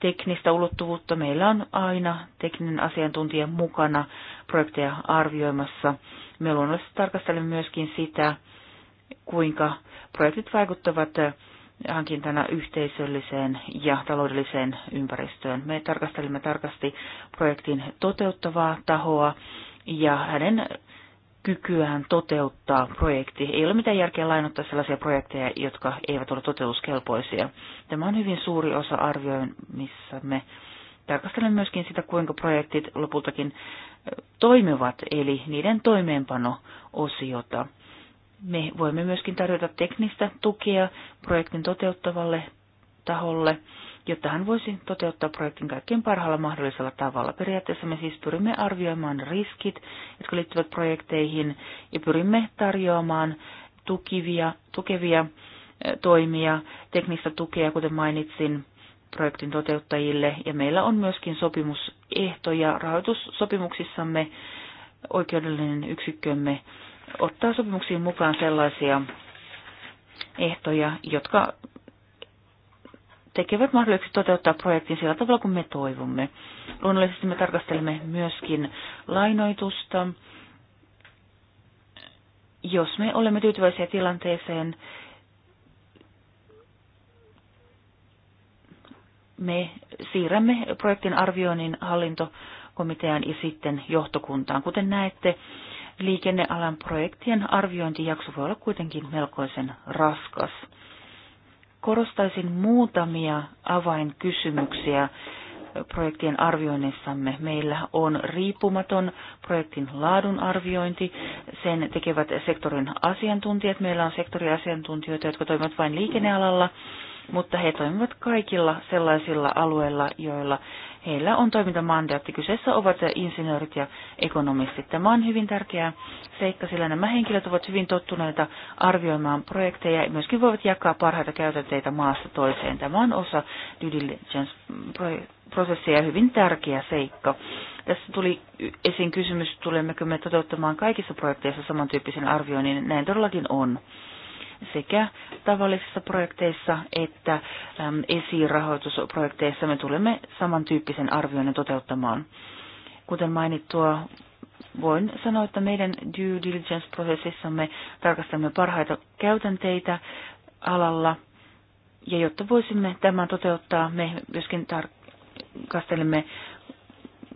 teknistä ulottuvuutta. Meillä on aina tekninen asiantuntija mukana projekteja arvioimassa. Me luonnollisesti tarkastelemme myöskin sitä, kuinka projektit vaikuttavat hankintana yhteisölliseen ja taloudelliseen ympäristöön. Me tarkastelimme tarkasti projektin toteuttavaa tahoa ja hänen kykyään toteuttaa projekti. Ei ole mitään järkeä lainottaa sellaisia projekteja, jotka eivät ole toteutuskelpoisia. Tämä on hyvin suuri osa arvioimissamme. Tarkastelemme myöskin sitä, kuinka projektit lopultakin toimivat, eli niiden toimeenpano-osiota. Me voimme myöskin tarjota teknistä tukea projektin toteuttavalle taholle jotta hän voisi toteuttaa projektin kaikkein parhaalla mahdollisella tavalla. Periaatteessa me siis pyrimme arvioimaan riskit, jotka liittyvät projekteihin, ja pyrimme tarjoamaan tukivia, tukevia eh, toimia, teknistä tukea, kuten mainitsin, projektin toteuttajille, ja meillä on myöskin sopimusehtoja rahoitussopimuksissamme. Oikeudellinen yksikkömme ottaa sopimuksiin mukaan sellaisia ehtoja, jotka tekevät mahdolliseksi toteuttaa projektin sillä tavalla kuin me toivomme. Luonnollisesti me tarkastelemme myöskin lainoitusta. Jos me olemme tyytyväisiä tilanteeseen, me siirrämme projektin arvioinnin hallintokomitean ja sitten johtokuntaan. Kuten näette, liikennealan projektien arviointijakso voi olla kuitenkin melkoisen raskas korostaisin muutamia avainkysymyksiä projektien arvioinnissamme. Meillä on riippumaton projektin laadun arviointi. Sen tekevät sektorin asiantuntijat. Meillä on sektoriasiantuntijoita, jotka toimivat vain liikennealalla, mutta he toimivat kaikilla sellaisilla alueilla, joilla Heillä on toimintamandaatti. Kyseessä ovat insinöörit ja ekonomistit. Tämä on hyvin tärkeä seikka, sillä nämä henkilöt ovat hyvin tottuneita arvioimaan projekteja ja myöskin voivat jakaa parhaita käytänteitä maasta toiseen. Tämä on osa due diligence-prosessia ja hyvin tärkeä seikka. Tässä tuli esiin kysymys, tulemmeko me toteuttamaan kaikissa projekteissa samantyyppisen arvioinnin. Näin todellakin on sekä tavallisissa projekteissa että esirahoitusprojekteissa me tulemme samantyyppisen arvioinnin toteuttamaan. Kuten mainittua, voin sanoa, että meidän due diligence-prosessissamme tarkastamme parhaita käytänteitä alalla, ja jotta voisimme tämän toteuttaa, me myöskin tarkastelemme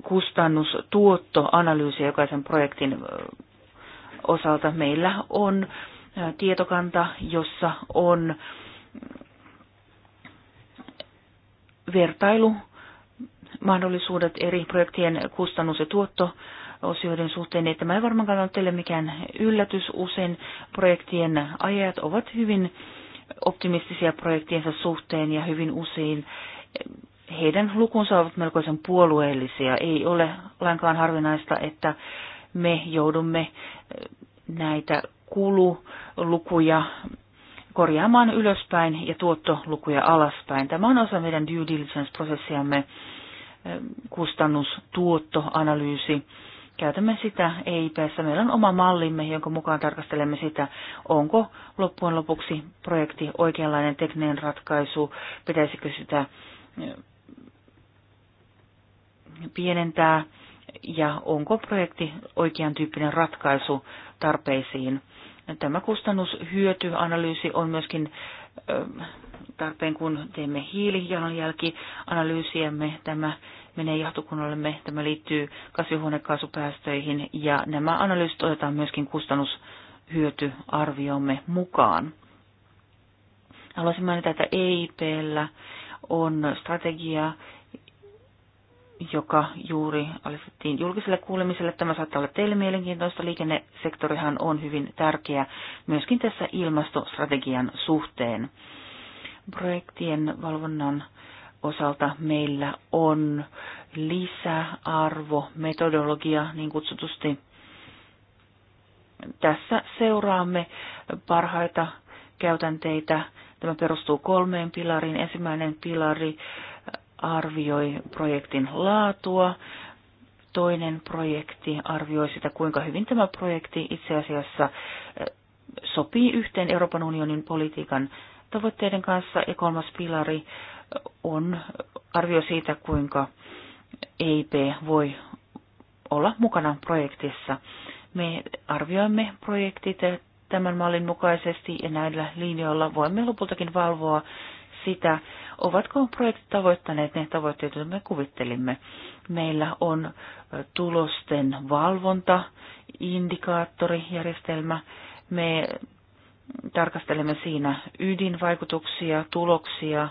kustannustuottoanalyysiä jokaisen projektin osalta. Meillä on tietokanta, jossa on vertailu mahdollisuudet eri projektien kustannus- ja tuotto-osioiden suhteen. Niin tämä ei varmaankaan ole teille mikään yllätys. Usein projektien ajat ovat hyvin optimistisia projektiensa suhteen ja hyvin usein heidän lukunsa ovat melkoisen puolueellisia. Ei ole lainkaan harvinaista, että me joudumme näitä kululukuja korjaamaan ylöspäin ja tuottolukuja alaspäin. Tämä on osa meidän due diligence-prosessiamme eh, kustannustuottoanalyysi. Käytämme sitä EIPssä. Meillä on oma mallimme, jonka mukaan tarkastelemme sitä, onko loppujen lopuksi projekti oikeanlainen tekninen ratkaisu, pitäisikö sitä eh, pienentää ja onko projekti oikean tyyppinen ratkaisu tarpeisiin. Tämä kustannushyötyanalyysi on myöskin tarpeen, kun teemme hiilijalanjälkianalyysiämme. Tämä menee jahtokunnallemme, tämä liittyy kasvihuonekaasupäästöihin ja nämä analyysit otetaan myöskin kustannushyötyarviomme mukaan. Haluaisin mainita, että EIPllä on strategia joka juuri alistettiin julkiselle kuulemiselle. Tämä saattaa olla teille mielenkiintoista. Liikennesektorihan on hyvin tärkeä myöskin tässä ilmastostrategian suhteen. Projektien valvonnan osalta meillä on lisäarvo, metodologia niin kutsutusti. Tässä seuraamme parhaita käytänteitä. Tämä perustuu kolmeen pilariin. Ensimmäinen pilari arvioi projektin laatua, toinen projekti arvioi sitä, kuinka hyvin tämä projekti itse asiassa eh, sopii yhteen Euroopan unionin politiikan tavoitteiden kanssa, ja kolmas pilari eh, on arvio siitä, kuinka EIP voi olla mukana projektissa. Me arvioimme projektit tämän mallin mukaisesti ja näillä linjoilla voimme lopultakin valvoa sitä, ovatko projektit tavoittaneet ne tavoitteet, joita me kuvittelimme. Meillä on tulosten valvonta, indikaattorijärjestelmä. Me tarkastelemme siinä ydinvaikutuksia, tuloksia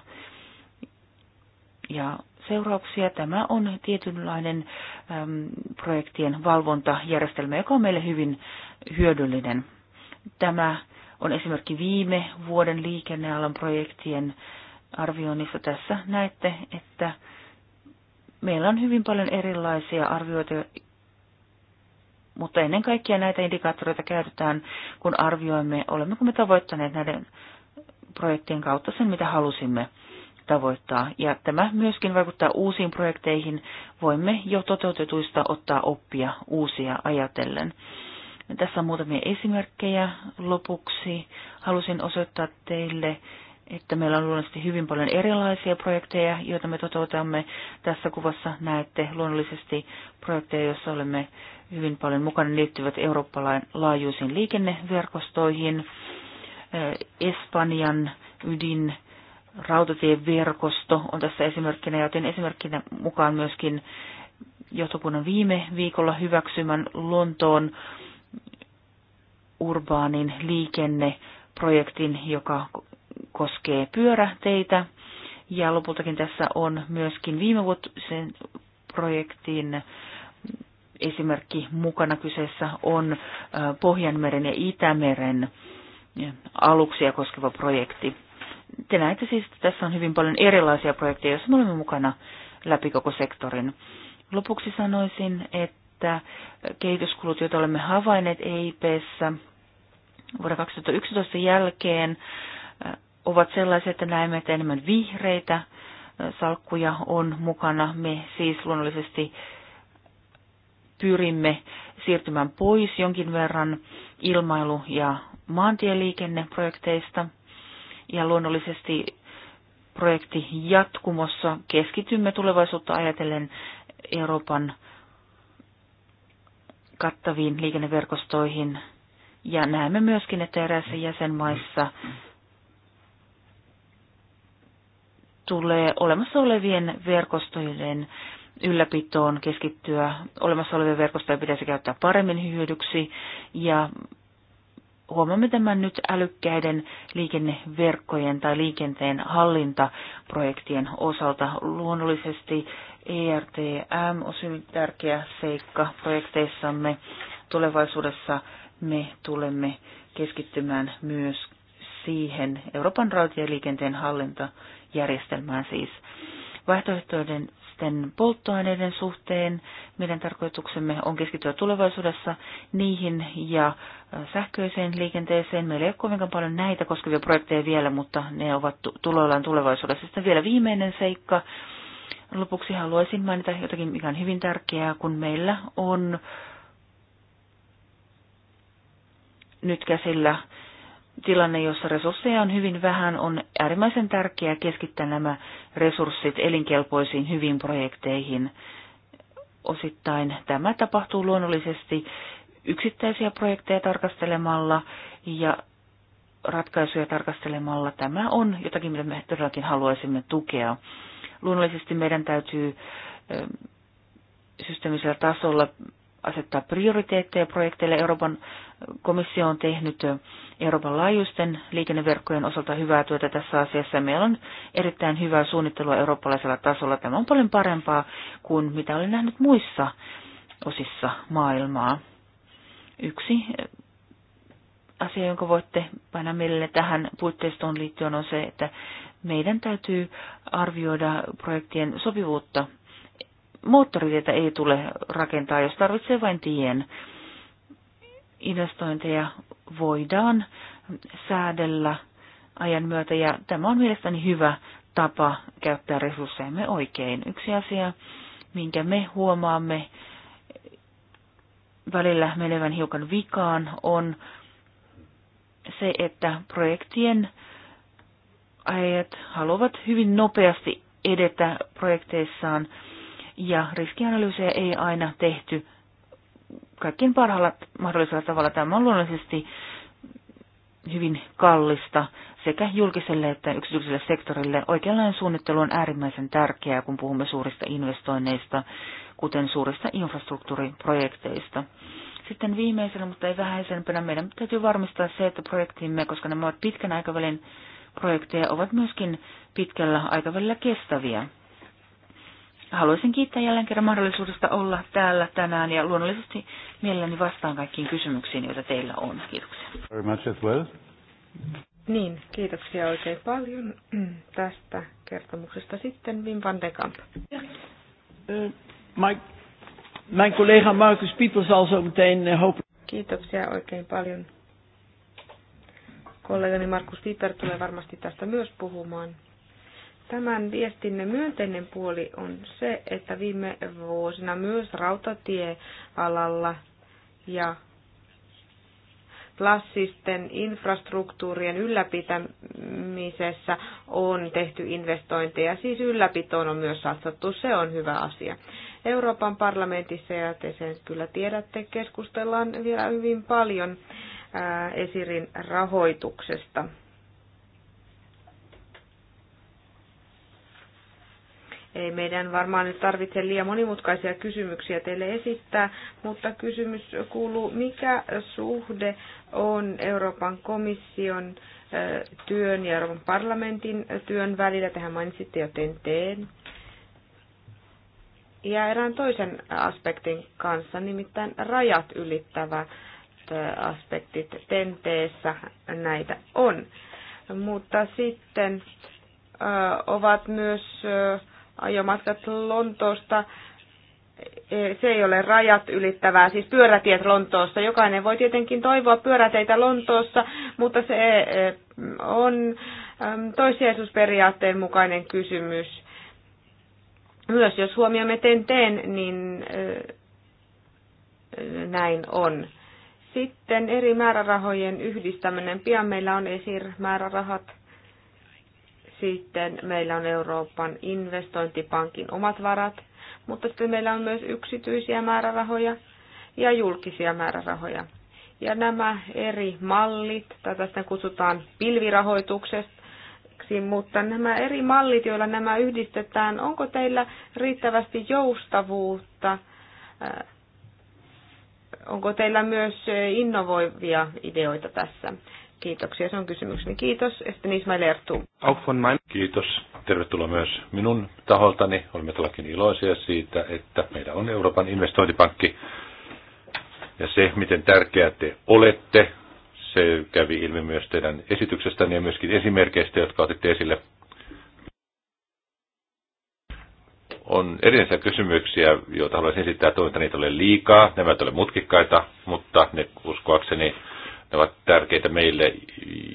ja seurauksia. Tämä on tietynlainen äm, projektien valvontajärjestelmä, joka on meille hyvin hyödyllinen. Tämä on esimerkki viime vuoden liikennealan projektien arvioinnissa tässä näette, että meillä on hyvin paljon erilaisia arvioita, mutta ennen kaikkea näitä indikaattoreita käytetään, kun arvioimme, olemmeko me tavoittaneet näiden projektien kautta sen, mitä halusimme tavoittaa. Ja tämä myöskin vaikuttaa uusiin projekteihin. Voimme jo toteutetuista ottaa oppia uusia ajatellen. Tässä on muutamia esimerkkejä lopuksi. Halusin osoittaa teille että meillä on luonnollisesti hyvin paljon erilaisia projekteja, joita me toteutamme. Tässä kuvassa näette luonnollisesti projekteja, joissa olemme hyvin paljon mukana liittyvät eurooppalain laajuisiin liikenneverkostoihin, Espanjan ydin rautatieverkosto on tässä esimerkkinä, ja otin esimerkkinä mukaan myöskin johtokunnan viime viikolla hyväksymän Lontoon urbaanin liikenneprojektin, joka koskee pyöräteitä. Ja lopultakin tässä on myöskin viime vuotisen projektin esimerkki mukana kyseessä on Pohjanmeren ja Itämeren aluksia koskeva projekti. Te näette siis, että tässä on hyvin paljon erilaisia projekteja, joissa me olemme mukana läpi koko sektorin. Lopuksi sanoisin, että kehityskulut, joita olemme havainneet EIPssä vuoden 2011 jälkeen, ovat sellaisia, että näemme, että enemmän vihreitä salkkuja on mukana. Me siis luonnollisesti pyrimme siirtymään pois jonkin verran ilmailu- ja maantieliikenneprojekteista. Ja luonnollisesti projekti jatkumossa keskitymme tulevaisuutta ajatellen Euroopan kattaviin liikenneverkostoihin. Ja näemme myöskin, että eräissä jäsenmaissa tulee olemassa olevien verkostojen ylläpitoon keskittyä. Olemassa olevia verkostoja pitäisi käyttää paremmin hyödyksi ja huomaamme tämän nyt älykkäiden liikenneverkkojen tai liikenteen hallintaprojektien osalta. Luonnollisesti ERTM on hyvin tärkeä seikka projekteissamme. Tulevaisuudessa me tulemme keskittymään myös siihen Euroopan rautatieliikenteen hallintajärjestelmään siis. Vaihtoehtoiden sitten polttoaineiden suhteen meidän tarkoituksemme on keskittyä tulevaisuudessa niihin ja sähköiseen liikenteeseen. Meillä ei ole kovinkaan paljon näitä koskevia projekteja vielä, mutta ne ovat tuloillaan tulevaisuudessa. Sitten vielä viimeinen seikka. Lopuksi haluaisin mainita jotakin, mikä on hyvin tärkeää, kun meillä on nyt käsillä tilanne, jossa resursseja on hyvin vähän, on äärimmäisen tärkeää keskittää nämä resurssit elinkelpoisiin hyvin projekteihin. Osittain tämä tapahtuu luonnollisesti yksittäisiä projekteja tarkastelemalla ja ratkaisuja tarkastelemalla. Tämä on jotakin, mitä me todellakin haluaisimme tukea. Luonnollisesti meidän täytyy systeemisellä tasolla asettaa prioriteetteja projekteille. Euroopan komissio on tehnyt Euroopan laajuisten liikenneverkkojen osalta hyvää työtä tässä asiassa. Meillä on erittäin hyvää suunnittelua eurooppalaisella tasolla. Tämä on paljon parempaa kuin mitä olen nähnyt muissa osissa maailmaa. Yksi asia, jonka voitte painaa mielelle tähän puitteistoon liittyen on se, että meidän täytyy arvioida projektien sopivuutta moottoritietä ei tule rakentaa, jos tarvitsee vain tien. Investointeja voidaan säädellä ajan myötä ja tämä on mielestäni hyvä tapa käyttää resurssejamme oikein. Yksi asia, minkä me huomaamme välillä menevän hiukan vikaan, on se, että projektien ajat haluavat hyvin nopeasti edetä projekteissaan – ja riskianalyysejä ei aina tehty kaikkien parhaalla mahdollisella tavalla. Tämä on luonnollisesti hyvin kallista sekä julkiselle että yksityiselle sektorille. Oikeanlainen suunnittelu on äärimmäisen tärkeää, kun puhumme suurista investoinneista, kuten suurista infrastruktuuriprojekteista. Sitten viimeisenä, mutta ei vähäisempänä, meidän täytyy varmistaa se, että projektimme, koska nämä ovat pitkän aikavälin projekteja, ovat myöskin pitkällä aikavälillä kestäviä haluaisin kiittää jälleen kerran mahdollisuudesta olla täällä tänään ja luonnollisesti mielelläni vastaan kaikkiin kysymyksiin, joita teillä on. Kiitoksia. Very much as well. Niin, kiitoksia oikein paljon tästä kertomuksesta. Sitten Wim van de Kamp. Eh, mijn, mijn collega Marcus Pieper zal zo meteen eh, hopelijk... Kiitoksia oikein paljon. Kollegani Markus Pieper tulee varmasti tästä myös puhumaan. Tämän viestinne myönteinen puoli on se, että viime vuosina myös rautatiealalla ja klassisten infrastruktuurien ylläpitämisessä on tehty investointeja, siis ylläpitoon on myös satsattu, se on hyvä asia. Euroopan parlamentissa, ja te sen kyllä tiedätte, keskustellaan vielä hyvin paljon esirin rahoituksesta. Ei meidän varmaan nyt tarvitse liian monimutkaisia kysymyksiä teille esittää, mutta kysymys kuuluu, mikä suhde on Euroopan komission työn ja Euroopan parlamentin työn välillä? Tähän mainitsitte jo TEN ja erään toisen aspektin kanssa, nimittäin rajat ylittävä aspektit tenteessä näitä on. Mutta sitten ovat myös ajomatkat Lontoosta. E, se ei ole rajat ylittävää, siis pyörätiet Lontoossa. Jokainen voi tietenkin toivoa pyöräteitä Lontoossa, mutta se e, on toissijaisuusperiaatteen mukainen kysymys. Myös jos huomioimme TEN-TEN, niin e, näin on. Sitten eri määrärahojen yhdistäminen. Pian meillä on esir-määrärahat sitten meillä on Euroopan investointipankin omat varat, mutta sitten meillä on myös yksityisiä määrärahoja ja julkisia määrärahoja. Ja nämä eri mallit, tätä sitten kutsutaan pilvirahoitukseksi, mutta nämä eri mallit, joilla nämä yhdistetään, onko teillä riittävästi joustavuutta? Äh, onko teillä myös innovoivia ideoita tässä? Kiitoksia, se on kysymykseni. Kiitos. Esten Ismail Ertu. Kiitos. Tervetuloa myös minun taholtani. Olemme todellakin iloisia siitä, että meillä on Euroopan investointipankki. Ja se, miten tärkeää te olette, se kävi ilmi myös teidän esityksestänne ja myöskin esimerkkeistä, jotka otitte esille. On erillisiä kysymyksiä, joita haluaisin esittää. että niitä ole liikaa. Nämä eivät ole mutkikkaita, mutta ne uskoakseni ne ovat tärkeitä meille,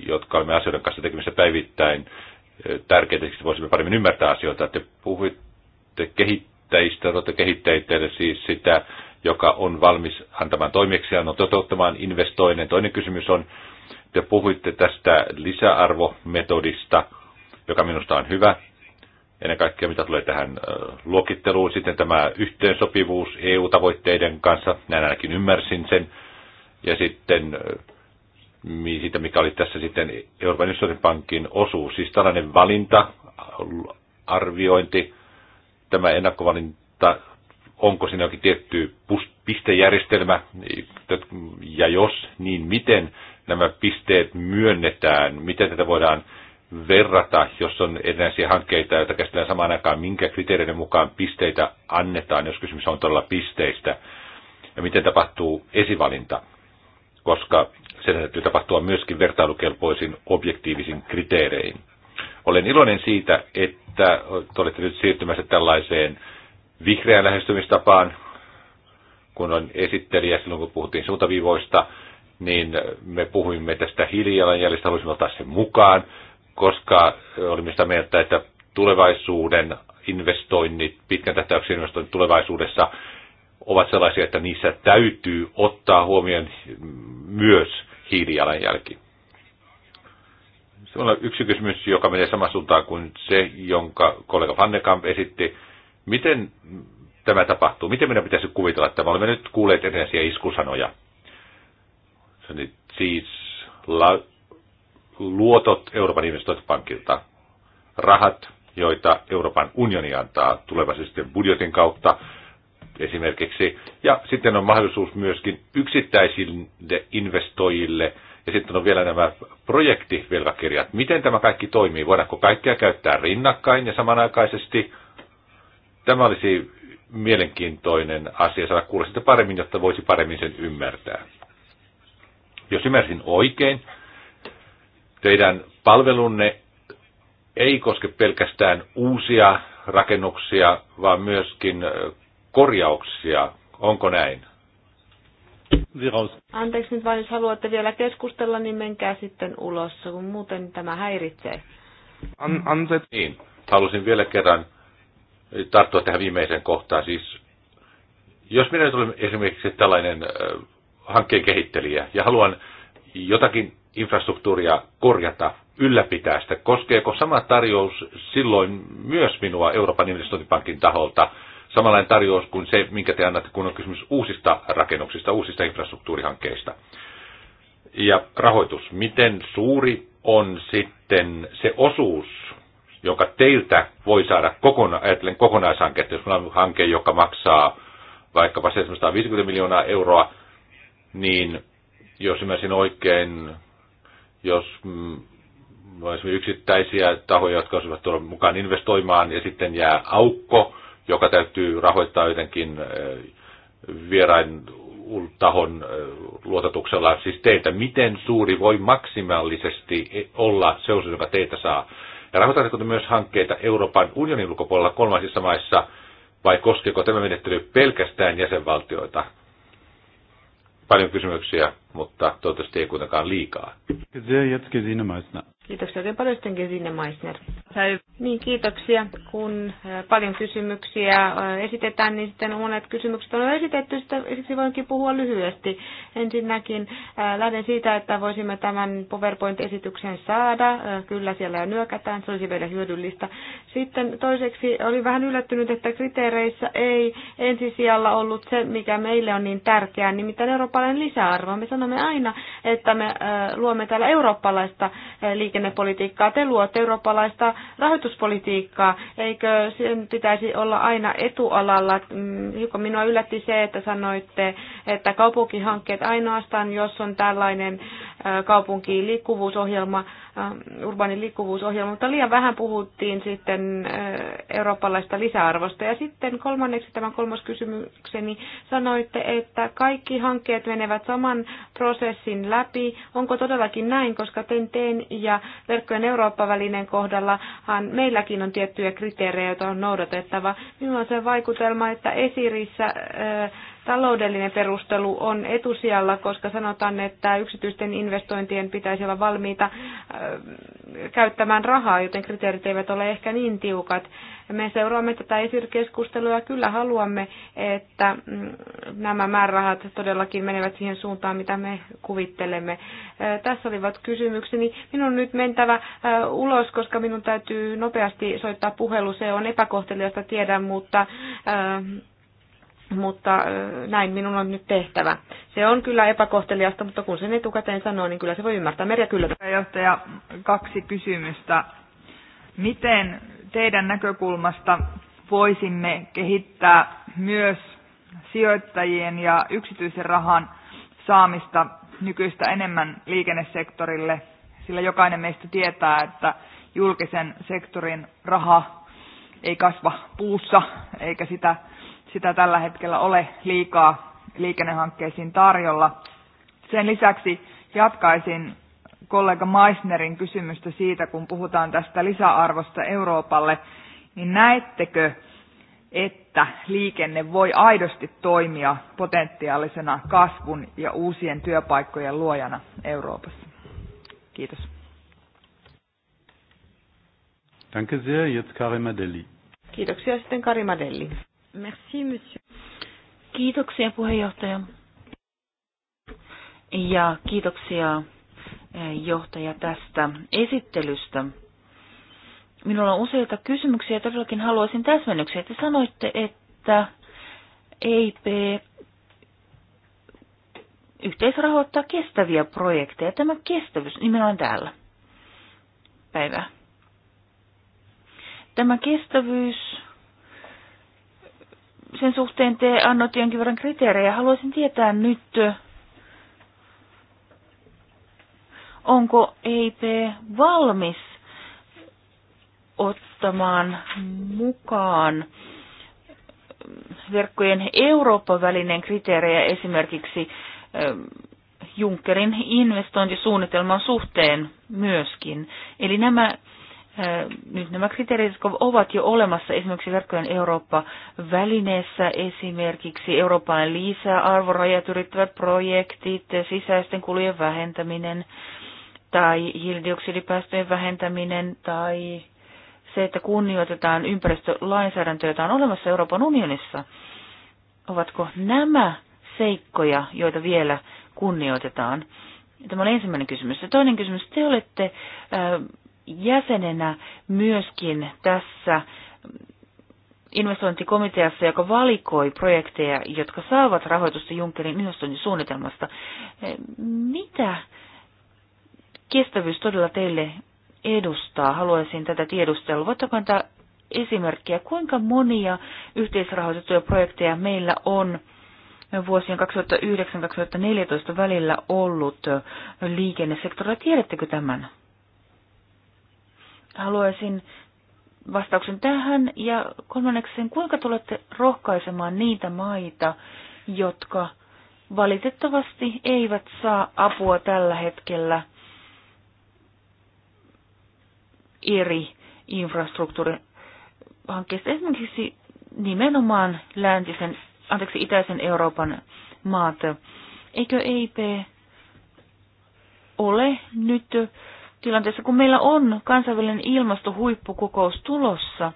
jotka olemme asioiden kanssa tekemisissä päivittäin. Tärkeitä, että voisimme paremmin ymmärtää asioita. Te puhuitte kehittäjistä, olette kehittäjille siis sitä, joka on valmis antamaan toimeksiannon toteuttamaan investoinnin. Toinen kysymys on, te puhuitte tästä lisäarvometodista, joka minusta on hyvä. Ennen kaikkea mitä tulee tähän luokitteluun, sitten tämä yhteensopivuus EU-tavoitteiden kanssa, näin ainakin ymmärsin sen. Ja sitten siitä, mikä oli tässä sitten Euroopan pankin osuus. Siis tällainen valinta, arviointi, tämä ennakkovalinta, onko siinä jokin tietty pistejärjestelmä, ja jos, niin miten nämä pisteet myönnetään, miten tätä voidaan verrata, jos on erinäisiä hankkeita, joita käsitellään samaan aikaan, minkä kriteereiden mukaan pisteitä annetaan, jos kysymys on todella pisteistä, ja miten tapahtuu esivalinta, koska sen täytyy tapahtua myöskin vertailukelpoisin objektiivisin kriteerein. Olen iloinen siitä, että te olette nyt siirtymässä tällaiseen vihreään lähestymistapaan, kun on esittelijä silloin, kun puhuttiin suuntaviivoista, niin me puhuimme tästä hiilijalanjäljestä, haluaisimme ottaa sen mukaan, koska olimme sitä mieltä, että tulevaisuuden investoinnit, pitkän tähtäyksen investoinnit tulevaisuudessa ovat sellaisia, että niissä täytyy ottaa huomioon myös hiilijalanjälki. Se on yksi kysymys, joka menee samaan suuntaan kuin se, jonka kollega Vannekamp esitti. Miten tämä tapahtuu? Miten meidän pitäisi kuvitella että Me olemme nyt kuulleet erilaisia iskusanoja. Se on siis la, luotot Euroopan investointipankilta, rahat, joita Euroopan unioni antaa tulevaisuuden budjetin kautta, esimerkiksi. Ja sitten on mahdollisuus myöskin yksittäisille investoijille ja sitten on vielä nämä projektivelkakirjat. Miten tämä kaikki toimii? Voidaanko kaikkea käyttää rinnakkain ja samanaikaisesti? Tämä olisi mielenkiintoinen asia saada kuulla sitä paremmin, jotta voisi paremmin sen ymmärtää. Jos ymmärsin oikein, teidän palvelunne ei koske pelkästään uusia rakennuksia, vaan myöskin korjauksia. Onko näin? Viraus. Anteeksi nyt vain, jos haluatte vielä keskustella, niin menkää sitten ulos, kun muuten tämä häiritsee. An, anset. Niin, halusin vielä kerran tarttua tähän viimeiseen kohtaan. Siis, jos minä nyt olen esimerkiksi tällainen äh, hankkeen kehittelijä ja haluan jotakin infrastruktuuria korjata, ylläpitää sitä, koskeeko sama tarjous silloin myös minua Euroopan investointipankin taholta? samanlainen tarjous kuin se, minkä te annatte, kun on kysymys uusista rakennuksista, uusista infrastruktuurihankkeista. Ja rahoitus, miten suuri on sitten se osuus, jonka teiltä voi saada kokona, ajatellen kokonaishanketta, jos on hanke, joka maksaa vaikkapa 750 miljoonaa euroa, niin jos ymmärsin oikein, jos mm, yksittäisiä tahoja, jotka olisivat tulla mukaan investoimaan ja sitten jää aukko, joka täytyy rahoittaa jotenkin äh, vierain tahon äh, luototuksella, siis teitä, miten suuri voi maksimaalisesti e- olla se osuus, joka teitä saa. Ja rahoitatteko te myös hankkeita Euroopan unionin ulkopuolella kolmansissa maissa, vai koskeeko tämä menettely pelkästään jäsenvaltioita? Paljon kysymyksiä, mutta toivottavasti ei kuitenkaan liikaa. Kiitoksia oikein paljon sitten Gesine Meissner. Niin, kiitoksia. Kun äh, paljon kysymyksiä äh, esitetään, niin sitten monet kysymykset on jo esitetty, siksi voinkin puhua lyhyesti. Ensinnäkin äh, lähden siitä, että voisimme tämän PowerPoint-esityksen saada. Kyllä siellä jo nyökätään, se olisi vielä hyödyllistä. Sitten toiseksi olin vähän yllättynyt, että kriteereissä ei ensisijalla ollut se, mikä meille on niin tärkeää, nimittäin eurooppalainen lisäarvo. Me sanomme aina, että me luomme täällä eurooppalaista liike- liikennepolitiikkaa, te luotte eurooppalaista rahoituspolitiikkaa. Eikö sen pitäisi olla aina etualalla? Mm, hiukan minua yllätti se, että sanoitte, että kaupunkihankkeet ainoastaan, jos on tällainen kaupunkiin liikkuvuusohjelma, urbaanin liikkuvuusohjelma, mutta liian vähän puhuttiin sitten eurooppalaista lisäarvosta. Ja sitten kolmanneksi tämän kolmas kysymykseni sanoitte, että kaikki hankkeet menevät saman prosessin läpi. Onko todellakin näin, koska ten ja verkkojen Eurooppa-välinen kohdallahan meilläkin on tiettyjä kriteerejä, joita on noudatettava. Minulla on se vaikutelma, että esirissä taloudellinen perustelu on etusijalla, koska sanotaan, että yksityisten investointien pitäisi olla valmiita käyttämään rahaa, joten kriteerit eivät ole ehkä niin tiukat. Me seuraamme tätä esirkeskustelua ja kyllä haluamme, että mm, nämä määrärahat todellakin menevät siihen suuntaan, mitä me kuvittelemme. Tässä olivat kysymykseni. Minun on nyt mentävä ulos, koska minun täytyy nopeasti soittaa puhelu. Se on epäkohteliasta tiedän, mutta mutta näin minun on nyt tehtävä. Se on kyllä epäkohteliasta, mutta kun sen etukäteen sanoo, niin kyllä se voi ymmärtää. Merja kyllä. Johtaja, kaksi kysymystä. Miten teidän näkökulmasta voisimme kehittää myös sijoittajien ja yksityisen rahan saamista nykyistä enemmän liikennesektorille, sillä jokainen meistä tietää, että julkisen sektorin raha ei kasva puussa, eikä sitä sitä tällä hetkellä ole liikaa liikennehankkeisiin tarjolla. Sen lisäksi jatkaisin kollega Meissnerin kysymystä siitä, kun puhutaan tästä lisäarvosta Euroopalle, niin näettekö, että liikenne voi aidosti toimia potentiaalisena kasvun ja uusien työpaikkojen luojana Euroopassa? Kiitos. Danke sehr, jetzt Karimadelli. Kiitoksia sitten Karimadelli. Merci, monsieur. Kiitoksia puheenjohtaja. Ja kiitoksia eh, johtaja tästä esittelystä. Minulla on useita kysymyksiä ja todellakin haluaisin täsmennyksiä. Te sanoitte, että EIP yhteisrahoittaa kestäviä projekteja. Tämä kestävyys nimenomaan täällä. Päivää. Tämä kestävyys sen suhteen te annoitte jonkin verran kriteerejä. Haluaisin tietää nyt, onko EIP valmis ottamaan mukaan verkkojen Eurooppa-välinen kriteerejä esimerkiksi ähm, Junckerin investointisuunnitelman suhteen myöskin. Eli nämä nyt nämä kriteerit, jotka ovat jo olemassa esimerkiksi verkkojen Eurooppa-välineessä, esimerkiksi Euroopan lisäarvo, rajat projektit, sisäisten kulujen vähentäminen tai hiilidioksidipäästöjen vähentäminen tai se, että kunnioitetaan ympäristölainsäädäntöä, jota on olemassa Euroopan unionissa. Ovatko nämä seikkoja, joita vielä kunnioitetaan? Tämä on ensimmäinen kysymys. Ja toinen kysymys, te olette äh, jäsenenä myöskin tässä investointikomiteassa, joka valikoi projekteja, jotka saavat rahoitusta Junckerin investointisuunnitelmasta. Mitä kestävyys todella teille edustaa? Haluaisin tätä tiedustella. Voitteko antaa esimerkkiä, kuinka monia yhteisrahoitettuja projekteja meillä on vuosien 2009-2014 välillä ollut liikennesektorilla? Tiedättekö tämän? Haluaisin vastauksen tähän. Ja kolmanneksi, kuinka tulette rohkaisemaan niitä maita, jotka valitettavasti eivät saa apua tällä hetkellä eri infrastruktuurihankkeista, esimerkiksi nimenomaan läntisen, anteeksi, itäisen Euroopan maat. Eikö EIP ole nyt tilanteessa, kun meillä on kansainvälinen ilmastohuippukokous tulossa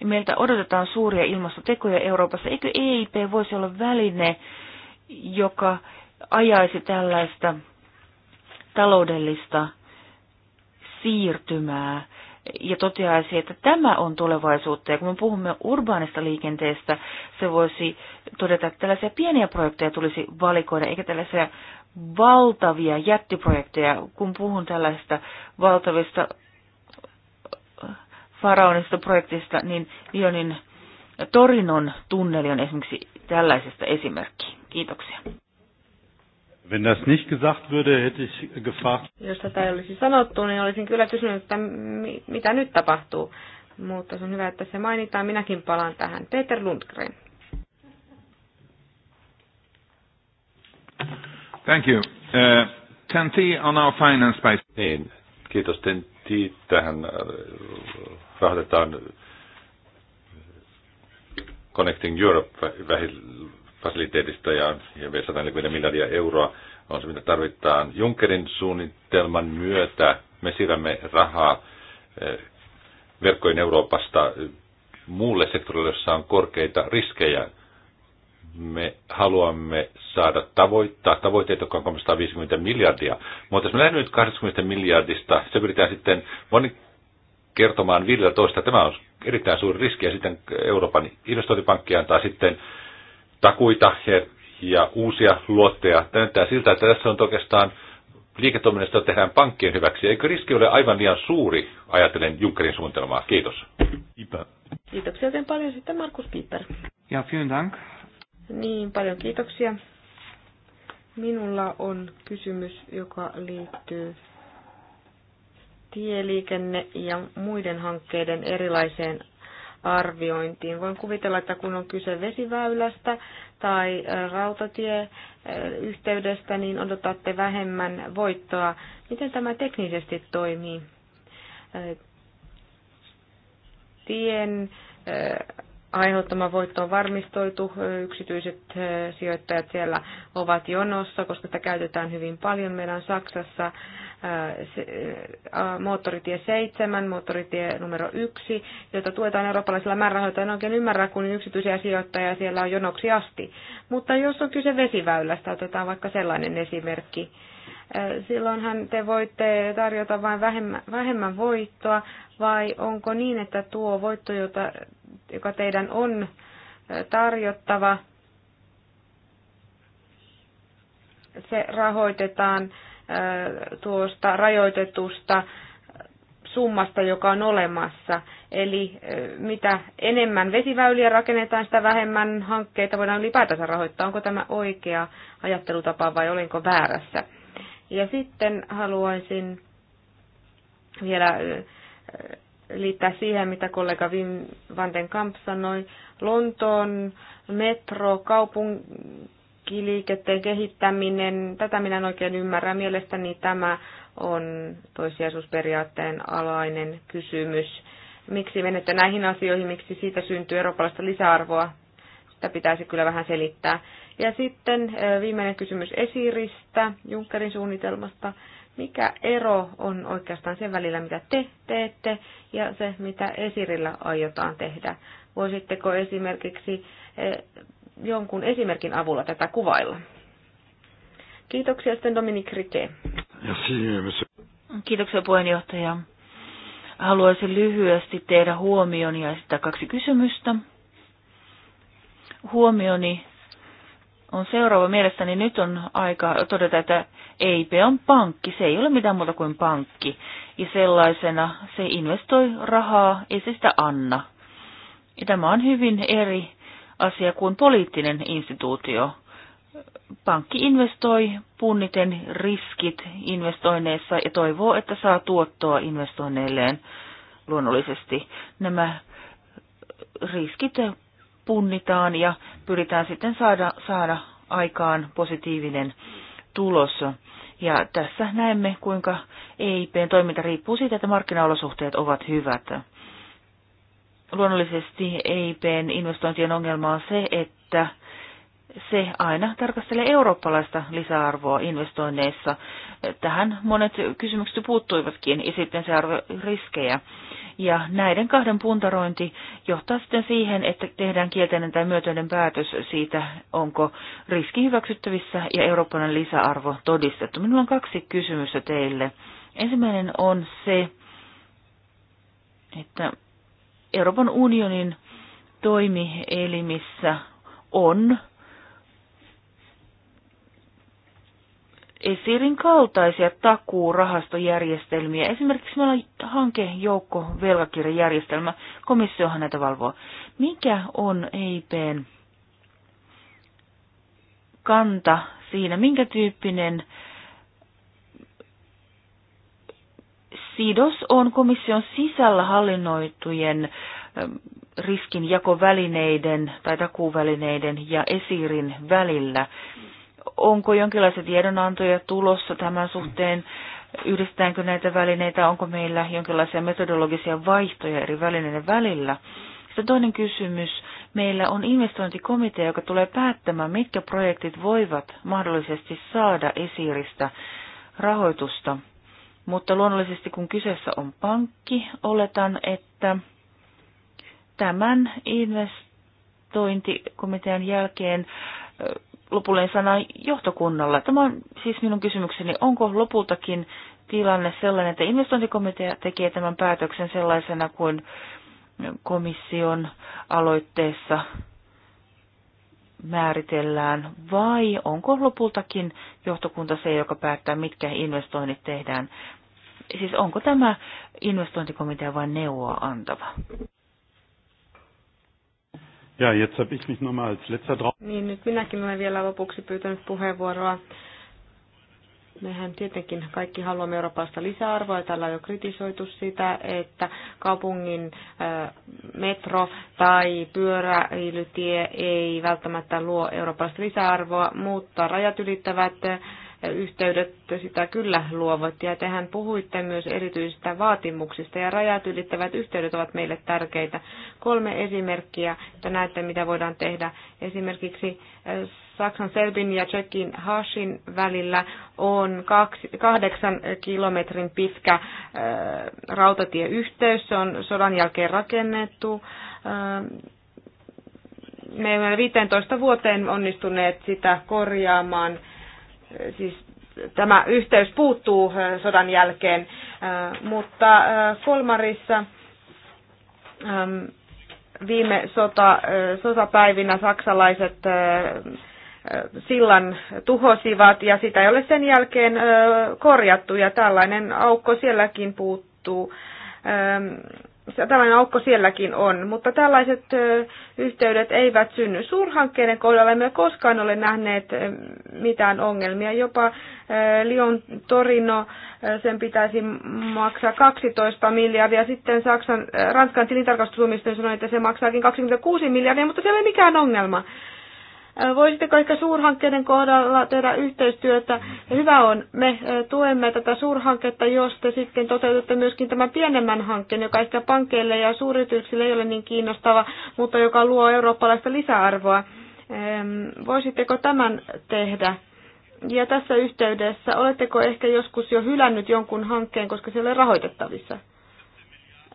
ja meiltä odotetaan suuria ilmastotekoja Euroopassa, eikö EIP voisi olla väline, joka ajaisi tällaista taloudellista siirtymää ja toteaisi, että tämä on tulevaisuutta. Ja kun me puhumme urbaanista liikenteestä, se voisi todeta, että tällaisia pieniä projekteja tulisi valikoida, eikä tällaisia valtavia jättiprojekteja. Kun puhun tällaista valtavista äh, faraonista projektista, niin Lionin Torinon tunneli on esimerkiksi tällaisesta esimerkki. Kiitoksia. Wenn das nicht gesagt würde, hätte ich gefragt. Jos tätä ei olisi sanottu, niin olisin kyllä kysynyt, että mitä nyt tapahtuu. Mutta se on hyvä, että se mainitaan. Minäkin palaan tähän. Peter Lundgren. Thank you. Uh, on our finance base. Niin, kiitos TNT. Tähän rahoitetaan Connecting Europe-fasiliteetista ja, ja 140 miljardia euroa on se, mitä tarvitaan. Junckerin suunnitelman myötä me siirrämme rahaa verkkojen Euroopasta muulle sektorille, jossa on korkeita riskejä me haluamme saada tavoittaa tavoitteet, jotka on 350 miljardia. Mutta jos me lähdemme nyt 80 miljardista, se pyritään sitten moni kertomaan 15. Tämä on erittäin suuri riski ja sitten Euroopan investointipankki antaa sitten takuita ja, ja uusia luotteja. Tämä Näyttää siltä, että tässä on oikeastaan liiketoiminnasta tehdään pankkien hyväksi. Eikö riski ole aivan liian suuri, ajatellen Junckerin suunnitelmaa? Kiitos. Kiitoksia oikein paljon. Sitten Markus Piper. Ja, vielen dank. Niin, paljon kiitoksia. Minulla on kysymys, joka liittyy tieliikenne ja muiden hankkeiden erilaiseen arviointiin. Voin kuvitella, että kun on kyse vesiväylästä tai rautatieyhteydestä, niin odotatte vähemmän voittoa. Miten tämä teknisesti toimii? Tien aiheuttama voitto on varmistoitu. Yksityiset eh, sijoittajat siellä ovat jonossa, koska sitä käytetään hyvin paljon. Meillä on Saksassa eh, eh, moottoritie 7, moottoritie numero 1, jota tuetaan eurooppalaisilla määrärahoilla. En oikein ymmärrä, kun yksityisiä sijoittajia siellä on jonoksi asti. Mutta jos on kyse vesiväylästä, otetaan vaikka sellainen esimerkki silloinhan te voitte tarjota vain vähemmän, vähemmän voittoa, vai onko niin, että tuo voitto, jota, joka teidän on tarjottava, se rahoitetaan tuosta rajoitetusta summasta, joka on olemassa. Eli mitä enemmän vesiväyliä rakennetaan, sitä vähemmän hankkeita voidaan ylipäätänsä rahoittaa. Onko tämä oikea ajattelutapa vai olenko väärässä? Ja sitten haluaisin vielä liittää siihen, mitä kollega Wim van den Kamp sanoi. Lontoon metro, kaupunkiliikenteen kehittäminen, tätä minä en oikein ymmärrä. Mielestäni tämä on toissijaisuusperiaatteen alainen kysymys. Miksi menette näihin asioihin, miksi siitä syntyy eurooppalaista lisäarvoa? Sitä pitäisi kyllä vähän selittää. Ja sitten viimeinen kysymys esiristä, Junckerin suunnitelmasta. Mikä ero on oikeastaan sen välillä, mitä te teette ja se, mitä esirillä aiotaan tehdä? Voisitteko esimerkiksi jonkun esimerkin avulla tätä kuvailla? Kiitoksia sitten Dominik Rike. Kiitoksia puheenjohtaja. Haluaisin lyhyesti tehdä huomioni ja esittää kaksi kysymystä. Huomioni on seuraava. Mielestäni nyt on aika todeta, että EIP on pankki. Se ei ole mitään muuta kuin pankki. Ja sellaisena se investoi rahaa, ei se sitä anna. Ja tämä on hyvin eri asia kuin poliittinen instituutio. Pankki investoi punniten riskit investoineissa ja toivoo, että saa tuottoa investoinneilleen luonnollisesti. Nämä riskit punnitaan ja pyritään sitten saada, saada aikaan positiivinen tulos. Ja tässä näemme, kuinka EIPn toiminta riippuu siitä, että markkinaolosuhteet ovat hyvät. Luonnollisesti EIPn investointien ongelma on se, että se aina tarkastelee eurooppalaista lisäarvoa investoinneissa. Tähän monet kysymykset puuttuivatkin ja sitten se arvo riskejä. Ja näiden kahden puntarointi johtaa sitten siihen, että tehdään kielteinen tai myötäinen päätös siitä, onko riski hyväksyttävissä ja eurooppalainen lisäarvo todistettu. Minulla on kaksi kysymystä teille. Ensimmäinen on se, että Euroopan unionin toimielimissä on esirin kaltaisia takuurahastojärjestelmiä. Esimerkiksi meillä on hanke joukko velkakirjajärjestelmä, komissiohan näitä valvoo. Mikä on EIPn kanta siinä, minkä tyyppinen sidos on komission sisällä hallinnoitujen riskinjakovälineiden tai takuuvälineiden ja esirin välillä. Onko jonkinlaisia tiedonantoja tulossa tämän suhteen? Yhdistetäänkö näitä välineitä? Onko meillä jonkinlaisia metodologisia vaihtoja eri välineiden välillä? Sitten toinen kysymys. Meillä on investointikomitea, joka tulee päättämään, mitkä projektit voivat mahdollisesti saada esiiristä rahoitusta. Mutta luonnollisesti kun kyseessä on pankki, oletan, että tämän investointikomitean jälkeen lopullinen sana johtokunnalle. Tämä on siis minun kysymykseni, onko lopultakin tilanne sellainen, että investointikomitea tekee tämän päätöksen sellaisena kuin komission aloitteessa määritellään, vai onko lopultakin johtokunta se, joka päättää, mitkä investoinnit tehdään? Siis onko tämä investointikomitea vain neuvoa antava? Ja, jetzt habe ich mich nochmal als letzter drauf. Niin, nyt minäkin olen vielä lopuksi pyytänyt puheenvuoroa. Mehän tietenkin kaikki haluamme Euroopasta lisäarvoa ja täällä on jo kritisoitu sitä, että kaupungin metro tai pyöräilytie ei välttämättä luo Euroopasta lisäarvoa, mutta rajat ylittävät yhteydet sitä kyllä luovat. Ja tehän puhuitte myös erityisistä vaatimuksista ja rajat ylittävät yhteydet ovat meille tärkeitä. Kolme esimerkkiä, että näette mitä voidaan tehdä. Esimerkiksi äh, Saksan Selbin ja Tsekin Hashin välillä on kaksi, kahdeksan kilometrin pitkä äh, rautatieyhteys. Se on sodan jälkeen rakennettu. Äh, me emme 15 vuoteen onnistuneet sitä korjaamaan siis tämä yhteys puuttuu sodan jälkeen, mutta Kolmarissa viime sota, sotapäivinä saksalaiset sillan tuhosivat ja sitä ei ole sen jälkeen korjattu ja tällainen aukko sielläkin puuttuu tällainen aukko sielläkin on, mutta tällaiset yhteydet eivät synny. Suurhankkeiden kohdalla emme koskaan ole nähneet mitään ongelmia. Jopa Lyon Torino, sen pitäisi maksaa 12 miljardia. Sitten Saksan, Ranskan tilintarkastustuomioistuin sanoi, että se maksaakin 26 miljardia, mutta se ei ole mikään ongelma. Voisitteko ehkä suurhankkeiden kohdalla tehdä yhteistyötä? Hyvä on, me tuemme tätä suurhanketta, jos te sitten toteutatte myöskin tämän pienemmän hankkeen, joka ehkä pankeille ja suurityksille ei ole niin kiinnostava, mutta joka luo eurooppalaista lisäarvoa. Voisitteko tämän tehdä? Ja tässä yhteydessä, oletteko ehkä joskus jo hylännyt jonkun hankkeen, koska se ei ole rahoitettavissa?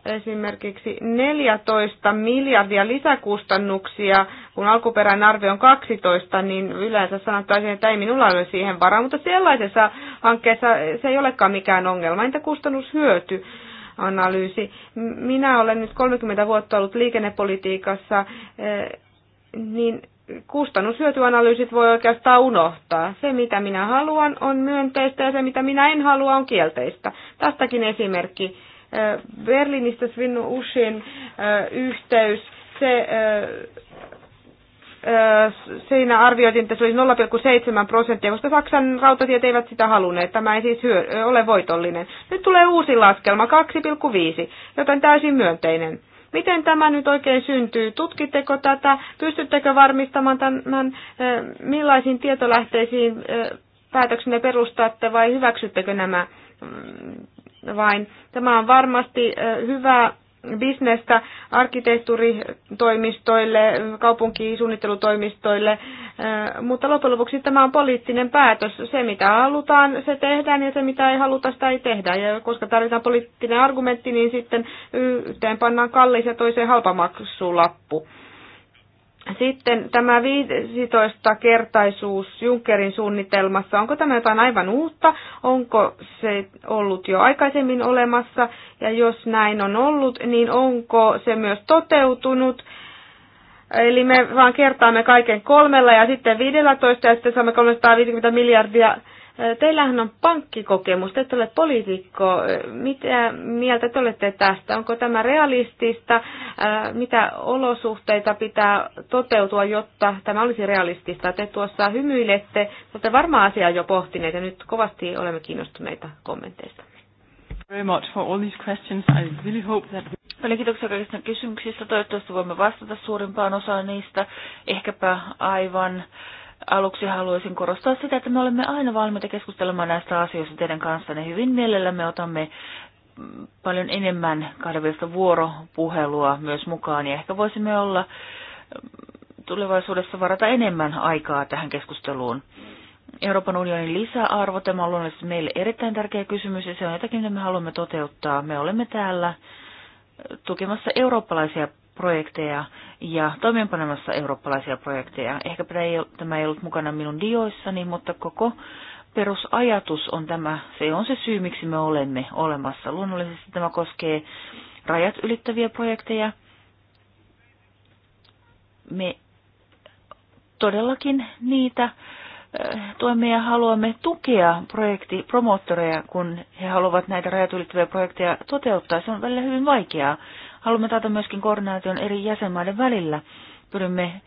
esimerkiksi 14 miljardia lisäkustannuksia, kun alkuperäinen arvio on 12, niin yleensä sanottaisiin, että ei minulla ole siihen varaa, mutta sellaisessa hankkeessa se ei olekaan mikään ongelma, entä kustannushyöty? analyysi. Minä olen nyt 30 vuotta ollut liikennepolitiikassa, eh, niin kustannushyötyanalyysit voi oikeastaan unohtaa. Se, mitä minä haluan, on myönteistä ja se, mitä minä en halua, on kielteistä. Tästäkin esimerkki. Berliinistä Svinnu Ushin yhteys, se siinä arvioitiin, että se oli 0,7 prosenttia, koska Saksan rautatiet eivät sitä halunneet. Tämä ei siis hyö, ole voitollinen. Nyt tulee uusi laskelma, 2,5, joten täysin myönteinen. Miten tämä nyt oikein syntyy? Tutkitteko tätä? Pystyttekö varmistamaan tämän, millaisiin tietolähteisiin päätöksenne perustatte vai hyväksyttekö nämä mm, vain. Tämä on varmasti hyvä bisnestä arkkitehtuuritoimistoille, kaupunkisuunnittelutoimistoille, mutta loppujen lopuksi tämä on poliittinen päätös. Se mitä halutaan, se tehdään ja se mitä ei haluta, sitä ei tehdä. Ja koska tarvitaan poliittinen argumentti, niin sitten yhteen pannaan kallis ja toiseen halpamaksulappu. Sitten tämä 15-kertaisuus Junckerin suunnitelmassa, onko tämä jotain aivan uutta? Onko se ollut jo aikaisemmin olemassa? Ja jos näin on ollut, niin onko se myös toteutunut? Eli me vaan kertaamme kaiken kolmella ja sitten 15 ja sitten saamme 350 miljardia Teillähän on pankkikokemus, te ole poliitikko. Mitä mieltä te olette tästä? Onko tämä realistista? Äh, mitä olosuhteita pitää toteutua, jotta tämä olisi realistista? Te tuossa hymyilette, mutta varmaan asiaa jo pohtineet ja nyt kovasti olemme kiinnostuneita kommenteista. Very much for all these questions. I really hope that Paljon kiitoksia kaikista kysymyksistä. Toivottavasti voimme vastata suurimpaan osaan niistä, ehkäpä aivan aluksi haluaisin korostaa sitä, että me olemme aina valmiita keskustelemaan näistä asioista teidän ne hyvin mielellämme. Otamme paljon enemmän kahdenvälistä vuoropuhelua myös mukaan ja ehkä voisimme olla mm, tulevaisuudessa varata enemmän aikaa tähän keskusteluun. Euroopan unionin lisäarvo, tämä on luonnollisesti meille erittäin tärkeä kysymys ja se on jotakin, mitä me haluamme toteuttaa. Me olemme täällä tukemassa eurooppalaisia projekteja ja toimeenpanemassa eurooppalaisia projekteja. Ehkä tämä ei ollut mukana minun dioissani, mutta koko perusajatus on tämä, se on se syy, miksi me olemme olemassa. Luonnollisesti tämä koskee rajat ylittäviä projekteja. Me todellakin niitä eh, tuemme ja haluamme tukea projektipromoottoreja, kun he haluavat näitä rajat ylittäviä projekteja toteuttaa. Se on välillä hyvin vaikeaa. Haluamme taata myöskin koordinaation eri jäsenmaiden välillä. Pyrimme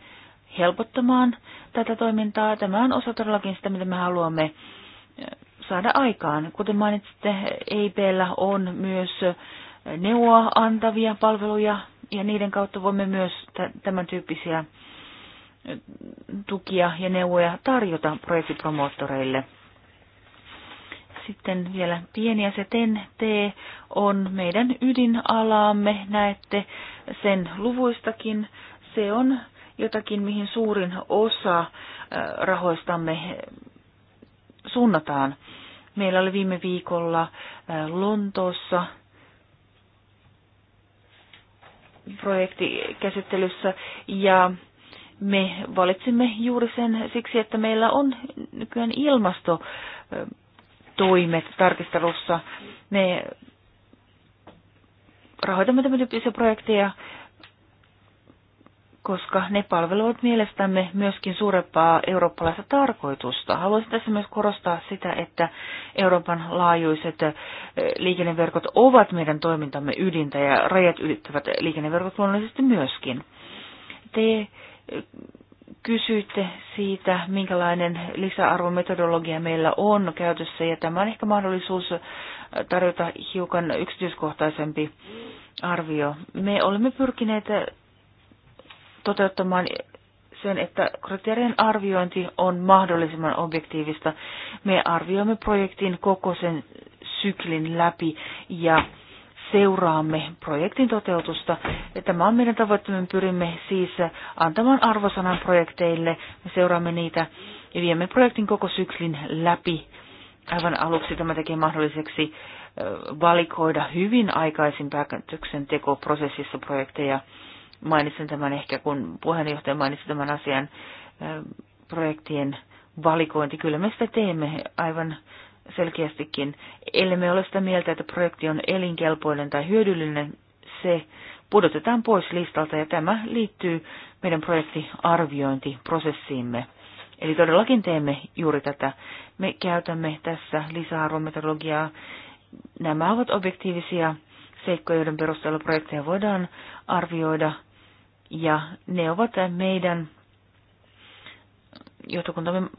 helpottamaan tätä toimintaa. Tämä on osa todellakin sitä, mitä me haluamme eh, saada aikaan. Kuten mainitsitte, EIPllä on myös eh, neuvoa antavia palveluja ja niiden kautta voimme myös tämän tyyppisiä eh, tukia ja neuvoja tarjota projektipromoottoreille – sitten vielä pieni se TEN-T on meidän ydinalaamme, näette sen luvuistakin. Se on jotakin, mihin suurin osa rahoistamme suunnataan. Meillä oli viime viikolla Lontoossa projekti käsittelyssä ja me valitsimme juuri sen siksi, että meillä on nykyään ilmasto toimet tarkistelussa. Me rahoitamme tämän tyyppisiä projekteja, koska ne palveluvat mielestämme myöskin suurempaa eurooppalaista tarkoitusta. Haluaisin tässä myös korostaa sitä, että Euroopan laajuiset eh, liikenneverkot ovat meidän toimintamme ydintä ja rajat ylittävät liikenneverkot luonnollisesti myöskin. Te eh, kysyitte siitä, minkälainen lisäarvometodologia meillä on käytössä, ja tämä on ehkä mahdollisuus tarjota hiukan yksityiskohtaisempi arvio. Me olemme pyrkineet toteuttamaan sen, että kriteerien arviointi on mahdollisimman objektiivista. Me arvioimme projektin koko sen syklin läpi ja seuraamme projektin toteutusta. Tämä on meidän tavoitteemme. Pyrimme siis antamaan arvosanan projekteille. Me seuraamme niitä ja viemme projektin koko syksyn läpi. Aivan aluksi tämä tekee mahdolliseksi valikoida hyvin aikaisin päätöksentekoprosessissa projekteja. Mainitsen tämän ehkä, kun puheenjohtaja mainitsi tämän asian projektien valikointi. Kyllä me sitä teemme aivan selkeästikin. Ellei ole sitä mieltä, että projekti on elinkelpoinen tai hyödyllinen, se pudotetaan pois listalta ja tämä liittyy meidän projektiarviointiprosessiimme. Eli todellakin teemme juuri tätä. Me käytämme tässä lisäarvometodologiaa. Nämä ovat objektiivisia seikkoja, joiden perusteella projekteja voidaan arvioida ja ne ovat meidän johtokuntamme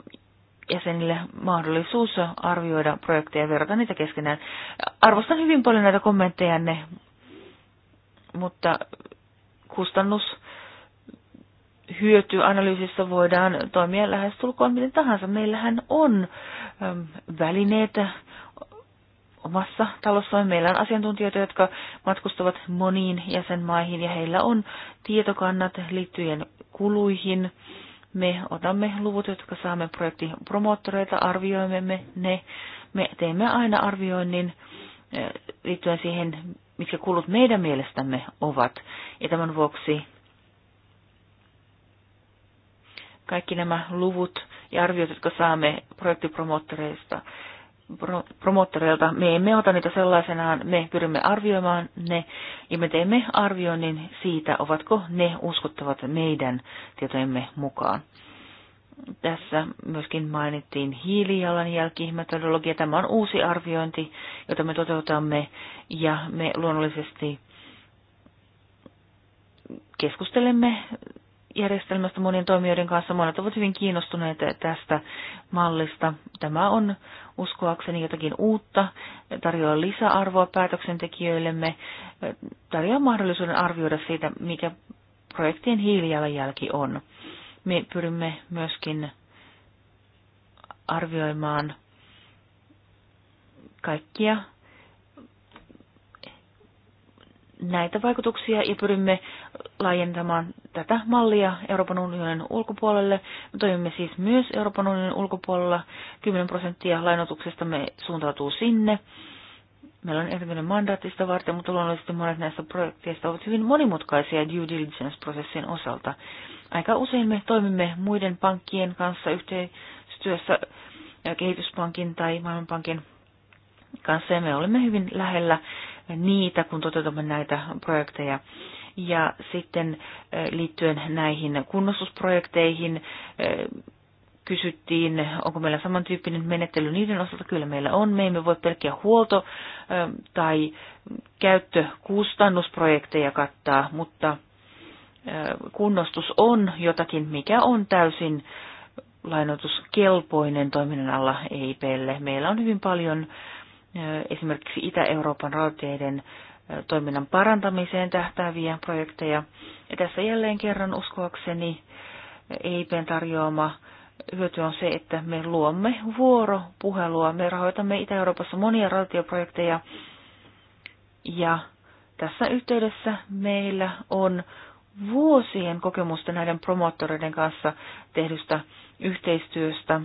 jäsenille mahdollisuus arvioida projekteja ja verrata niitä keskenään. Arvostan hyvin paljon näitä kommenttejanne, mutta kustannus hyötyanalyysissä voidaan toimia lähestulkoon miten tahansa. Meillähän on äm, välineitä omassa talossamme. Meillä on asiantuntijoita, jotka matkustavat moniin jäsenmaihin ja heillä on tietokannat liittyen kuluihin me otamme luvut, jotka saamme projektin arvioimme me ne. Me teemme aina arvioinnin eh, liittyen siihen, mitkä kulut meidän mielestämme ovat. Ja tämän vuoksi kaikki nämä luvut ja arviot, jotka saamme projektipromoottoreista, promoottoreilta. Me emme ota niitä sellaisenaan, me pyrimme arvioimaan ne ja me teemme arvioinnin siitä, ovatko ne uskottavat meidän tietojemme mukaan. Tässä myöskin mainittiin hiilijalanjälkimetodologia. Tämä on uusi arviointi, jota me toteutamme ja me luonnollisesti keskustelemme järjestelmästä monien toimijoiden kanssa. Monet ovat hyvin kiinnostuneita tästä mallista. Tämä on uskoakseni jotakin uutta, tarjoaa lisäarvoa päätöksentekijöillemme, tarjoaa mahdollisuuden arvioida siitä, mikä projektien hiilijalanjälki on. Me pyrimme myöskin arvioimaan kaikkia näitä vaikutuksia ja pyrimme laajentamaan tätä mallia Euroopan unionin ulkopuolelle. Me toimimme siis myös Euroopan unionin ulkopuolella. 10 prosenttia lainotuksesta me suuntautuu sinne. Meillä on erityinen mandaattista varten, mutta luonnollisesti monet näistä projekteista ovat hyvin monimutkaisia due diligence-prosessin osalta. Aika usein me toimimme muiden pankkien kanssa yhteistyössä kehityspankin tai maailmanpankin kanssa ja me olemme hyvin lähellä niitä, kun toteutamme näitä projekteja. Ja sitten liittyen näihin kunnostusprojekteihin kysyttiin, onko meillä samantyyppinen menettely niiden osalta. Kyllä meillä on. Me emme voi pelkkiä huolto- tai käyttökustannusprojekteja kattaa, mutta kunnostus on jotakin, mikä on täysin lainoituskelpoinen toiminnan alla EIPlle. Meillä on hyvin paljon esimerkiksi Itä-Euroopan rautateiden toiminnan parantamiseen tähtääviä projekteja. Ja tässä jälleen kerran uskoakseni EIPn tarjoama hyöty on se, että me luomme vuoropuhelua. Me rahoitamme Itä-Euroopassa monia raltioprojekteja ja tässä yhteydessä meillä on vuosien kokemusta näiden promoottoreiden kanssa tehdystä yhteistyöstä.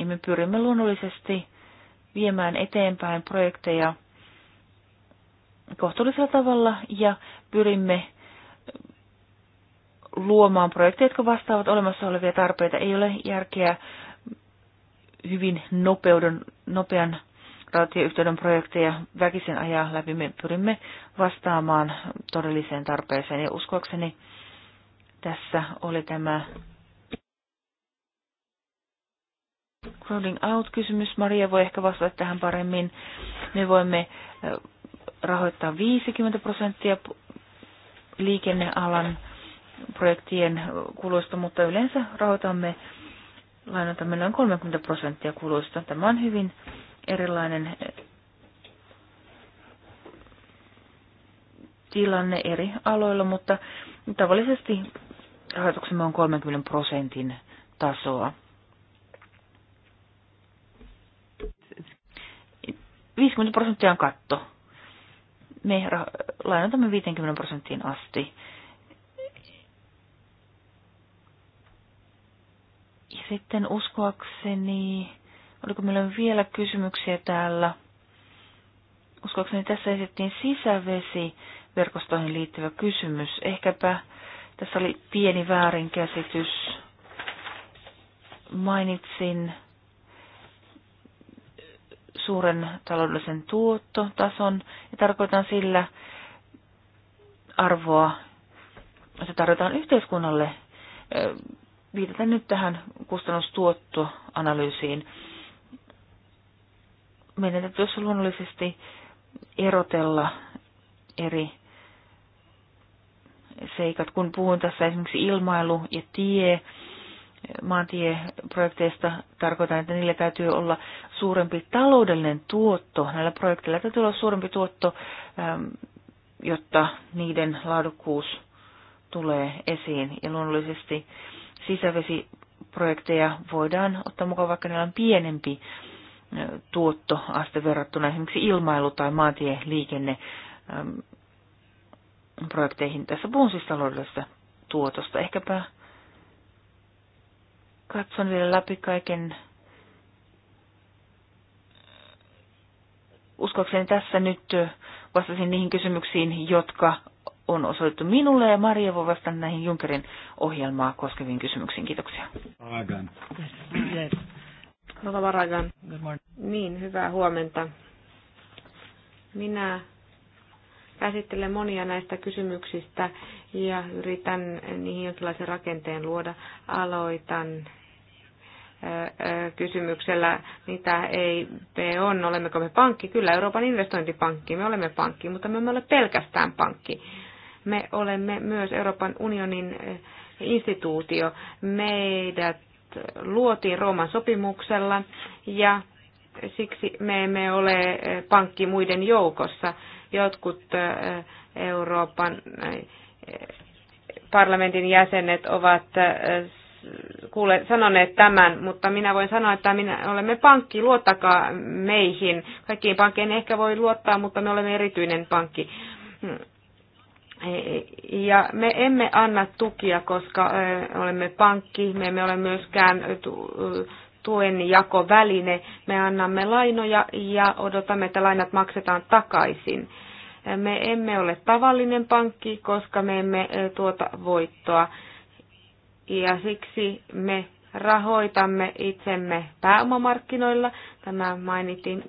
Ja me pyrimme luonnollisesti viemään eteenpäin projekteja – kohtuullisella tavalla ja pyrimme luomaan projekteja, jotka vastaavat olemassa olevia tarpeita. Ei ole järkeä hyvin nopeuden, nopean rautatieyhteyden projekteja väkisen ajaa läpi. Me pyrimme vastaamaan todelliseen tarpeeseen ja uskoakseni tässä oli tämä crowding out-kysymys. Maria voi ehkä vastata tähän paremmin. Me voimme rahoittaa 50 prosenttia liikennealan projektien kuluista, mutta yleensä rahoitamme, lainoitamme noin 30 prosenttia kuluista. Tämä on hyvin erilainen eh, tilanne eri aloilla, mutta tavallisesti rahoituksemme on 30 prosentin tasoa. 50 prosenttia on katto me lainoitamme 50 prosenttiin asti. Ja sitten uskoakseni, oliko meillä vielä kysymyksiä täällä? Uskoakseni tässä esitettiin sisävesiverkostoihin liittyvä kysymys. Ehkäpä tässä oli pieni väärinkäsitys. Mainitsin suuren taloudellisen tuottotason ja tarkoitan sillä arvoa, että tarjotaan yhteiskunnalle. Viitataan nyt tähän kustannustuottoanalyysiin. Meidän täytyisi luonnollisesti erotella eri seikat. Kun puhun tässä esimerkiksi ilmailu ja tie, maantieprojekteista tarkoitan, että niillä täytyy olla suurempi taloudellinen tuotto. Näillä projekteilla täytyy olla suurempi tuotto, jotta niiden laadukkuus tulee esiin. Ja luonnollisesti sisävesiprojekteja voidaan ottaa mukaan, vaikka niillä on pienempi tuottoaste verrattuna esimerkiksi ilmailu- tai maantieliikenneprojekteihin. Tässä puhun siis taloudellisesta tuotosta. Ehkäpä Katson vielä läpi kaiken. Uskoakseni tässä nyt vastasin niihin kysymyksiin, jotka on osoitettu minulle ja Maria voi vastata näihin Junkerin ohjelmaa koskeviin kysymyksiin. Kiitoksia. Varagan. Niin, hyvää huomenta. Minä käsittelen monia näistä kysymyksistä ja yritän niihin jonkinlaisen rakenteen luoda. Aloitan kysymyksellä, mitä ei me on, olemmeko me pankki. Kyllä, Euroopan investointipankki, me olemme pankki, mutta me emme ole pelkästään pankki. Me olemme myös Euroopan unionin instituutio. Meidät luotiin Rooman sopimuksella ja siksi me emme ole pankki muiden joukossa. Jotkut Euroopan parlamentin jäsenet ovat kuule sanoneet tämän, mutta minä voin sanoa, että minä olemme pankki, luottakaa meihin. Kaikkiin pankkeihin ehkä voi luottaa, mutta me olemme erityinen pankki. Ja me emme anna tukia, koska olemme pankki, me emme ole myöskään tuen jakoväline. Me annamme lainoja ja odotamme, että lainat maksetaan takaisin. Me emme ole tavallinen pankki, koska me emme tuota voittoa ja siksi me rahoitamme itsemme pääomamarkkinoilla. Tämä mainittiin,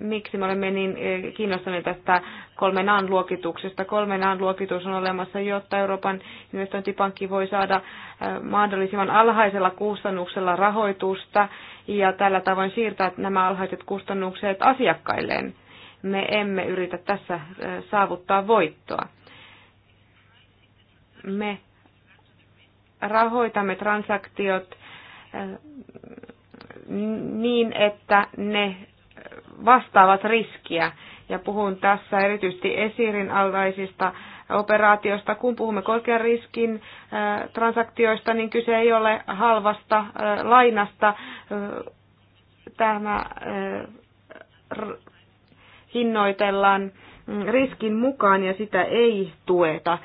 miksi me olemme niin eh, kiinnostuneita tästä kolmen A-luokituksesta. Kolmen A-luokitus on olemassa, jotta Euroopan investointipankki voi saada eh, mahdollisimman alhaisella kustannuksella rahoitusta ja tällä tavoin siirtää nämä alhaiset kustannukset asiakkailleen. Me emme yritä tässä eh, saavuttaa voittoa. Me rahoitamme transaktiot eh, niin, että ne vastaavat riskiä. Ja puhun tässä erityisesti esirin alaisista operaatioista. Kun puhumme korkean riskin eh, transaktioista, niin kyse ei ole halvasta eh, lainasta. Tämä hinnoitellaan mm, riskin mukaan ja sitä ei tueta.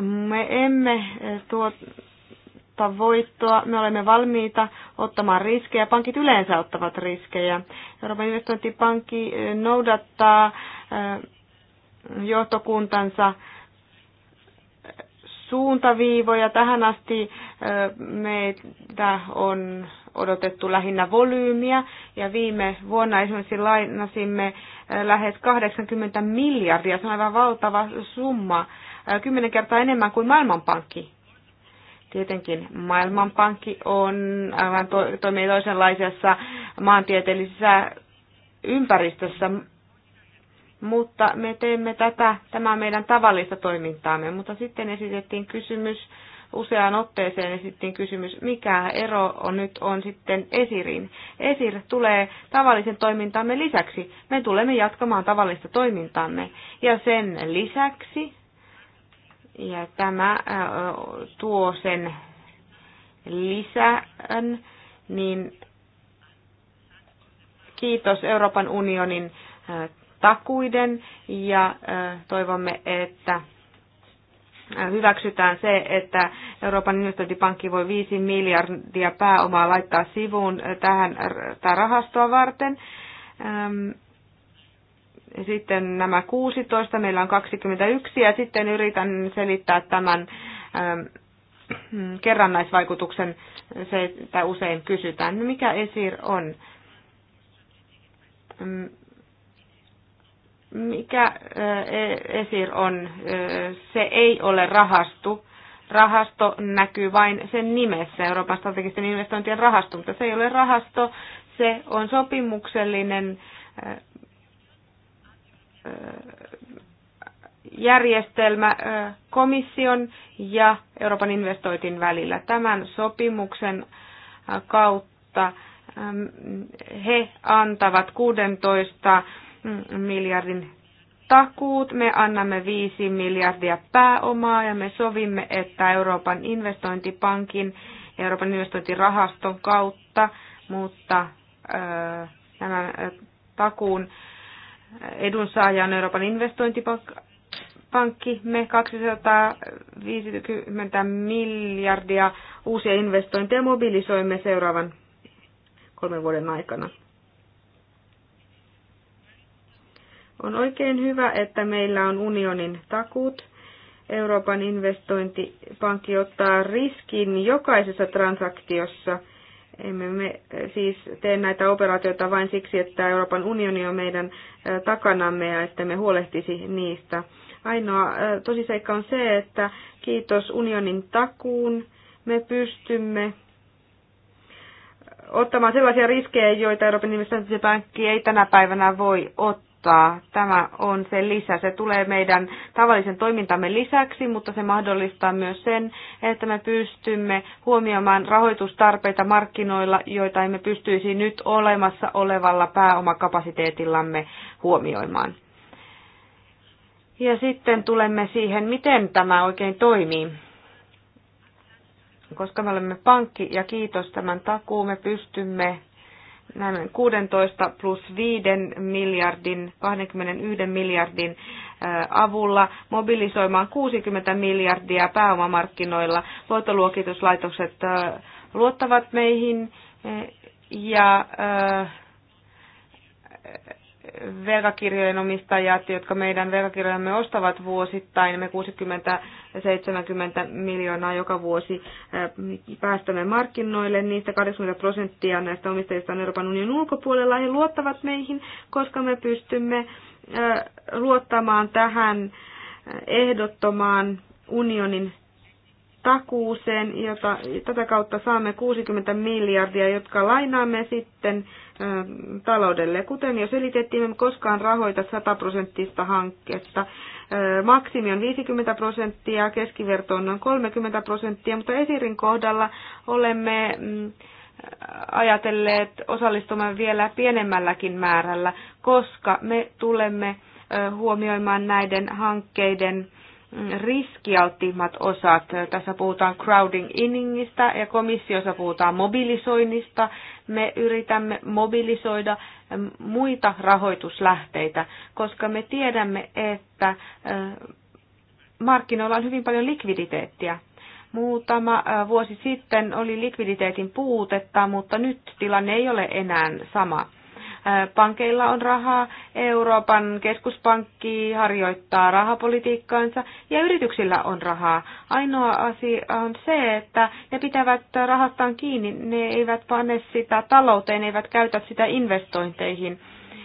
Me emme eh, tuota voittoa, me olemme valmiita ottamaan riskejä. Pankit yleensä ottavat riskejä. Euroopan investointipankki eh, noudattaa eh, johtokuntansa suuntaviivoja. Tähän asti meitä on odotettu lähinnä volyymiä ja viime vuonna esimerkiksi lainasimme lähes 80 miljardia, se on aivan valtava summa. Äh, kymmenen kertaa enemmän kuin Maailmanpankki. Tietenkin Maailmanpankki on aivan äh, to, toimii toisenlaisessa maantieteellisessä ympäristössä, mutta me teemme tätä, tämä on meidän tavallista toimintaamme. Mutta sitten esitettiin kysymys, useaan otteeseen esittiin kysymys, mikä ero on nyt on sitten Esirin. Esir tulee tavallisen toimintamme lisäksi. Me tulemme jatkamaan tavallista toimintaamme. Ja sen lisäksi ja tämä tuo sen lisän, niin kiitos Euroopan unionin takuiden ja toivomme, että hyväksytään se, että Euroopan investointipankki voi 5 miljardia pääomaa laittaa sivuun tähän, tähän rahastoa varten. Sitten nämä 16, meillä on 21 ja sitten yritän selittää tämän ähm, kerrannaisvaikutuksen, se, että usein kysytään, no mikä esir on? Mm, mikä äh, e-, esir on? Äh, se ei ole rahastu. Rahasto näkyy vain sen nimessä, Euroopan strategisten investointien rahasto, mutta se ei ole rahasto, se on sopimuksellinen äh, järjestelmä komission ja Euroopan investoitin välillä. Tämän sopimuksen kautta he antavat 16 mm, miljardin takuut, me annamme 5 miljardia pääomaa ja me sovimme, että Euroopan investointipankin ja Euroopan investointirahaston kautta, mutta nämä takuun edunsaaja on Euroopan investointipankki. Me 250 miljardia uusia investointeja mobilisoimme seuraavan kolmen vuoden aikana. On oikein hyvä, että meillä on unionin takuut. Euroopan investointipankki ottaa riskin jokaisessa transaktiossa – emme me siis tee näitä operaatioita vain siksi, että Euroopan unioni on meidän takanamme ja että me huolehtisi niistä. Ainoa tosiseikka on se, että kiitos unionin takuun me pystymme ottamaan sellaisia riskejä, joita Euroopan investointipankki ei tänä päivänä voi ottaa mutta Tämä on se lisä. Se tulee meidän tavallisen toimintamme lisäksi, mutta se mahdollistaa myös sen, että me pystymme huomioimaan rahoitustarpeita markkinoilla, joita emme pystyisi nyt olemassa olevalla pääomakapasiteetillamme huomioimaan. Ja sitten tulemme siihen, miten tämä oikein toimii koska me olemme pankki ja kiitos tämän takuu, me pystymme näin 16 plus 5 miljardin, 21 miljardin avulla mobilisoimaan 60 miljardia pääomamarkkinoilla. Luottoluokituslaitokset luottavat meihin ja velkakirjojen omistajat, jotka meidän velkakirjojamme ostavat vuosittain, me 60-70 miljoonaa joka vuosi eh, päästämme markkinoille, niistä 80 prosenttia näistä omistajista on Euroopan unionin ulkopuolella, he luottavat meihin, koska me pystymme eh, luottamaan tähän eh, ehdottomaan unionin takuuseen, jota, tätä kautta saamme 60 miljardia, jotka lainaamme sitten taloudelle. Kuten jo selitettiin, me koskaan rahoita 100 prosenttista hanketta. Maksimi on 50 prosenttia, keskiverto on noin 30 prosenttia, mutta esirin kohdalla olemme mm, ajatelleet osallistumaan vielä pienemmälläkin määrällä, koska me tulemme huomioimaan näiden hankkeiden riskialttiimmat osat. Tässä puhutaan crowding inningistä ja komissiossa puhutaan mobilisoinnista. Me yritämme mobilisoida eh, muita rahoituslähteitä, koska me tiedämme, että eh, markkinoilla on hyvin paljon likviditeettiä. Muutama eh, vuosi sitten oli likviditeetin puutetta, mutta nyt tilanne ei ole enää sama Pankeilla on rahaa, Euroopan keskuspankki harjoittaa rahapolitiikkaansa ja yrityksillä on rahaa. Ainoa asia on se, että ne pitävät rahastaan kiinni, ne eivät pane sitä talouteen, eivät käytä sitä investointeihin.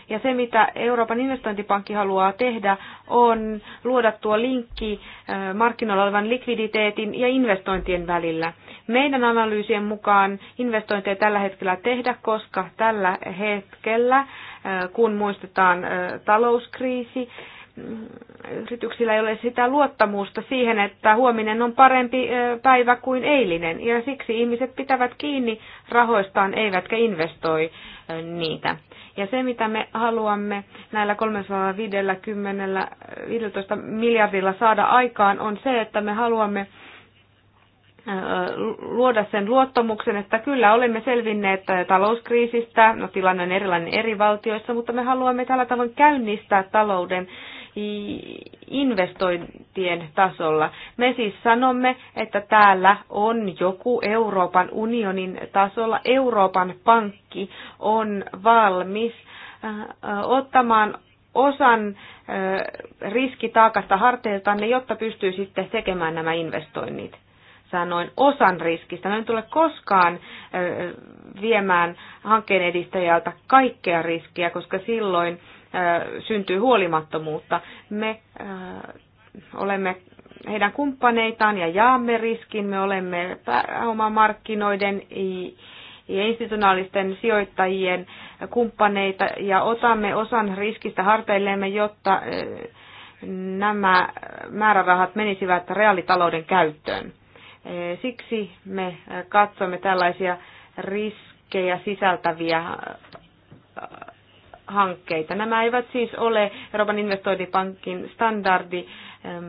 Ja se, mitä Euroopan investointipankki haluaa tehdä, on luoda tuo linkki markkinoilla olevan likviditeetin ja investointien välillä meidän analyysien mukaan investointeja tällä hetkellä tehdä, koska tällä hetkellä, äh, kun muistetaan äh, talouskriisi, mm, yrityksillä ei ole sitä luottamusta siihen, että huominen on parempi äh, päivä kuin eilinen. Ja siksi ihmiset pitävät kiinni rahoistaan eivätkä investoi niitä. Ja se, mitä me haluamme näillä 350 15 miljardilla saada aikaan, on se, että me haluamme luoda sen luottamuksen, että kyllä olemme selvinneet talouskriisistä, no tilanne on erilainen eri valtioissa, mutta me haluamme tällä tavoin käynnistää talouden investointien tasolla. Me siis sanomme, että täällä on joku Euroopan unionin tasolla, Euroopan pankki on valmis ottamaan osan riskitaakasta harteiltaan, jotta pystyy sitten tekemään nämä investoinnit sanoin osan riskistä. Mä en tule koskaan viemään hankkeen edistäjältä kaikkea riskiä, koska silloin syntyy huolimattomuutta. Me olemme heidän kumppaneitaan ja jaamme riskin. Me olemme pääomamarkkinoiden ja institutionaalisten sijoittajien kumppaneita ja otamme osan riskistä harteilleemme, jotta nämä määrärahat menisivät reaalitalouden käyttöön. Siksi me katsoimme tällaisia riskejä sisältäviä äh, hankkeita. Nämä eivät siis ole Euroopan investointipankin standardi ähm,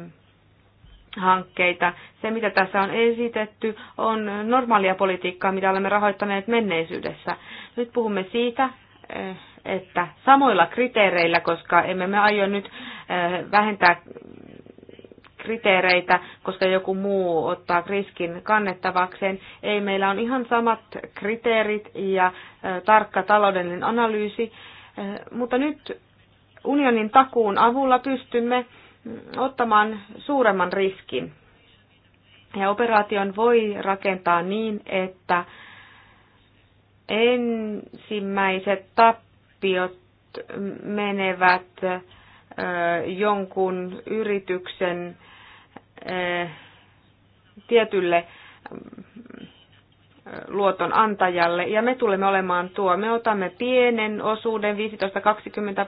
hankkeita. Se, mitä tässä on esitetty, on normaalia politiikkaa, mitä olemme rahoittaneet menneisyydessä. Nyt puhumme siitä, äh, että samoilla kriteereillä, koska emme me aio nyt äh, vähentää kriteereitä, koska joku muu ottaa riskin kannettavakseen. Ei, meillä on ihan samat kriteerit ja tarkka taloudellinen analyysi, mutta nyt unionin takuun avulla pystymme mm, ottamaan suuremman riskin. Ja operaation voi rakentaa niin, että ensimmäiset tappiot menevät jonkun yrityksen Eh, tietylle mm, eh, luoton antajalle ja me tulemme olemaan tuo. Me otamme pienen osuuden, 15-20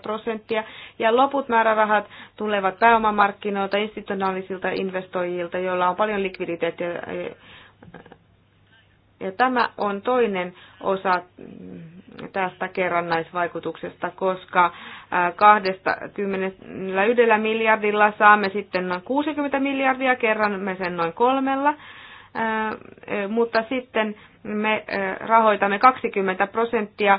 prosenttia, ja loput määrärahat tulevat pääomamarkkinoilta, institutionaalisilta investoijilta, joilla on paljon likviditeettiä eh, ja tämä on toinen osa mm, tästä kerrannaisvaikutuksesta, koska 21 äh, miljardilla saamme sitten noin 60 miljardia, kerran me sen noin kolmella, äh, mutta sitten me äh, rahoitamme 20 prosenttia,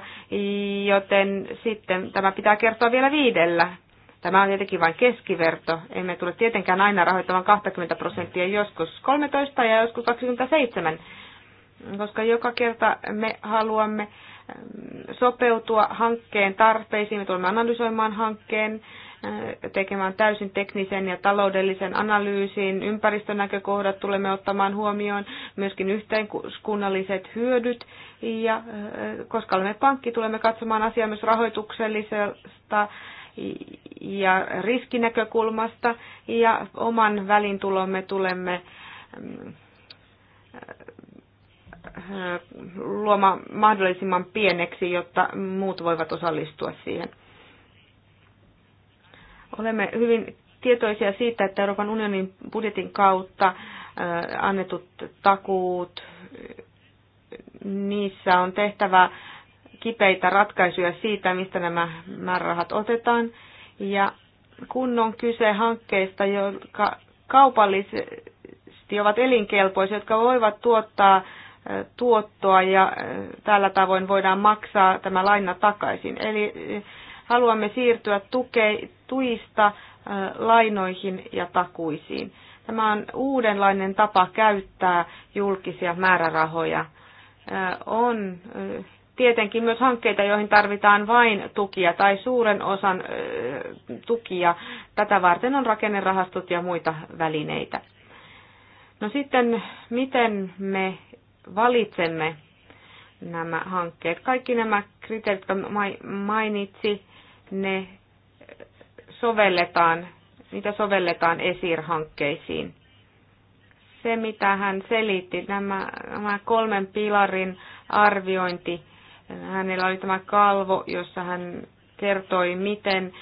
joten sitten tämä pitää kertoa vielä viidellä. Tämä on tietenkin vain keskiverto. Emme tule tietenkään aina rahoittamaan 20 prosenttia, joskus 13 ja joskus 27 koska joka kerta me haluamme mm, sopeutua hankkeen tarpeisiin, me tulemme analysoimaan hankkeen, mm, tekemään täysin teknisen ja taloudellisen analyysin, ympäristönäkökohdat tulemme ottamaan huomioon, myöskin yhteiskunnalliset hyödyt, ja mm, koska olemme pankki, tulemme katsomaan asiaa myös rahoituksellisesta ja riskinäkökulmasta, ja oman välintulomme tulemme Äh, luoma mahdollisimman pieneksi, jotta muut voivat osallistua siihen. Olemme hyvin tietoisia siitä, että Euroopan unionin budjetin kautta äh, annetut takuut, niissä on tehtävä kipeitä ratkaisuja siitä, mistä nämä määrärahat otetaan. Ja kun on kyse hankkeista, jotka kaupallisesti ovat elinkelpoisia, jotka voivat tuottaa tuottoa ja tällä tavoin voidaan maksaa tämä laina takaisin. Eli haluamme siirtyä tuke, tuista lainoihin ja takuisiin. Tämä on uudenlainen tapa käyttää julkisia määrärahoja. On tietenkin myös hankkeita, joihin tarvitaan vain tukia tai suuren osan tukia. Tätä varten on rakennerahastot ja muita välineitä. No sitten, miten me valitsemme nämä hankkeet. Kaikki nämä kriteerit, jotka mainitsi, ne sovelletaan, niitä sovelletaan ESIR-hankkeisiin. Se, mitä hän selitti, nämä, nämä kolmen pilarin arviointi, hänellä oli tämä kalvo, jossa hän kertoi, miten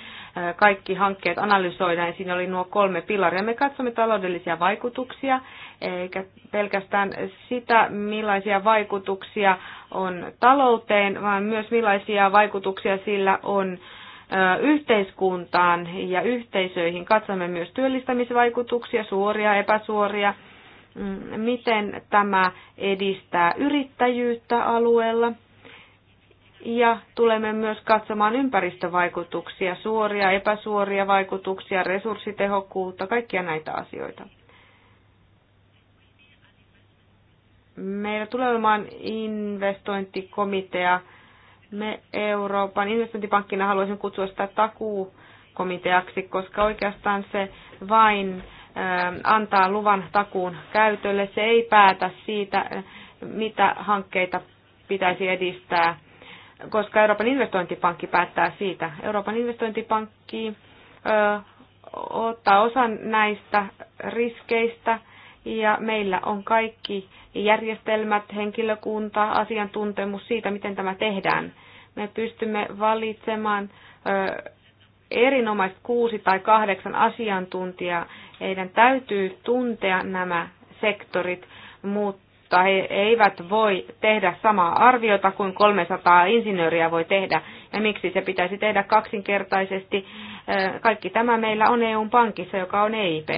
kaikki hankkeet analysoidaan ja siinä oli nuo kolme pilaria. Me katsomme taloudellisia vaikutuksia, eikä pelkästään sitä, millaisia vaikutuksia on talouteen, vaan myös millaisia vaikutuksia sillä on yhteiskuntaan ja yhteisöihin. Katsomme myös työllistämisvaikutuksia, suoria, epäsuoria, mm, miten tämä edistää yrittäjyyttä alueella ja tulemme myös katsomaan ympäristövaikutuksia, suoria, epäsuoria vaikutuksia, resurssitehokkuutta, kaikkia näitä asioita. Meillä tulee olemaan investointikomitea. Me Euroopan investointipankkina haluaisin kutsua sitä takuukomiteaksi, koska oikeastaan se vain ähm, antaa luvan takuun käytölle. Se ei päätä siitä, äh, mitä hankkeita pitäisi edistää koska Euroopan investointipankki päättää siitä. Euroopan investointipankki ö, ottaa osan näistä riskeistä ja meillä on kaikki järjestelmät, henkilökunta, asiantuntemus siitä, miten tämä tehdään. Me pystymme valitsemaan ö, erinomaiset kuusi tai kahdeksan asiantuntijaa. Heidän täytyy tuntea nämä sektorit, mutta mutta he eivät voi tehdä samaa arviota kuin 300 insinööriä voi tehdä. Ja miksi se pitäisi tehdä kaksinkertaisesti? Kaikki tämä meillä on EUn pankissa, joka on EIP.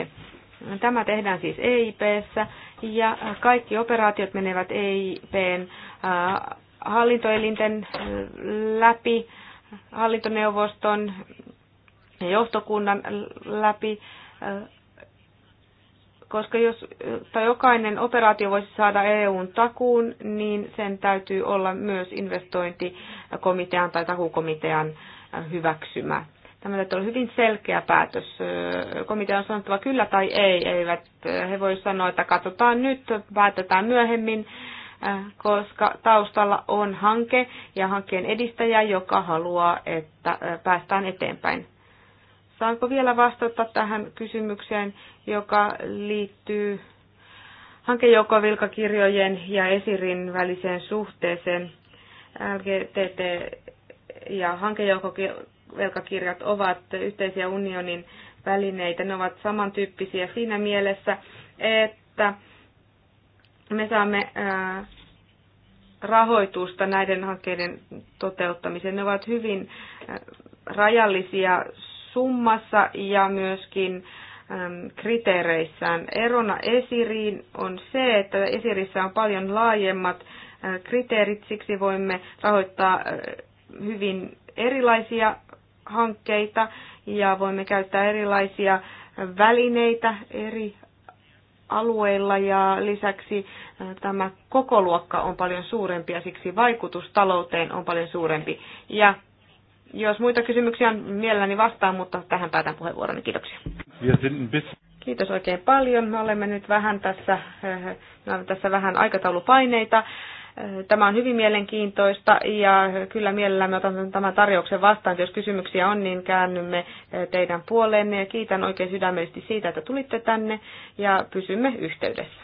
Tämä tehdään siis EIPssä ja kaikki operaatiot menevät EIPn hallintoelinten läpi, hallintoneuvoston ja johtokunnan läpi koska jos tai jokainen operaatio voisi saada EUn takuun, niin sen täytyy olla myös investointikomitean tai takukomitean äh, hyväksymä. Tämä täytyy olla hyvin selkeä päätös. Äh, komitea on sanottava kyllä tai ei. Eivät äh, he voivat sanoa, että katsotaan nyt, päätetään myöhemmin, koska taustalla on hanke ja hankkeen edistäjä, joka haluaa, että päästään eteenpäin. Saanko vielä vastata tähän kysymykseen, joka liittyy hankejoukkovilkakirjojen ja esirin väliseen suhteeseen. LGTT ja hankejoukkovilkakirjat ovat yhteisiä unionin välineitä. Ne ovat samantyyppisiä siinä mielessä, että me saamme rahoitusta näiden hankkeiden toteuttamiseen. Ne ovat hyvin rajallisia summassa ja myöskin kriteereissään. Erona esiriin on se, että esirissä on paljon laajemmat kriteerit, siksi voimme rahoittaa hyvin erilaisia hankkeita ja voimme käyttää erilaisia välineitä eri alueilla ja lisäksi tämä kokoluokka on paljon suurempi ja siksi vaikutus talouteen on paljon suurempi. Ja jos muita kysymyksiä on mielelläni vastaan, mutta tähän päätän puheenvuoroni. Kiitoksia. Kiitos oikein paljon. Me olemme nyt vähän tässä, me tässä vähän aikataulupaineita. Tämä on hyvin mielenkiintoista ja kyllä mielellämme otan tämän tarjouksen vastaan. Jos kysymyksiä on, niin käännymme teidän puoleenne ja kiitän oikein sydämellisesti siitä, että tulitte tänne ja pysymme yhteydessä.